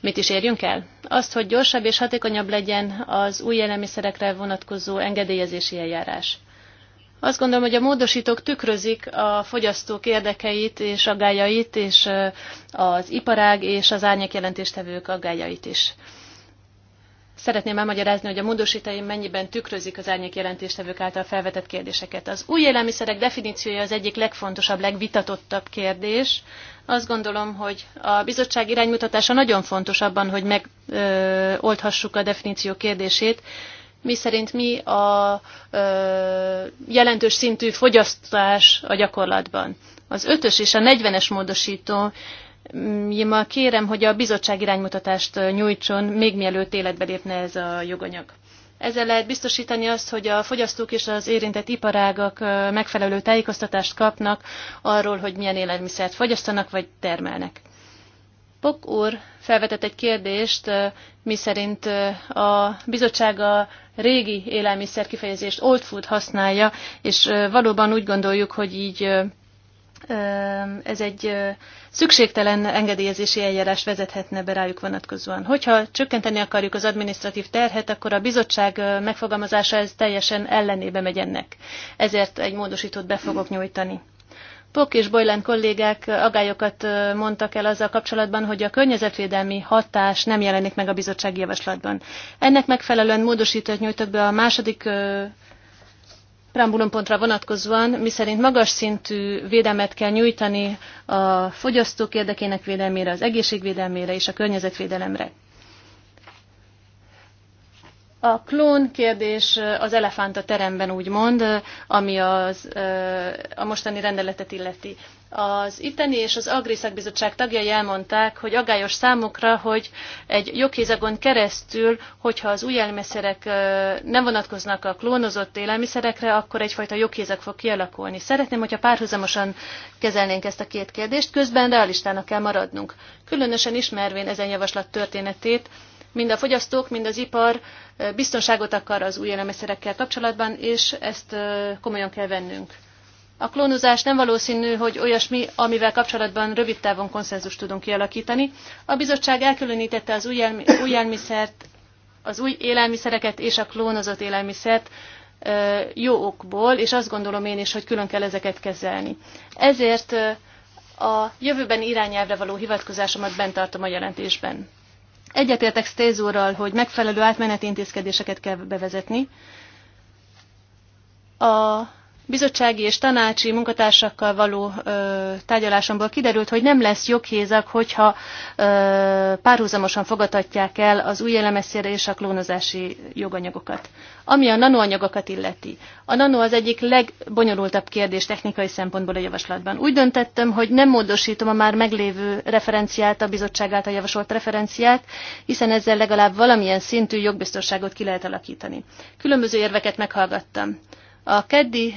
Mit is érjünk el? Azt, hogy gyorsabb és hatékonyabb legyen az új élelmiszerekre vonatkozó engedélyezési eljárás. Azt gondolom, hogy a módosítók tükrözik a fogyasztók érdekeit és aggájait, és az iparág és az árnyékjelentéstevők aggájait is. Szeretném elmagyarázni, hogy a módosítaim mennyiben tükrözik az árnyékjelentéstevők által felvetett kérdéseket. Az új élelmiszerek definíciója az egyik legfontosabb, legvitatottabb kérdés azt gondolom, hogy a bizottság iránymutatása nagyon fontos abban, hogy megoldhassuk a definíció kérdését, mi szerint mi a ö, jelentős szintű fogyasztás a gyakorlatban. Az ötös és a 40-es módosító mm, ma kérem, hogy a bizottság iránymutatást nyújtson, még mielőtt életbe lépne ez a joganyag. Ezzel lehet biztosítani azt, hogy a fogyasztók és az érintett iparágak megfelelő tájékoztatást kapnak arról, hogy milyen élelmiszert fogyasztanak vagy termelnek. Pok úr felvetett egy kérdést, miszerint a bizottság a régi élelmiszer kifejezést old food használja, és valóban úgy gondoljuk, hogy így ez egy szükségtelen engedélyezési eljárás vezethetne be rájuk vonatkozóan. Hogyha csökkenteni akarjuk az administratív terhet, akkor a bizottság megfogalmazása ez teljesen ellenébe megy ennek. Ezért egy módosítót be fogok nyújtani. Pok és Bojlán kollégák agályokat mondtak el azzal kapcsolatban, hogy a környezetvédelmi hatás nem jelenik meg a bizottsági javaslatban. Ennek megfelelően módosítót nyújtok be a második preambulumpontra vonatkozóan, miszerint magas szintű védelmet kell nyújtani a fogyasztók érdekének védelmére, az védelmére és a környezetvédelemre. A klón kérdés eh, az elefánt a teremben mond, eh, ami az, eh, a mostani rendeletet illeti. Az itteni és az Bizottság tagjai elmondták, hogy agályos számukra, hogy egy joghézagon keresztül, hogyha az új élelmiszerek nem vonatkoznak a klónozott élelmiszerekre, akkor egyfajta joghézag fog kialakulni. Szeretném, hogyha párhuzamosan kezelnénk ezt a két kérdést, közben realistának kell maradnunk. Különösen ismervén ezen javaslat történetét, mind a fogyasztók, mind az ipar biztonságot akar az új élelmiszerekkel kapcsolatban, és ezt komolyan kell vennünk. A klónozás nem valószínű, hogy olyasmi, amivel kapcsolatban rövid távon konszenzus tudunk kialakítani. A bizottság elkülönítette az új, elmi, új elmiszert, az új élelmiszereket és a klónozott élelmiszert jó okból, és azt gondolom én is, hogy külön kell ezeket kezelni. Ezért a jövőben irányelvre való hivatkozásomat bent tartom a jelentésben. Egyetértek Stéz úrral, hogy megfelelő átmeneti intézkedéseket kell bevezetni. A bizottsági és tanácsi munkatársakkal való ö, tárgyalásomból kiderült, hogy nem lesz joghézak, hogyha ö, párhuzamosan fogadhatják el az új elemeszére és a klónozási joganyagokat. Ami a nanoanyagokat illeti. A nano az egyik legbonyolultabb kérdés technikai szempontból a javaslatban. Úgy döntettem, hogy nem módosítom a már meglévő referenciát, a bizottság által javasolt referenciát, hiszen ezzel legalább valamilyen szintű jogbiztonságot ki lehet alakítani. Különböző érveket meghallgattam. A keddi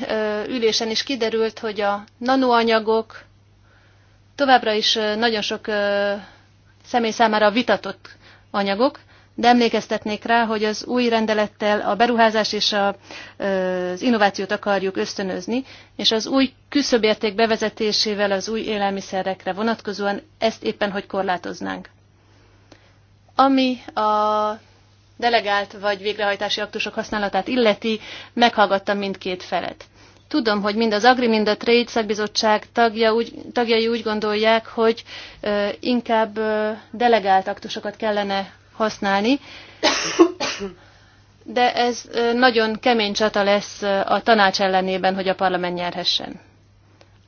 ülésen is kiderült, hogy a nanoanyagok továbbra is nagyon sok személy számára vitatott anyagok, de emlékeztetnék rá, hogy az új rendelettel a beruházás és a, az innovációt akarjuk ösztönözni, és az új küszöbérték bevezetésével az új élelmiszerekre vonatkozóan ezt éppen hogy korlátoznánk. Ami a delegált vagy végrehajtási aktusok használatát illeti, meghallgattam mindkét felet. Tudom, hogy mind az Agri, mind a Trade szakbizottság tagja úgy, tagjai úgy gondolják, hogy ö, inkább ö, delegált aktusokat kellene használni, de ez nagyon kemény csata lesz a tanács ellenében, hogy a parlament nyerhessen.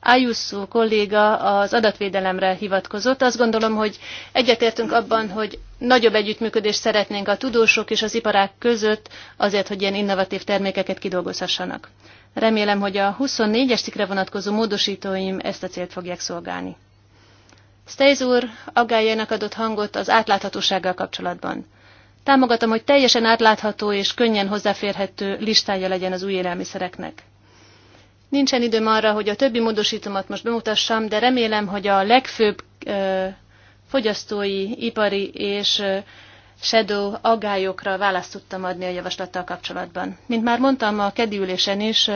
Ayuso kolléga az adatvédelemre hivatkozott. Azt gondolom, hogy egyetértünk abban, hogy nagyobb együttműködést szeretnénk a tudósok és az iparák között azért, hogy ilyen innovatív termékeket kidolgozhassanak. Remélem, hogy a 24-es cikkre vonatkozó módosítóim ezt a célt fogják szolgálni. Stejz úr aggájának adott hangot az átláthatósággal kapcsolatban. Támogatom, hogy teljesen átlátható és könnyen hozzáférhető listája legyen az új élelmiszereknek. Nincsen időm arra, hogy a többi módosítomat most bemutassam, de remélem, hogy a legfőbb fogyasztói, ipari és shadow aggályokra választ tudtam adni a javaslattal kapcsolatban. Mint már mondtam a keddi ülésen is,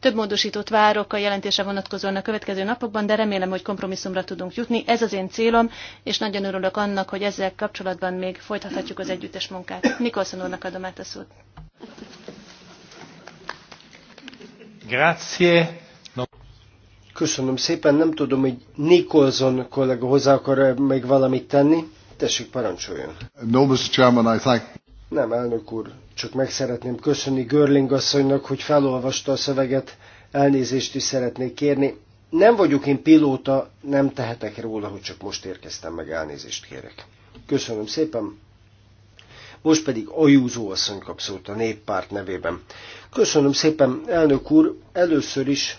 több módosítót várok a jelentése vonatkozóan a következő napokban, de remélem, hogy kompromisszumra tudunk jutni. Ez az én célom, és nagyon örülök annak, hogy ezzel kapcsolatban még folytathatjuk az együttes munkát. Nikolson úrnak adom át a szót. Köszönöm szépen, nem tudom, hogy Nicholson kollega hozzá akar -e még valamit tenni. Tessék, parancsoljon. No, Mr. Chairman, I thank... Nem, elnök úr, csak meg szeretném köszönni Görling asszonynak, hogy felolvasta a szöveget, elnézést is szeretnék kérni. Nem vagyok én pilóta, nem tehetek róla, hogy csak most érkeztem meg, elnézést kérek. Köszönöm szépen. Most pedig Ajúzó asszony kap szót a néppárt nevében. Köszönöm szépen, elnök úr, először is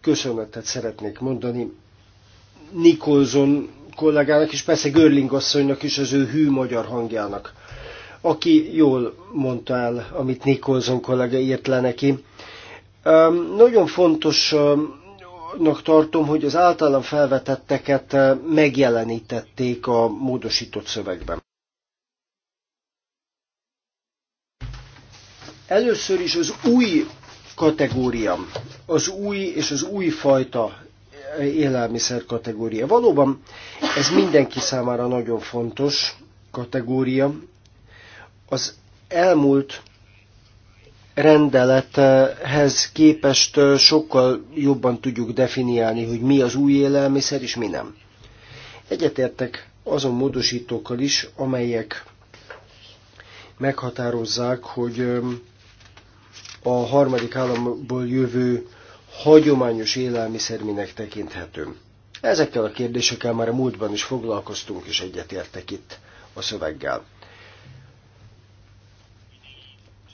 köszönetet szeretnék mondani Nikolzon kollégának, és persze Görling asszonynak is, az ő hű magyar hangjának, aki jól mondta el, amit Nikolzon kollega írt le neki. Um, nagyon fontos um, fontosnak tartom, hogy az általam felvetetteket megjelenítették a módosított szövegben. Először is az új kategória, az új és az új fajta eh, élelmiszer kategória. Valóban ez mindenki számára nagyon fontos kategória. Az elmúlt rendelethez képest eh, sokkal jobban tudjuk definiálni, hogy mi az új élelmiszer és mi nem. Egyetértek azon módosítókkal is, amelyek meghatározzák, hogy eh, a harmadik államból jövő hagyományos élelmiszerminek tekinthető. Ezekkel a kérdésekkel már a múltban is foglalkoztunk, és egyetértek itt a szöveggel.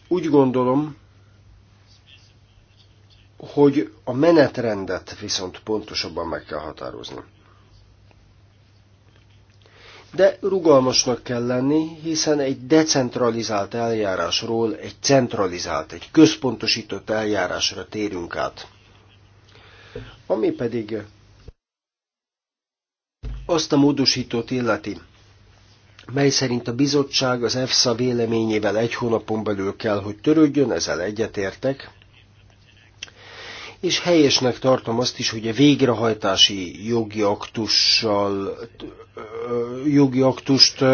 Úgy gondolom, hogy a menetrendet viszont pontosabban meg kell határozni de rugalmasnak kell lenni, hiszen egy decentralizált eljárásról egy centralizált, egy központosított eljárásra térünk át. Ami pedig azt a módosítót illeti, mely szerint a bizottság az EFSA véleményével egy hónapon belül kell, hogy törődjön, ezzel egyetértek, és helyesnek tartom azt is, hogy a végrehajtási jogi aktussal jogi aktust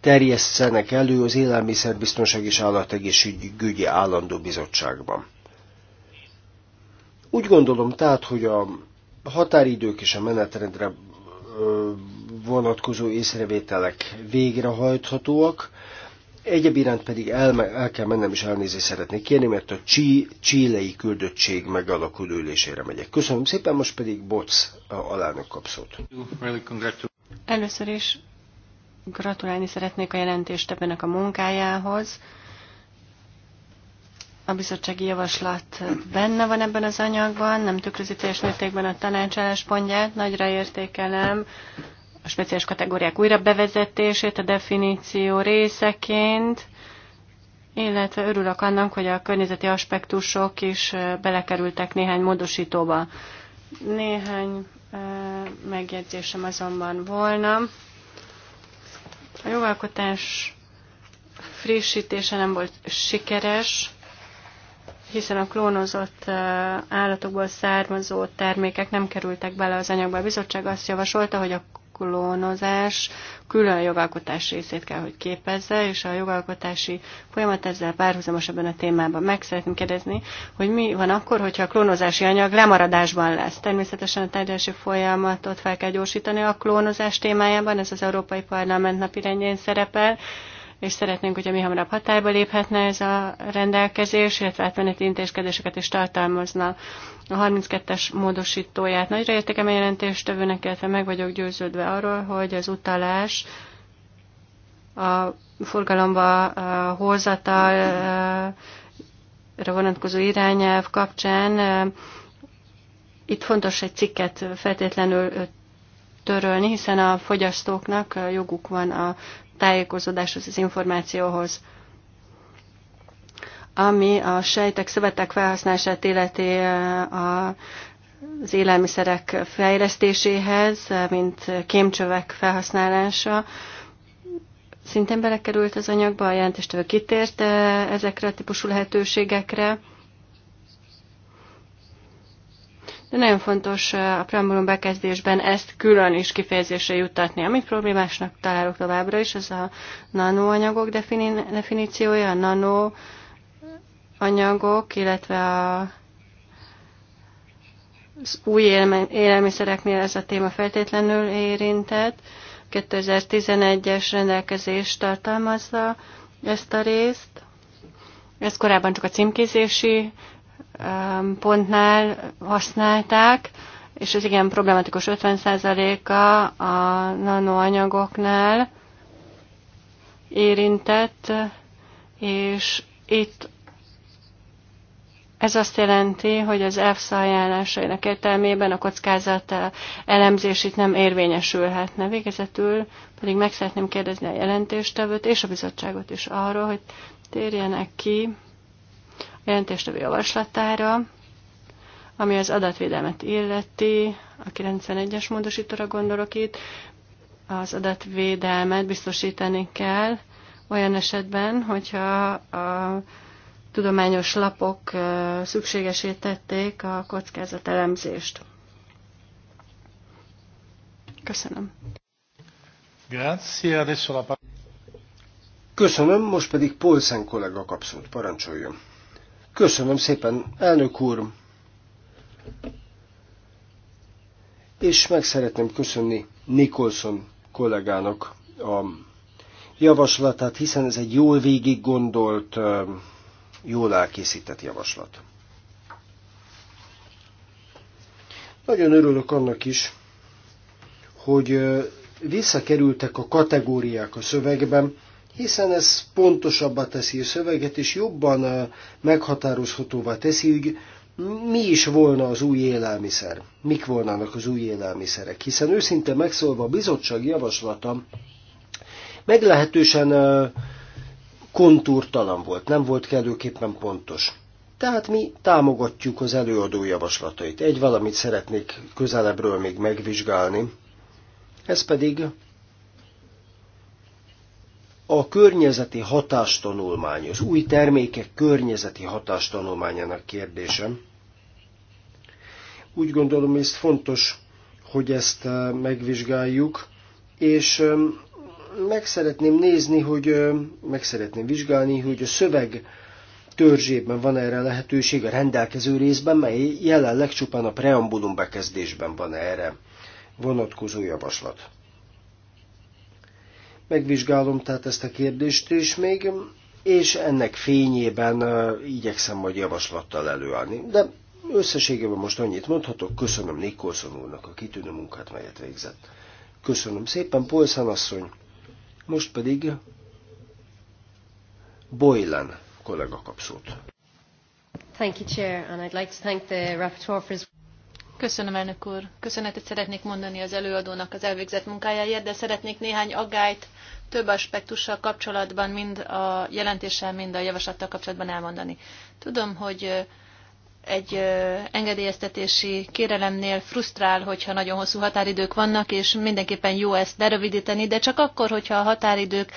terjesztenek elő az Élelmiszerbiztonság és Állategészségügyi Állandó Bizottságban. Úgy gondolom tehát, hogy a határidők és a menetrendre vonatkozó észrevételek végrehajthatóak, Egyéb iránt pedig el, el kell mennem és elnézést szeretnék kérni, mert a csí, csílei küldöttség megalakulő ülésére megyek. Köszönöm szépen, most pedig Boc alelnök kap Először is gratulálni szeretnék a jelentést ebbenek a munkájához. A bizottsági javaslat benne van ebben az anyagban, nem tükrözi teljes mértékben a tanács nagyra értékelem a speciális kategóriák újra bevezetését a definíció részeként, illetve örülök annak, hogy a környezeti aspektusok is belekerültek néhány módosítóba. Néhány megjegyzésem azonban volna. A jogalkotás frissítése nem volt sikeres, hiszen a klónozott állatokból származó termékek nem kerültek bele az anyagba. A bizottság azt javasolta, hogy a klónozás külön a jogalkotás részét kell, hogy képezze, és a jogalkotási folyamat ezzel párhuzamos ebben a témában. Meg szeretném kérdezni, hogy mi van akkor, hogyha a klónozási anyag lemaradásban lesz. Természetesen a tárgyalási folyamatot fel kell gyorsítani a klónozás témájában, ez az Európai Parlament napirendjén szerepel és szeretnénk, hogy mi hamarabb hatályba léphetne ez a rendelkezés, illetve átmeneti intézkedéseket is tartalmazna a 32-es módosítóját. Nagyra értékem a jelentéstevőnek, illetve meg vagyok győződve arról, hogy az utalás a forgalomba a hozatalra vonatkozó irányelv kapcsán itt fontos egy cikket feltétlenül törölni, hiszen a fogyasztóknak joguk van a tájékozódáshoz, az információhoz ami a sejtek, szövetek felhasználását illeti eh, a az élelmiszerek fejlesztéséhez, eh, mint kémcsövek felhasználása. Szintén belekerült az anyagba, a jelentéstől kitért eh, ezekre a típusú lehetőségekre. De nagyon fontos a preambulum bekezdésben ezt külön is kifejezésre juttatni. Amit problémásnak találok továbbra is, ez a nanoanyagok definíciója, a nano anyagok, illetve a az új élelmiszereknél ez a téma feltétlenül érintett. 2011-es rendelkezés tartalmazza ezt a részt. Ezt korábban csak a címkézési um, pontnál használták, és ez igen problematikus 50%-a a nanoanyagoknál érintett, és itt ez azt jelenti, hogy az elf ajánlásainak értelmében a kockázat elemzés itt nem érvényesülhetne. Végezetül pedig meg szeretném kérdezni a jelentéstevőt és a bizottságot is arról, hogy térjenek ki a jelentéstevő javaslatára, ami az adatvédelmet illeti, a 91-es módosítóra gondolok itt, az adatvédelmet biztosítani kell olyan esetben, hogyha a tudományos lapok szükségesé tették a kockázatelemzést. Köszönöm. Köszönöm, most pedig Polszen kollega kapszót parancsoljon. Köszönöm szépen, elnök úr! És meg szeretném köszönni Nikolson kollégának a javaslatát, hiszen ez egy jól végig gondolt jól elkészített javaslat. Nagyon örülök annak is, hogy visszakerültek a kategóriák a szövegben, hiszen ez pontosabbá teszi a szöveget, és jobban meghatározhatóvá teszi, hogy mi is volna az új élelmiszer, mik volnának az új élelmiszerek. Hiszen őszinte megszólva a bizottság javaslata meglehetősen kontúrtalan volt, nem volt kellőképpen pontos. Tehát mi támogatjuk az előadó javaslatait. Egy valamit szeretnék közelebbről még megvizsgálni, ez pedig a környezeti hatástanulmány, az új termékek környezeti hatástanulmányának kérdése. Úgy gondolom, hogy ez fontos, hogy ezt eh, megvizsgáljuk, és eh, meg szeretném nézni, hogy meg szeretném vizsgálni, hogy a szöveg törzsében van erre lehetőség a rendelkező részben, mely jelenleg csupán a preambulum bekezdésben van erre vonatkozó javaslat. Megvizsgálom tehát ezt a kérdést is még, és ennek fényében igyekszem majd javaslattal előállni. De összességében most annyit mondhatok, köszönöm Nikolson úrnak a kitűnő munkát, melyet végzett. Köszönöm szépen, Polszán asszony! Most pedig Boylan kollega kap Thank you, Chair, and I'd like to thank the rapporteur for his... Köszönöm, elnök úr. Köszönetet szeretnék mondani az előadónak az elvégzett munkájáért, de szeretnék néhány aggályt több aspektussal kapcsolatban, mind a jelentéssel, mind a javaslattal kapcsolatban elmondani. Tudom, hogy egy engedélyeztetési kérelemnél frusztrál, hogyha nagyon hosszú határidők vannak, és mindenképpen jó ezt lerövidíteni, de csak akkor, hogyha a határidők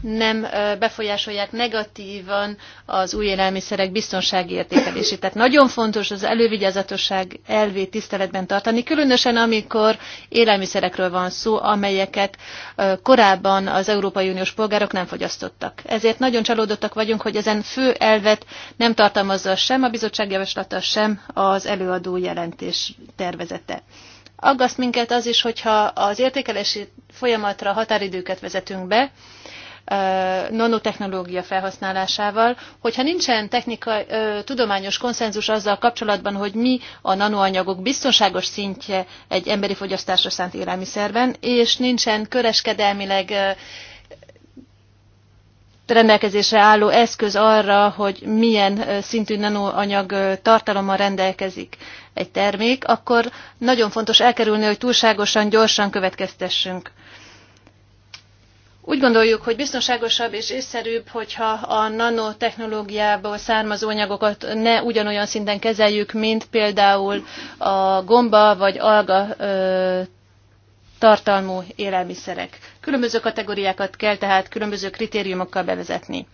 nem befolyásolják negatívan az új élelmiszerek biztonsági értékelését. Tehát nagyon fontos az elővigyázatosság elvét tiszteletben tartani, különösen amikor élelmiszerekről van szó, amelyeket korábban az Európai Uniós polgárok nem fogyasztottak. Ezért nagyon csalódottak vagyunk, hogy ezen fő elvet nem tartalmazza sem a bizottság javaslata, sem az előadó jelentés tervezete. Aggaszt minket az is, hogyha az értékelési folyamatra határidőket vezetünk be, nanotechnológia felhasználásával. Hogyha nincsen technikai tudományos konszenzus azzal kapcsolatban, hogy mi a nanoanyagok biztonságos szintje egy emberi fogyasztásra szánt élelmiszerben, és nincsen kereskedelmileg rendelkezésre álló eszköz arra, hogy milyen szintű nanoanyag tartalommal rendelkezik egy termék, akkor nagyon fontos elkerülni, hogy túlságosan gyorsan következtessünk úgy gondoljuk, hogy biztonságosabb és észszerűbb, hogyha a nanotechnológiából származó anyagokat ne ugyanolyan szinten kezeljük, mint például a gomba vagy alga ö, tartalmú élelmiszerek. Különböző kategóriákat kell tehát különböző kritériumokkal bevezetni.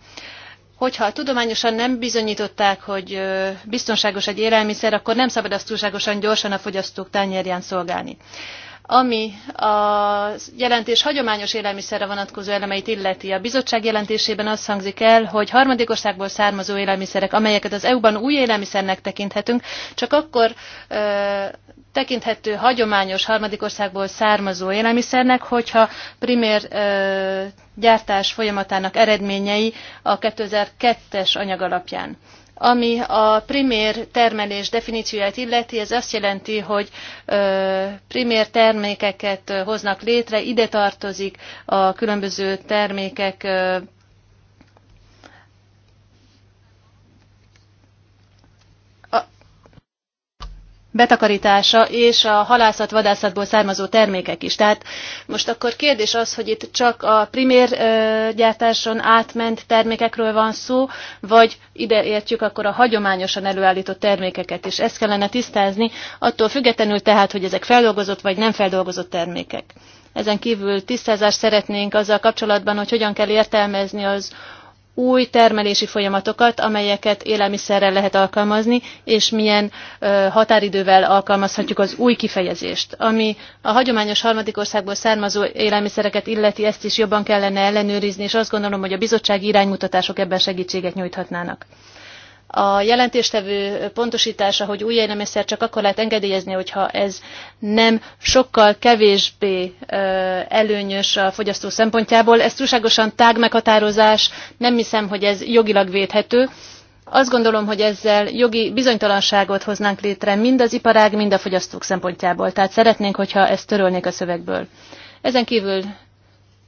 Hogyha tudományosan nem bizonyították, hogy biztonságos egy élelmiszer, akkor nem szabad azt túlságosan gyorsan a fogyasztók tányérján szolgálni. Ami a jelentés hagyományos élelmiszerre vonatkozó elemeit illeti, a bizottság jelentésében azt hangzik el, hogy harmadik országból származó élelmiszerek, amelyeket az EU-ban új élelmiszernek tekinthetünk, csak akkor ö, tekinthető hagyományos harmadik országból származó élelmiszernek, hogyha primér ö, gyártás folyamatának eredményei a 2002-es anyag alapján. Ami a primér termelés definícióját illeti, ez azt jelenti, hogy primér termékeket hoznak létre, ide tartozik a különböző termékek betakarítása és a halászat-vadászatból származó termékek is. Tehát most akkor kérdés az, hogy itt csak a primér gyártáson átment termékekről van szó, vagy ide értjük akkor a hagyományosan előállított termékeket is. Ezt kellene tisztázni, attól függetlenül tehát, hogy ezek feldolgozott vagy nem feldolgozott termékek. Ezen kívül tisztázást szeretnénk azzal kapcsolatban, hogy hogyan kell értelmezni az új termelési folyamatokat, amelyeket élelmiszerrel lehet alkalmazni, és milyen határidővel alkalmazhatjuk az új kifejezést. Ami a hagyományos harmadik országból származó élelmiszereket illeti, ezt is jobban kellene ellenőrizni, és azt gondolom, hogy a bizottsági iránymutatások ebben segítséget nyújthatnának. A jelentéstevő pontosítása, hogy új élelmiszer csak akkor lehet engedélyezni, hogyha ez nem sokkal kevésbé előnyös a fogyasztó szempontjából. Ez túlságosan tág meghatározás, nem hiszem, hogy ez jogilag védhető. Azt gondolom, hogy ezzel jogi bizonytalanságot hoznánk létre mind az iparág, mind a fogyasztók szempontjából. Tehát szeretnénk, hogyha ezt törölnék a szövegből. Ezen kívül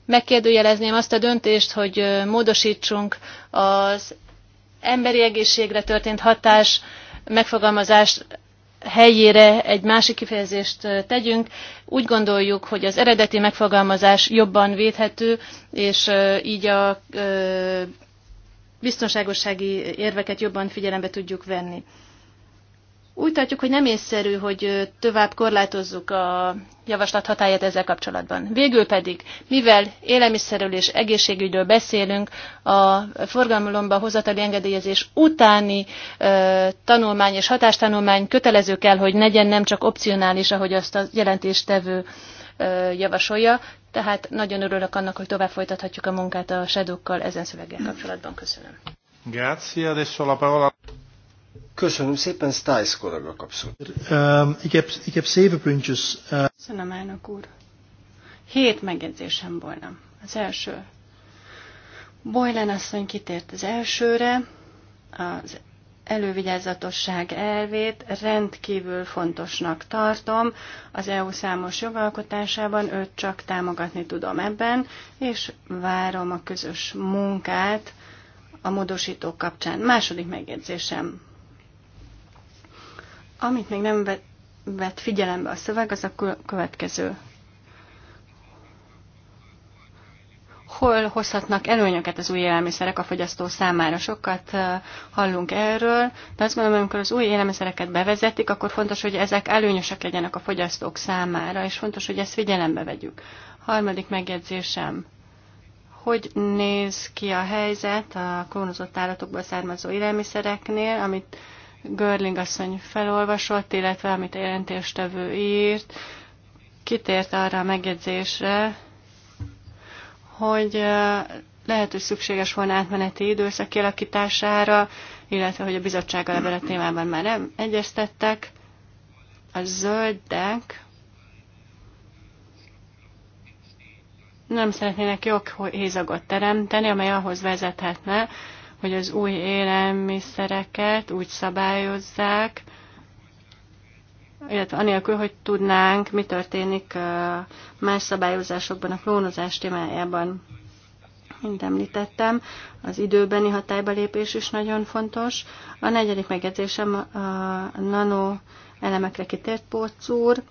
megkérdőjelezném azt a döntést, hogy módosítsunk az emberi egészségre történt hatás megfogalmazás helyére egy másik kifejezést tegyünk. Úgy gondoljuk, hogy az eredeti megfogalmazás jobban védhető, és így a biztonságossági érveket jobban figyelembe tudjuk venni. Úgy tartjuk, hogy nem észszerű, hogy tovább korlátozzuk a javaslat hatáját ezzel kapcsolatban. Végül pedig, mivel élelmiszerről és egészségügyről beszélünk, a forgalomba hozatali engedélyezés utáni ö, tanulmány és hatástanulmány kötelező kell, hogy legyen nem csak opcionális, ahogy azt a jelentéstevő ö, javasolja. Tehát nagyon örülök annak, hogy tovább folytathatjuk a munkát a sedokkal ezen szöveggel kapcsolatban. Köszönöm. Grazie, adesso la parola. Köszönöm szépen, Stiles kollega kapszul. Um, uh, Köszönöm, elnök úr. Hét megjegyzésem volna. Az első. Bojlen asszony kitért az elsőre, az elővigyázatosság elvét rendkívül fontosnak tartom. Az EU számos jogalkotásában őt csak támogatni tudom ebben, és várom a közös munkát a módosítók kapcsán. Második megjegyzésem. Amit még nem vett figyelembe a szöveg, az a következő. Hol hozhatnak előnyöket az új élelmiszerek a fogyasztó számára? Sokat hallunk erről, de azt gondolom, amikor az új élelmiszereket bevezetik, akkor fontos, hogy ezek előnyösek legyenek a fogyasztók számára, és fontos, hogy ezt figyelembe vegyük. Harmadik megjegyzésem hogy néz ki a helyzet a klónozott állatokból származó élelmiszereknél, amit Görling asszony felolvasott, illetve amit a jelentéstevő írt, kitért arra a megjegyzésre, hogy lehet, hogy szükséges volna átmeneti időszak kialakítására, illetve hogy a bizottsággal ebben a témában már nem egyeztettek. A zöldek nem szeretnének joghézagot teremteni, amely ahhoz vezethetne, hogy az új élelmiszereket úgy szabályozzák, illetve anélkül, hogy tudnánk, mi történik más szabályozásokban, a klónozás témájában. Mint említettem, az időbeni hatályba lépés is nagyon fontos. A negyedik megjegyzésem a nano elemekre kitért pócúr.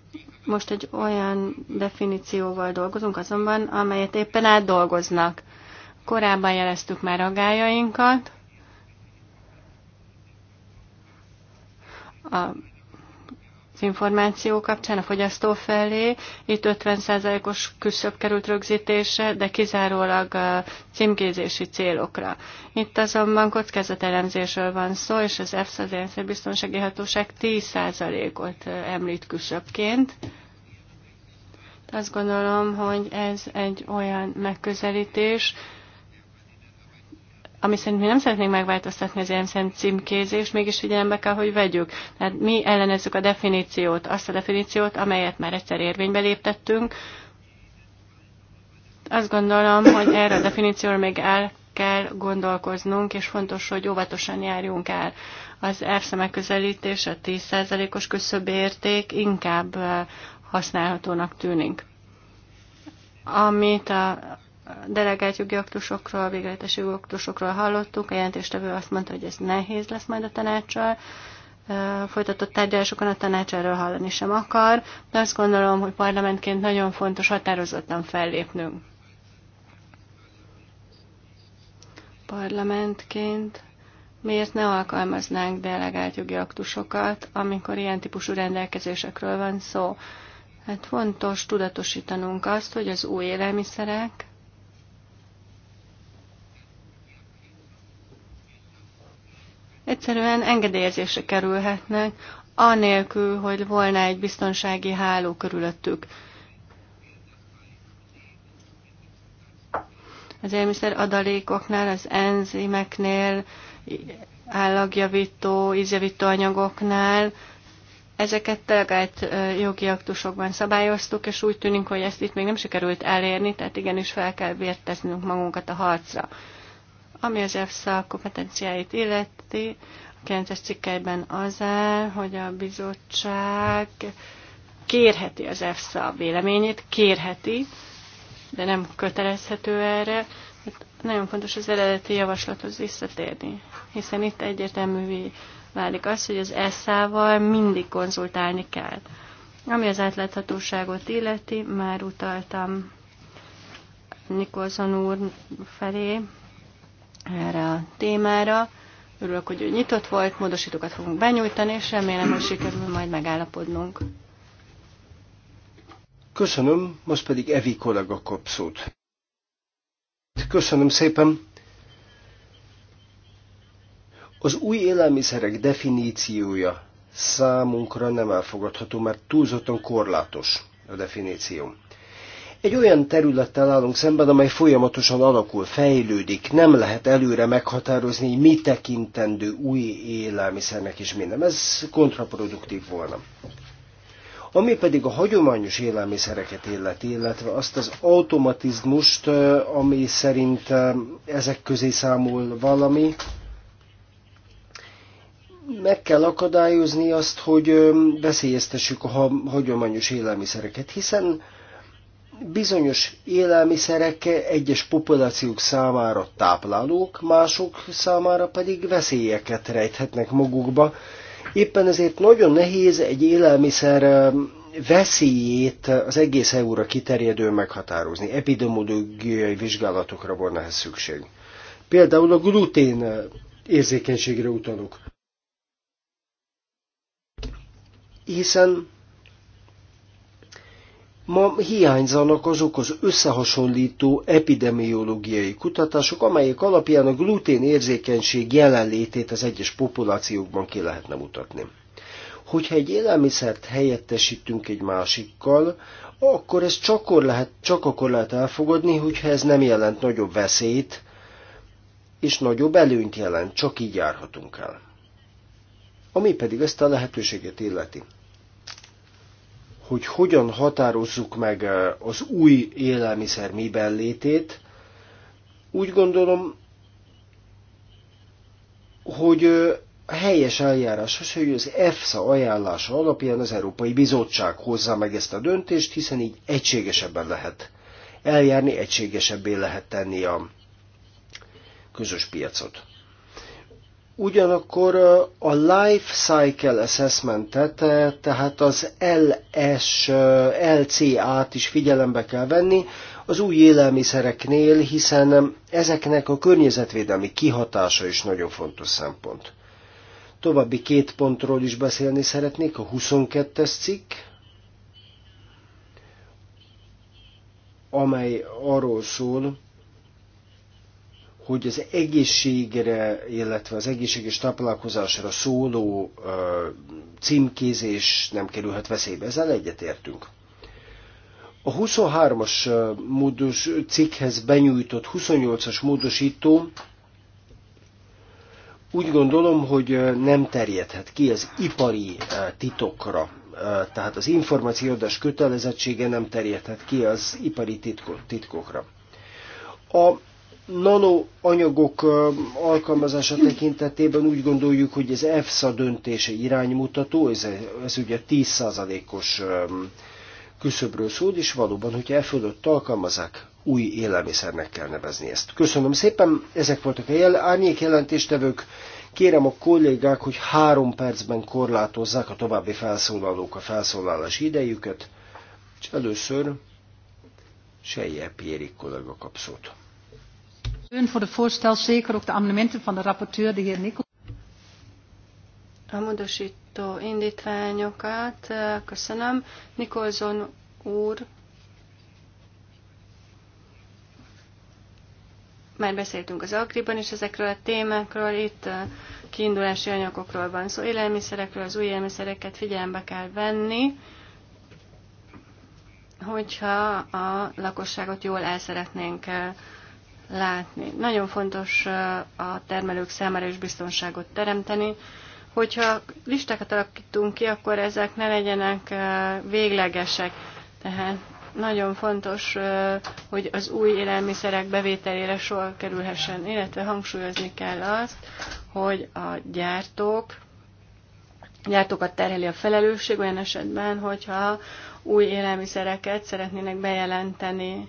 Most egy olyan definícióval dolgozunk azonban, amelyet éppen átdolgoznak. Korábban jeleztük már gályainkat, A az információ kapcsán a fogyasztó felé. Itt 50%-os küszöb került rögzítése, de kizárólag a címkézési célokra. Itt azonban kockázatelemzésről van szó, és az EFSA, az biztonsági Hatóság 10%-ot említ küszöbként. Azt gondolom, hogy ez egy olyan megközelítés, ami szerint mi nem szeretnénk megváltoztatni az EMSZEN címkézést, mégis figyelembe kell, hogy vegyük. Tehát mi ellenezzük a definíciót, azt a definíciót, amelyet már egyszer érvénybe léptettünk. Azt gondolom, hogy erre a definícióra még el kell gondolkoznunk, és fontos, hogy óvatosan járjunk el. Az ERSZ megközelítés, a 10%-os érték inkább eh, használhatónak tűnik. Amit a delegált jogi aktusokról, végletes jogi aktusokról hallottuk. a jelentéstevő azt mondta, hogy ez nehéz lesz majd a tanácssal, folytatott tárgyalásokon a tanács erről hallani sem akar, de azt gondolom, hogy parlamentként nagyon fontos határozottan fellépnünk. Parlamentként miért ne alkalmaznánk delegált jogi aktusokat, amikor ilyen típusú rendelkezésekről van szó? Hát fontos tudatosítanunk azt, hogy az új élelmiszerek egyszerűen engedélyezésre kerülhetnek, anélkül, hogy volna egy biztonsági háló körülöttük. Az élmiszer adalékoknál, az enzimeknél, állagjavító, ízjavító anyagoknál, Ezeket delegált jogi aktusokban szabályoztuk, és úgy tűnik, hogy ezt itt még nem sikerült elérni, tehát igenis fel kell vérteznünk magunkat a harcra. Ami az EFSA kompetenciáit illeti, a 9-es cikkelyben az áll, hogy a bizottság kérheti az EFSA véleményét, kérheti, de nem kötelezhető erre. Hát nagyon fontos az eredeti javaslathoz visszatérni, hiszen itt egyértelművé válik az, hogy az ESZÁ-val mindig konzultálni kell. Ami az átláthatóságot illeti, már utaltam Nikolson úr felé, erre a témára. Örülök, hogy ő nyitott volt, módosítókat fogunk benyújtani, és remélem, hogy sikerül majd megállapodnunk. Köszönöm, most pedig Evi kollega kap szót. Köszönöm szépen. Az új élelmiszerek definíciója számunkra nem elfogadható, mert túlzottan korlátos a definíció. Egy olyan területtel állunk szemben, amely folyamatosan alakul, fejlődik, nem lehet előre meghatározni, hogy mi tekintendő új élelmiszernek is minden. Ez kontraproduktív volna. Ami pedig a hagyományos élelmiszereket illeti, illetve azt az automatizmust, ami szerint ezek közé számol valami, meg kell akadályozni azt, hogy veszélyeztessük a hagyományos élelmiszereket, hiszen bizonyos élelmiszerek egyes populációk számára táplálók, mások számára pedig veszélyeket rejthetnek magukba. Éppen ezért nagyon nehéz egy élelmiszer veszélyét az egész EU-ra kiterjedő meghatározni. Epidemiológiai vizsgálatokra volna ehhez szükség. Például a glutén érzékenységre utalok. Hiszen Ma hiányzanak azok az összehasonlító epidemiológiai kutatások, amelyek alapján a glutén érzékenység jelenlétét az egyes populációkban ki lehetne mutatni. Hogyha egy élelmiszert helyettesítünk egy másikkal, akkor ez csak akkor lehet, csak akkor lehet elfogadni, hogyha ez nem jelent nagyobb veszélyt, és nagyobb előnyt jelent, csak így járhatunk el. Ami pedig ezt a lehetőséget illeti hogy hogyan határozzuk meg az új élelmiszer miben létét, úgy gondolom, hogy helyes eljárás az, hogy az EFSA ajánlása alapján az Európai Bizottság hozza meg ezt a döntést, hiszen így egységesebben lehet eljárni, egységesebbé lehet tenni a közös piacot. Ugyanakkor a Life Cycle Assessment-et, tehát az LS, LCA-t is figyelembe kell venni az új élelmiszereknél, hiszen ezeknek a környezetvédelmi kihatása is nagyon fontos szempont. További két pontról is beszélni szeretnék, a 22-es cikk, amely arról szól, hogy az egészségre, illetve az egészséges táplálkozásra szóló ö, címkézés nem kerülhet veszélybe. Ezzel egyetértünk. A 23-as módos cikkhez benyújtott 28-as módosító úgy gondolom, hogy nem terjedhet ki az ipari titokra. Tehát az információadás kötelezettsége nem terjedhet ki az ipari titkokra. A nanoanyagok alkalmazása tekintetében úgy gondoljuk, hogy az EFSA döntése iránymutató, ez, ez ugye 10%-os küszöbről szól, és valóban, hogyha e fölött alkalmazák, új élelmiszernek kell nevezni ezt. Köszönöm szépen, ezek voltak a jel árnyék jelentéstevők. Kérem a kollégák, hogy három percben korlátozzák a további felszólalók a felszólalás idejüket, és először Sejje Périk kollega kap Steun voor de voorstel, zeker ook de amendementen van de rapporteur, de heer Nikkel. A módosító indítványokat eh, köszönöm. Nikolzon úr már beszéltünk az Agriban is ezekről a témákról, itt eh, kiindulási anyagokról van szó, szóval élelmiszerekről, az új élelmiszereket figyelembe kell venni, hogyha a lakosságot jól el szeretnénk eh, látni. Nagyon fontos a termelők számára is biztonságot teremteni. Hogyha listákat alakítunk ki, akkor ezek ne legyenek véglegesek. Tehát nagyon fontos, hogy az új élelmiszerek bevételére sor kerülhessen, illetve hangsúlyozni kell azt, hogy a gyártók, gyártókat terheli a felelősség olyan esetben, hogyha új élelmiszereket szeretnének bejelenteni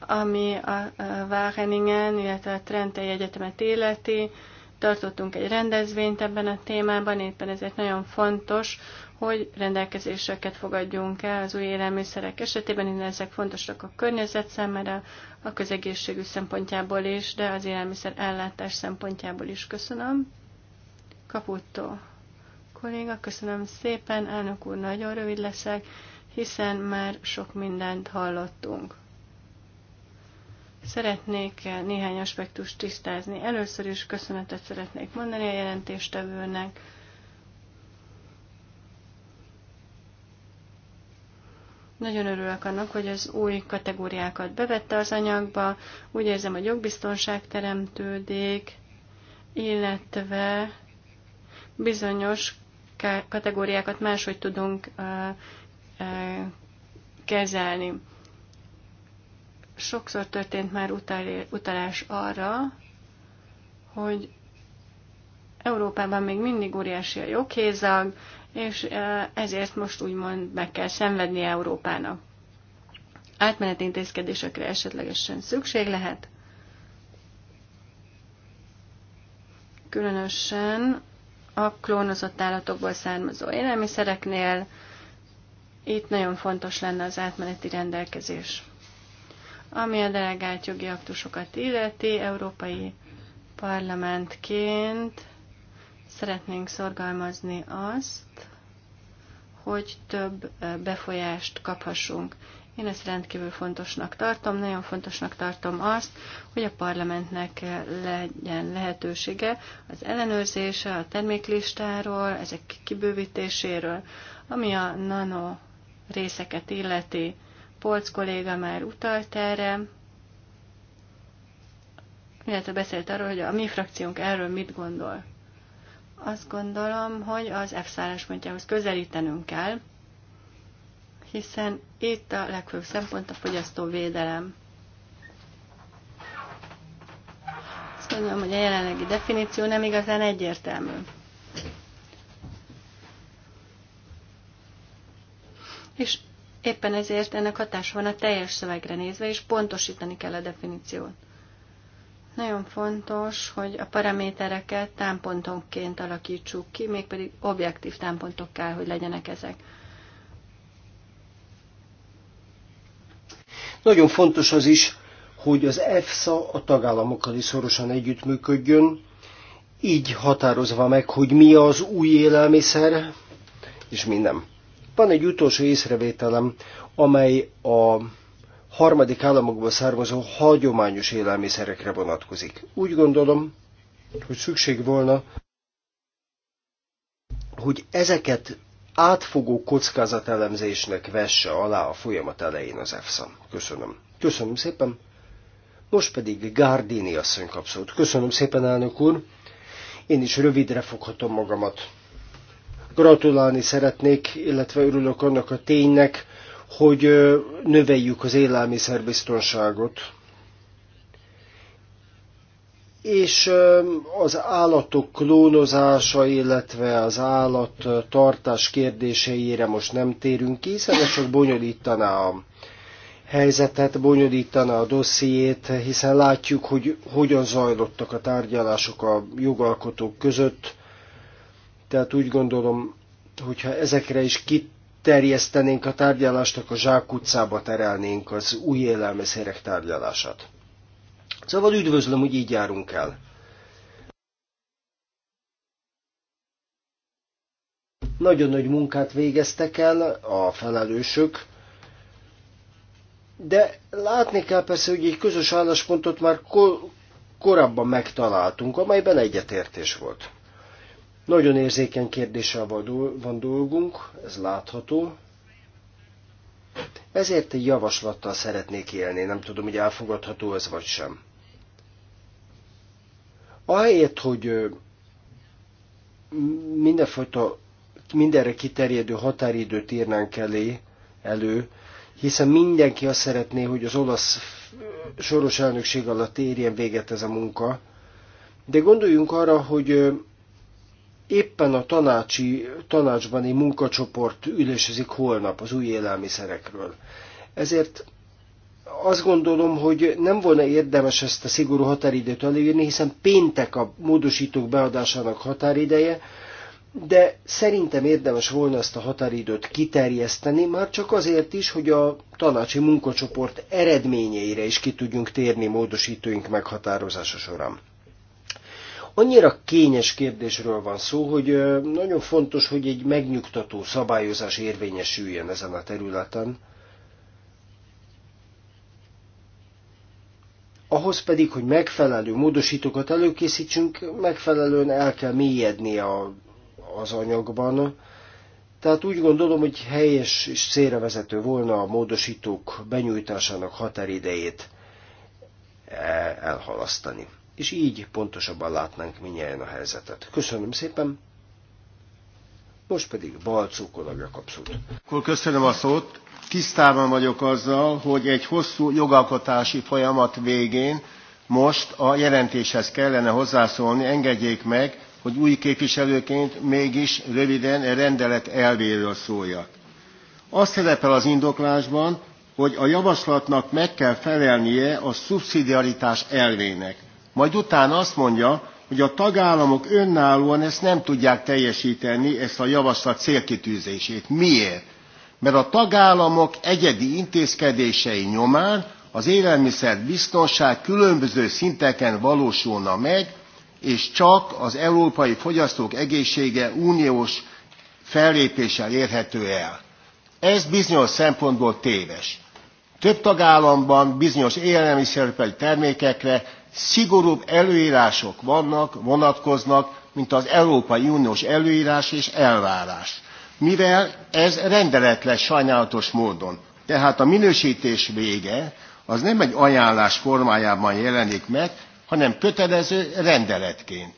ami a Wageningen, illetve a Trentei Egyetemet életi, tartottunk egy rendezvényt ebben a témában, éppen ezért nagyon fontos, hogy rendelkezéseket fogadjunk el az új élelmiszerek esetében, hiszen ezek fontosak a környezet számára, a közegészségű szempontjából is, de az élelmiszer ellátás szempontjából is köszönöm. Kaputtó kolléga, köszönöm szépen, elnök úr, nagyon rövid leszek, hiszen már sok mindent hallottunk. Szeretnék néhány aspektust tisztázni. Először is köszönetet szeretnék mondani a jelentéstevőnek. Nagyon örülök annak, hogy az új kategóriákat bevette az anyagba. Úgy érzem, hogy jogbiztonság teremtődik, illetve bizonyos kategóriákat máshogy tudunk kezelni. Sokszor történt már utalás arra, hogy Európában még mindig óriási a joghézag, és e, ezért most úgymond meg kell szenvedni Európának. Átmeneti intézkedésekre esetlegesen szükség lehet, különösen a klónozott állatokból származó élelmiszereknél. Itt nagyon fontos lenne az átmeneti rendelkezés. Ami a delegált jogi aktusokat illeti, Európai Parlamentként szeretnénk szorgalmazni azt, hogy több befolyást kaphassunk. Én ezt rendkívül fontosnak tartom, nagyon fontosnak tartom azt, hogy a parlamentnek legyen lehetősége az ellenőrzése a terméklistáról, ezek kibővítéséről, ami a nano részeket illeti. Polc kolléga már utalt erre, illetve beszélt arról, hogy a mi frakciónk erről mit gondol. Azt gondolom, hogy az F álláspontjához közelítenünk kell, hiszen itt a legfőbb szempont a védelem. Azt gondolom, hogy a jelenlegi definíció nem igazán egyértelmű. És Éppen ezért ennek hatása van a teljes szövegre nézve, és pontosítani kell a definíciót. Nagyon fontos, hogy a paramétereket támpontonként alakítsuk ki, mégpedig objektív támpontok kell, hogy legyenek ezek. Nagyon fontos az is, hogy az EFSA a tagállamokkal is szorosan együttműködjön, így határozva meg, hogy mi az új élelmiszer, és mi nem. Van egy utolsó észrevételem, amely a harmadik államokból származó hagyományos élelmiszerekre vonatkozik. Úgy gondolom, hogy szükség volna, hogy ezeket átfogó kockázatelemzésnek vesse alá a folyamat elején az EFSA. Köszönöm. Köszönöm szépen. Most pedig Gardini asszony kapszót. Köszönöm szépen, elnök úr. Én is rövidre foghatom magamat. Gratulálni szeretnék, illetve örülök annak a ténynek, hogy növeljük az élelmiszerbiztonságot. És az állatok klónozása, illetve az állat tartás kérdéseire most nem térünk ki, hiszen ez csak bonyolítaná a helyzetet, bonyolítaná a dossziét, hiszen látjuk, hogy hogyan zajlottak a tárgyalások a jogalkotók között tehát úgy gondolom, hogyha ezekre is kiterjesztenénk a tárgyalást, akkor Zsák utcába terelnénk az új élelmiszerek tárgyalását. Szóval üdvözlöm, hogy így járunk el. Nagyon nagy munkát végeztek el a felelősök, de látni kell persze, hogy egy közös álláspontot már korábban megtaláltunk, amelyben egyetértés volt. Nagyon érzékeny kérdéssel van dolgunk, ez látható. Ezért egy javaslattal szeretnék élni, nem tudom, hogy elfogadható ez vagy sem. Ahelyett, hogy mindenfajta, mindenre kiterjedő határidőt írnánk elé, elő, hiszen mindenki azt szeretné, hogy az olasz soros elnökség alatt érjen véget ez a munka, de gondoljunk arra, hogy Éppen a tanácsi, tanácsbani munkacsoport ülésezik holnap az új élelmiszerekről. Ezért azt gondolom, hogy nem volna érdemes ezt a szigorú határidőt elérni, hiszen péntek a módosítók beadásának határideje, de szerintem érdemes volna ezt a határidőt kiterjeszteni, már csak azért is, hogy a tanácsi munkacsoport eredményeire is ki tudjunk térni módosítóink meghatározása során. Annyira kényes kérdésről van szó, hogy nagyon fontos, hogy egy megnyugtató szabályozás érvényesüljön ezen a területen. Ahhoz pedig, hogy megfelelő módosítókat előkészítsünk, megfelelően el kell mélyedni a, az anyagban. Tehát úgy gondolom, hogy helyes és célra vezető volna a módosítók benyújtásának határidejét e, elhalasztani és így pontosabban látnánk minnyáján a helyzetet. Köszönöm szépen, most pedig Balcó kollega kapszult. Akkor köszönöm a szót. Tisztában vagyok azzal, hogy egy hosszú jogalkotási folyamat végén most a jelentéshez kellene hozzászólni, engedjék meg, hogy új képviselőként mégis röviden a rendelet elvéről szóljak. Azt szerepel az indoklásban, hogy a javaslatnak meg kell felelnie a szubszidiaritás elvének majd utána azt mondja, hogy a tagállamok önállóan ezt nem tudják teljesíteni, ezt a javaslat célkitűzését. Miért? Mert a tagállamok egyedi intézkedései nyomán az biztonság különböző szinteken valósulna meg, és csak az európai fogyasztók egészsége uniós fellépéssel érhető el. Ez bizonyos szempontból téves. Több tagállamban bizonyos élelmiszeripari termékekre szigorúbb előírások vannak, vonatkoznak, mint az Európai Uniós előírás és elvárás. Mivel ez rendelet lesz sajnálatos módon. Tehát a minősítés vége az nem egy ajánlás formájában jelenik meg, hanem kötelező rendeletként.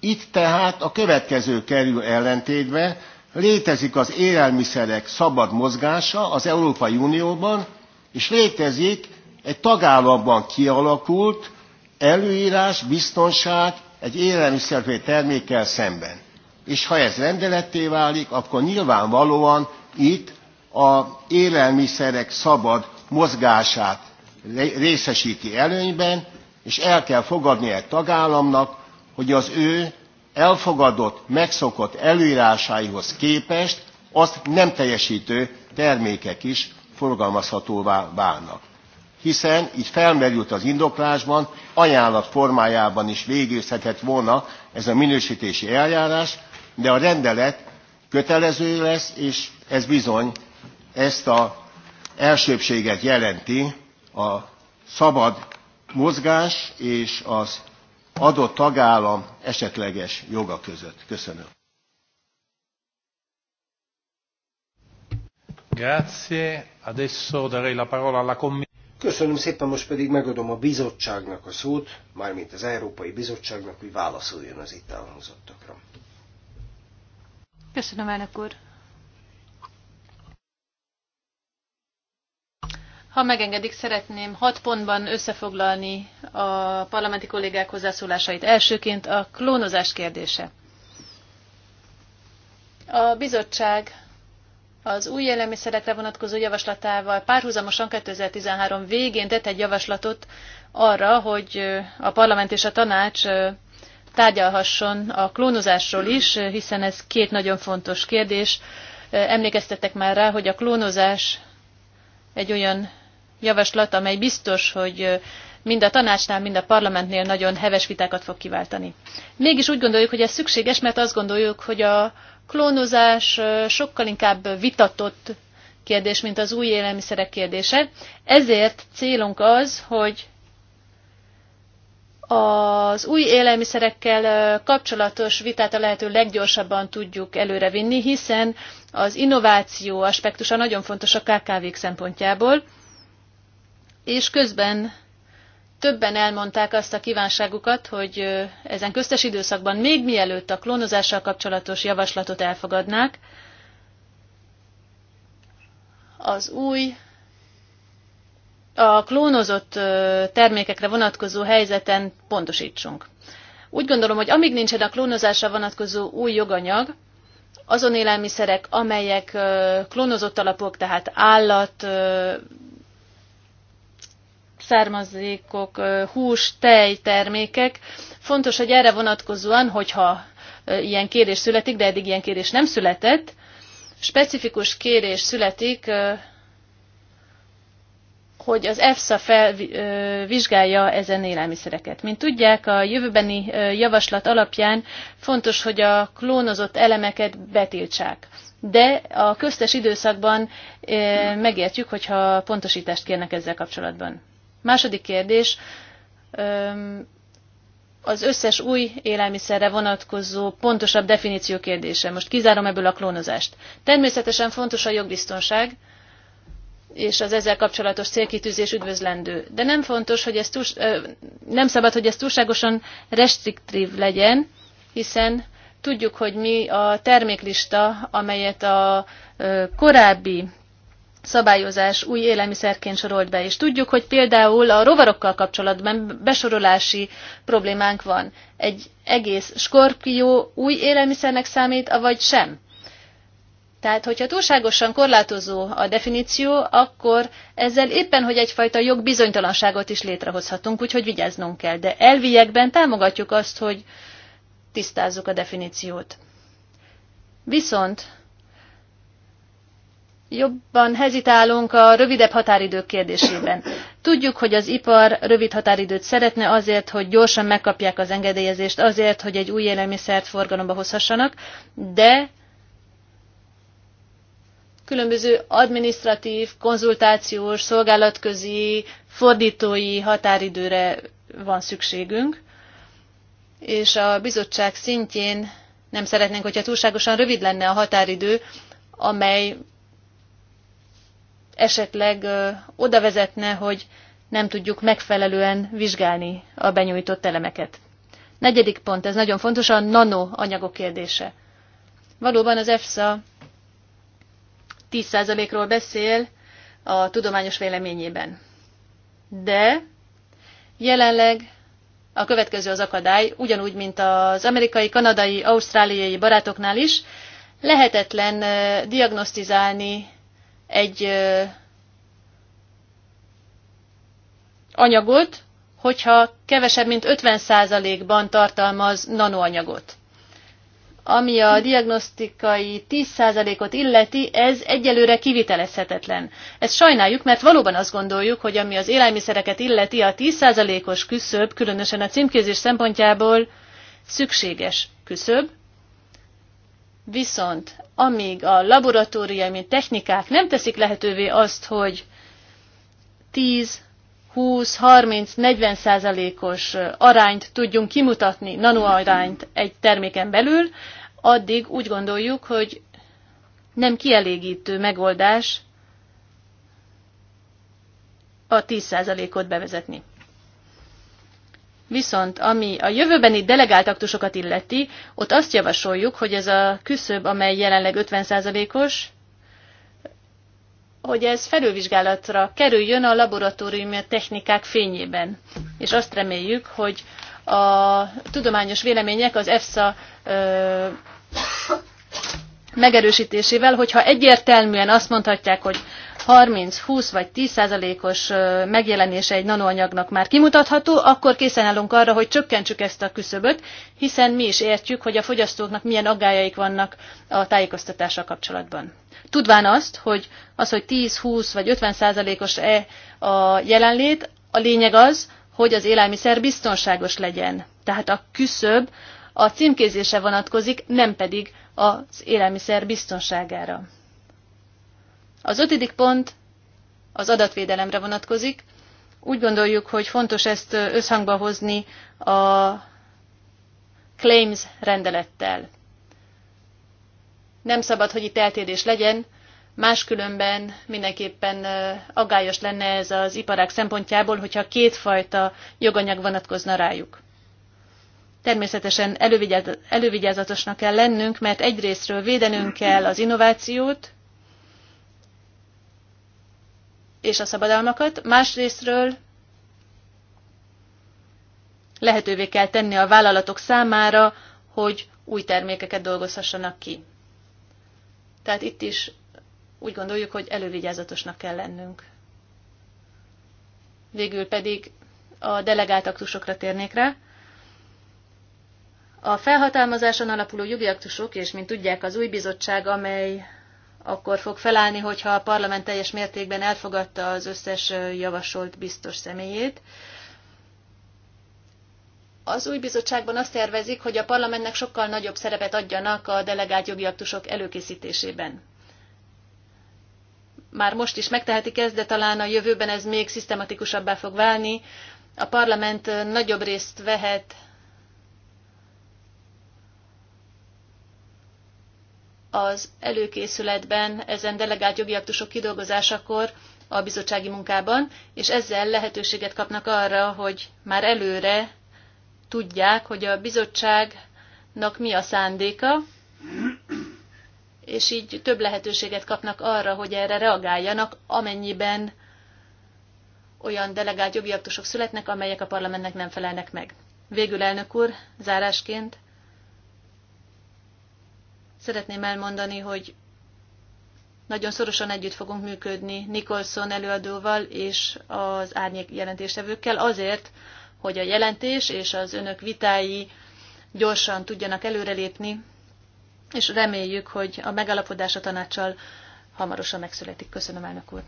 Itt tehát a következő kerül ellentétbe, létezik az élelmiszerek szabad mozgása az Európai Unióban, és létezik egy tagállamban kialakult előírás, biztonság egy élelmiszerfő termékkel szemben. És ha ez rendeletté válik, akkor nyilvánvalóan itt a élelmiszerek szabad mozgását részesíti előnyben, és el kell fogadni egy tagállamnak, hogy az ő elfogadott, megszokott előírásaihoz képest azt nem teljesítő termékek is forgalmazhatóvá válnak hiszen így felmerült az indoklásban, ajánlat formájában is végészhetett volna ez a minősítési eljárás, de a rendelet kötelező lesz, és ez bizony ezt az elsőbséget jelenti a szabad mozgás és az adott tagállam esetleges joga között. Köszönöm. Grazie. Adesso darei la parola alla Commissione. Köszönöm szépen, most pedig megadom a bizottságnak a szót, mármint az Európai Bizottságnak, hogy válaszoljon az itt elhangzottakra. Köszönöm, elnök úr. Ha megengedik, szeretném hat pontban összefoglalni a parlamenti kollégák hozzászólásait. Elsőként a klónozás kérdése. A bizottság az új élelmiszerekre vonatkozó javaslatával párhuzamosan 2013 végén tett egy javaslatot arra, hogy a parlament és a tanács tárgyalhasson a klónozásról is, hiszen ez két nagyon fontos kérdés. Emlékeztetek már rá, hogy a klónozás egy olyan javaslat, amely biztos, hogy mind a tanácsnál, mind a parlamentnél nagyon heves vitákat fog kiváltani. Mégis úgy gondoljuk, hogy ez szükséges, mert azt gondoljuk, hogy a klónozás sokkal inkább vitatott kérdés, mint az új élelmiszerek kérdése. Ezért célunk az, hogy az új élelmiszerekkel kapcsolatos vitát a lehető leggyorsabban tudjuk előrevinni, hiszen az innováció aspektusa nagyon fontos a KKV-k szempontjából, és közben Többen elmondták azt a kívánságukat, hogy ezen köztes időszakban még mielőtt a klónozással kapcsolatos javaslatot elfogadnák, az új a klónozott termékekre vonatkozó helyzeten pontosítsunk. Úgy gondolom, hogy amíg nincsen a klónozásra vonatkozó új joganyag, azon élelmiszerek, amelyek klónozott alapok, tehát állat származékok, hús, tej termékek. Fontos, hogy erre vonatkozóan, hogyha ilyen kérés születik, de eddig ilyen kérés nem született, specifikus kérés születik, hogy az EFSA felvizsgálja ezen élelmiszereket. Mint tudják, a jövőbeni javaslat alapján fontos, hogy a klónozott elemeket betiltsák. De a köztes időszakban megértjük, hogyha pontosítást kérnek ezzel kapcsolatban. Második kérdés, az összes új élelmiszerre vonatkozó pontosabb definíció kérdése. Most kizárom ebből a klónozást. Természetesen fontos a jogbiztonság, és az ezzel kapcsolatos célkitűzés üdvözlendő. De nem fontos, hogy ez túl, nem szabad, hogy ez túlságosan restriktív legyen, hiszen tudjuk, hogy mi a terméklista, amelyet a korábbi szabályozás új élelmiszerként sorolt be, és tudjuk, hogy például a rovarokkal kapcsolatban besorolási problémánk van. Egy egész skorpió új élelmiszernek számít, avagy sem. Tehát, hogyha túlságosan korlátozó a definíció, akkor ezzel éppen, hogy egyfajta jogbizonytalanságot is létrehozhatunk, úgyhogy vigyáznunk kell. De elviekben támogatjuk azt, hogy tisztázzuk a definíciót. Viszont jobban hezitálunk a rövidebb határidők kérdésében. Tudjuk, hogy az ipar rövid határidőt szeretne azért, hogy gyorsan megkapják az engedélyezést, azért, hogy egy új élelmiszert forgalomba hozhassanak, de különböző administratív, konzultációs, szolgálatközi, fordítói határidőre van szükségünk, és a bizottság szintjén nem szeretnénk, hogyha túlságosan rövid lenne a határidő, amely esetleg oda vezetne, hogy nem tudjuk megfelelően vizsgálni a benyújtott elemeket. Negyedik pont, ez nagyon fontos, a nanoanyagok kérdése. Valóban az EFSA 10%-ról beszél a tudományos véleményében. De jelenleg a következő az akadály, ugyanúgy, mint az amerikai, kanadai, ausztráliai barátoknál is, lehetetlen diagnosztizálni egy anyagot, hogyha kevesebb, mint 50%-ban tartalmaz nanoanyagot. Ami a diagnosztikai 10%-ot illeti, ez egyelőre kivitelezhetetlen. Ezt sajnáljuk, mert valóban azt gondoljuk, hogy ami az élelmiszereket illeti, a 10%-os küszöb, különösen a címkézés szempontjából szükséges küszöb, Viszont amíg a laboratóriumi technikák nem teszik lehetővé azt, hogy 10, 20, 30, 40 százalékos arányt tudjunk kimutatni, nanoarányt egy terméken belül, addig úgy gondoljuk, hogy nem kielégítő megoldás a 10 százalékot bevezetni. Viszont ami a jövőbeni delegált aktusokat illeti, ott azt javasoljuk, hogy ez a küszöb, amely jelenleg 50%-os, hogy ez felülvizsgálatra kerüljön a laboratóriumi technikák fényében. És azt reméljük, hogy a tudományos vélemények az EFSA ö, megerősítésével, hogyha egyértelműen azt mondhatják, hogy 30-20 vagy 10 os megjelenése egy nanoanyagnak már kimutatható, akkor készen állunk arra, hogy csökkentsük ezt a küszöböt, hiszen mi is értjük, hogy a fogyasztóknak milyen aggájaik vannak a tájékoztatással kapcsolatban. Tudván azt, hogy az, hogy 10-20 vagy 50 os e a jelenlét, a lényeg az, hogy az élelmiszer biztonságos legyen. Tehát a küszöb a címkézése vonatkozik, nem pedig az élelmiszer biztonságára. Az ötödik pont az adatvédelemre vonatkozik. Úgy gondoljuk, hogy fontos ezt összhangba hozni a claims rendelettel. Nem szabad, hogy itt eltérés legyen, máskülönben mindenképpen aggályos lenne ez az iparák szempontjából, hogyha kétfajta joganyag vonatkozna rájuk. Természetesen elővigyázatosnak kell lennünk, mert egyrésztről védenünk kell az innovációt, és a szabadalmakat, másrésztről lehetővé kell tenni a vállalatok számára, hogy új termékeket dolgozhassanak ki. Tehát itt is úgy gondoljuk, hogy elővigyázatosnak kell lennünk. Végül pedig a delegált aktusokra térnék rá. A felhatalmazáson alapuló jogi aktusok, és mint tudják, az új bizottság, amely akkor fog felállni, hogyha a parlament teljes mértékben elfogadta az összes javasolt biztos személyét. Az új bizottságban azt tervezik, hogy a parlamentnek sokkal nagyobb szerepet adjanak a delegált jogi aktusok előkészítésében. Már most is megtehetik ezt, de talán a jövőben ez még szisztematikusabbá fog válni. A parlament nagyobb részt vehet az előkészületben ezen delegált jogi aktusok kidolgozásakor a bizottsági munkában, és ezzel lehetőséget kapnak arra, hogy már előre tudják, hogy a bizottságnak mi a szándéka, és így több lehetőséget kapnak arra, hogy erre reagáljanak, amennyiben olyan delegált jogi aktusok születnek, amelyek a parlamentnek nem felelnek meg. Végül, elnök úr, zárásként Szeretném elmondani, hogy nagyon szorosan együtt fogunk működni Nicholson előadóval és az árnyék jelentéstevőkkel azért, hogy a jelentés és az önök vitái gyorsan tudjanak előrelépni, és reméljük, hogy a megalapodás a tanácssal hamarosan megszületik. Köszönöm, elnök úr.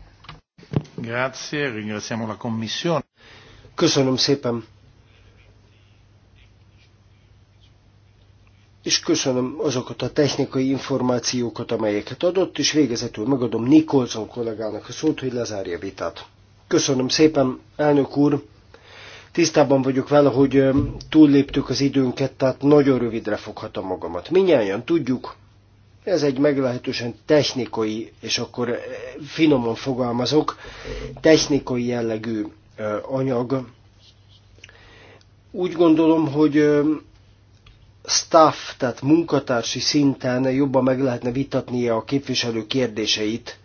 Grazie, ringraziamo la commissione. Köszönöm szépen. köszönöm azokat a technikai információkat, amelyeket adott, és végezetül megadom Nikolson kollégának a szót, hogy lezárja a vitát. Köszönöm szépen, elnök úr! Tisztában vagyok vele, hogy túlléptük az időnket, tehát nagyon rövidre foghatom magamat. Minnyáján tudjuk, ez egy meglehetősen technikai, és akkor finoman fogalmazok, technikai jellegű anyag. Úgy gondolom, hogy staff, tehát munkatársi szinten jobban meg lehetne vitatnia a képviselő kérdéseit.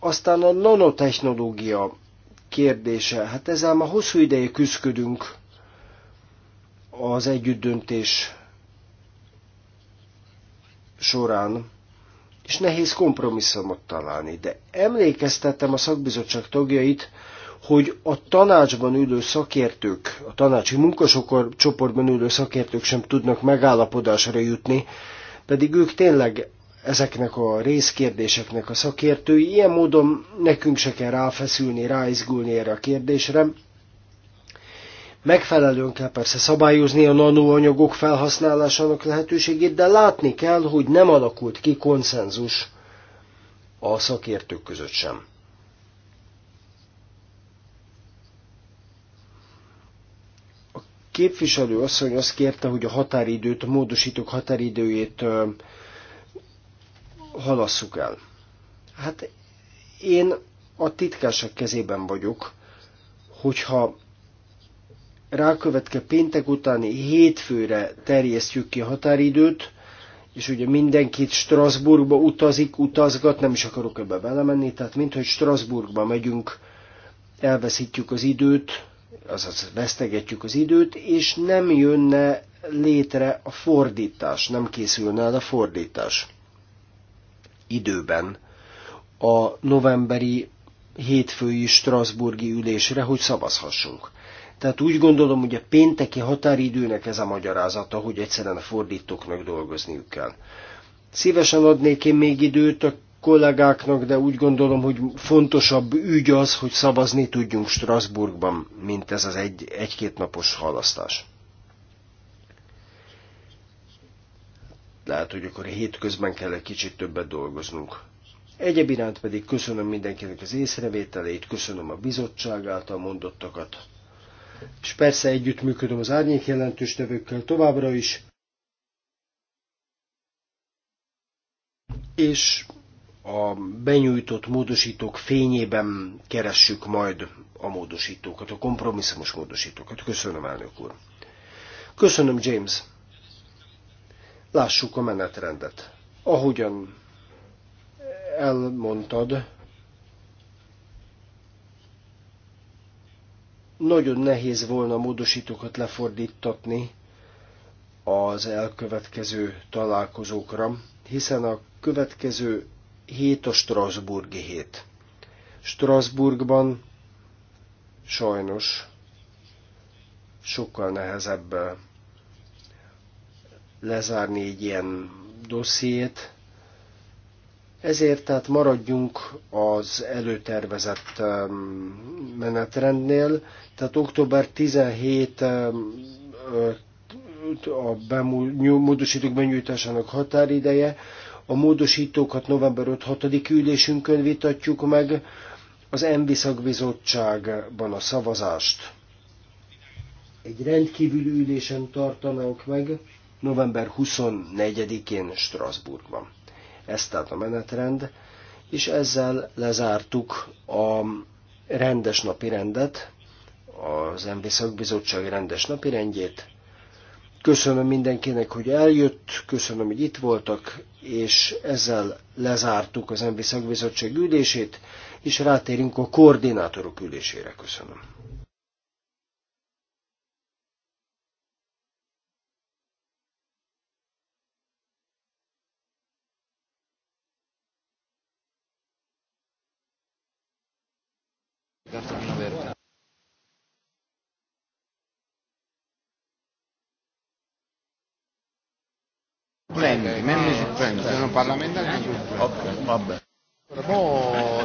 Aztán a nanotechnológia kérdése. Hát ezzel már hosszú ideje küzdködünk az együttdöntés során, és nehéz kompromisszumot találni. De emlékeztettem a szakbizottság tagjait, hogy a tanácsban ülő szakértők, a tanácsi csoportban ülő szakértők sem tudnak megállapodásra jutni, pedig ők tényleg ezeknek a részkérdéseknek a szakértői. Ilyen módon nekünk se kell ráfeszülni, ráizgulni erre a kérdésre. Megfelelően kell persze szabályozni a nanóanyagok felhasználásának lehetőségét, de látni kell, hogy nem alakult ki konszenzus a szakértők között sem. képviselő asszony azt kérte, hogy a határidőt, a módosítók határidőjét halasszuk el. Hát én a titkárság kezében vagyok, hogyha rákövetke péntek utáni hétfőre terjesztjük ki a határidőt, és ugye mindenkit Strasbourgba utazik, utazgat, nem is akarok ebbe belemenni, tehát minthogy Strasbourgba megyünk, elveszítjük az időt, azaz vesztegetjük az időt, és nem jönne létre a fordítás, nem készülne el a fordítás időben a novemberi hétfői Strasburgi ülésre, hogy szavazhassunk. Tehát úgy gondolom, hogy a pénteki határidőnek ez a magyarázata, hogy egyszerűen a fordítóknak dolgozniuk kell. Szívesen adnék én még időt a kollégáknak, de úgy gondolom, hogy fontosabb ügy az, hogy szavazni tudjunk Strasbourgban, mint ez az egy, egy-két napos halasztás. Lehet, hogy akkor hétközben kell egy kicsit többet dolgoznunk. Egyéb iránt pedig köszönöm mindenkinek az észrevételét, köszönöm a bizottság által mondottakat, és persze együttműködöm az árnyék jelentős tevőkkel továbbra is, és a benyújtott módosítók fényében keressük majd a módosítókat, a kompromisszumos módosítókat. Köszönöm, elnök úr. Köszönöm, James. Lássuk a menetrendet. Ahogyan elmondtad, nagyon nehéz volna módosítókat lefordítatni az elkövetkező találkozókra, hiszen a következő hét a Strasburgi hét. Strasbourgban sajnos sokkal nehezebb eh, lezárni egy ilyen dossziét, ezért tehát maradjunk az előtervezett eh, menetrendnél, tehát október 17 eh, a módosítók benyújtásának határideje, a módosítókat november 5-6. ülésünkön vitatjuk meg, az ENVI szakbizottságban a szavazást. Egy rendkívüli ülésen tartanánk meg november 24-én Strasbourgban. Ez tehát a menetrend, és ezzel lezártuk a rendes napi rendet, az MB szakbizottság rendes napi rendjét. Köszönöm mindenkinek, hogy eljött, köszönöm, hogy itt voltak, és ezzel lezártuk az MB szakbizottság ülését, és rátérünk a koordinátorok ülésére. Köszönöm. supplendi, membri supplendi, sono parlamentari sono supplenti. vabbè.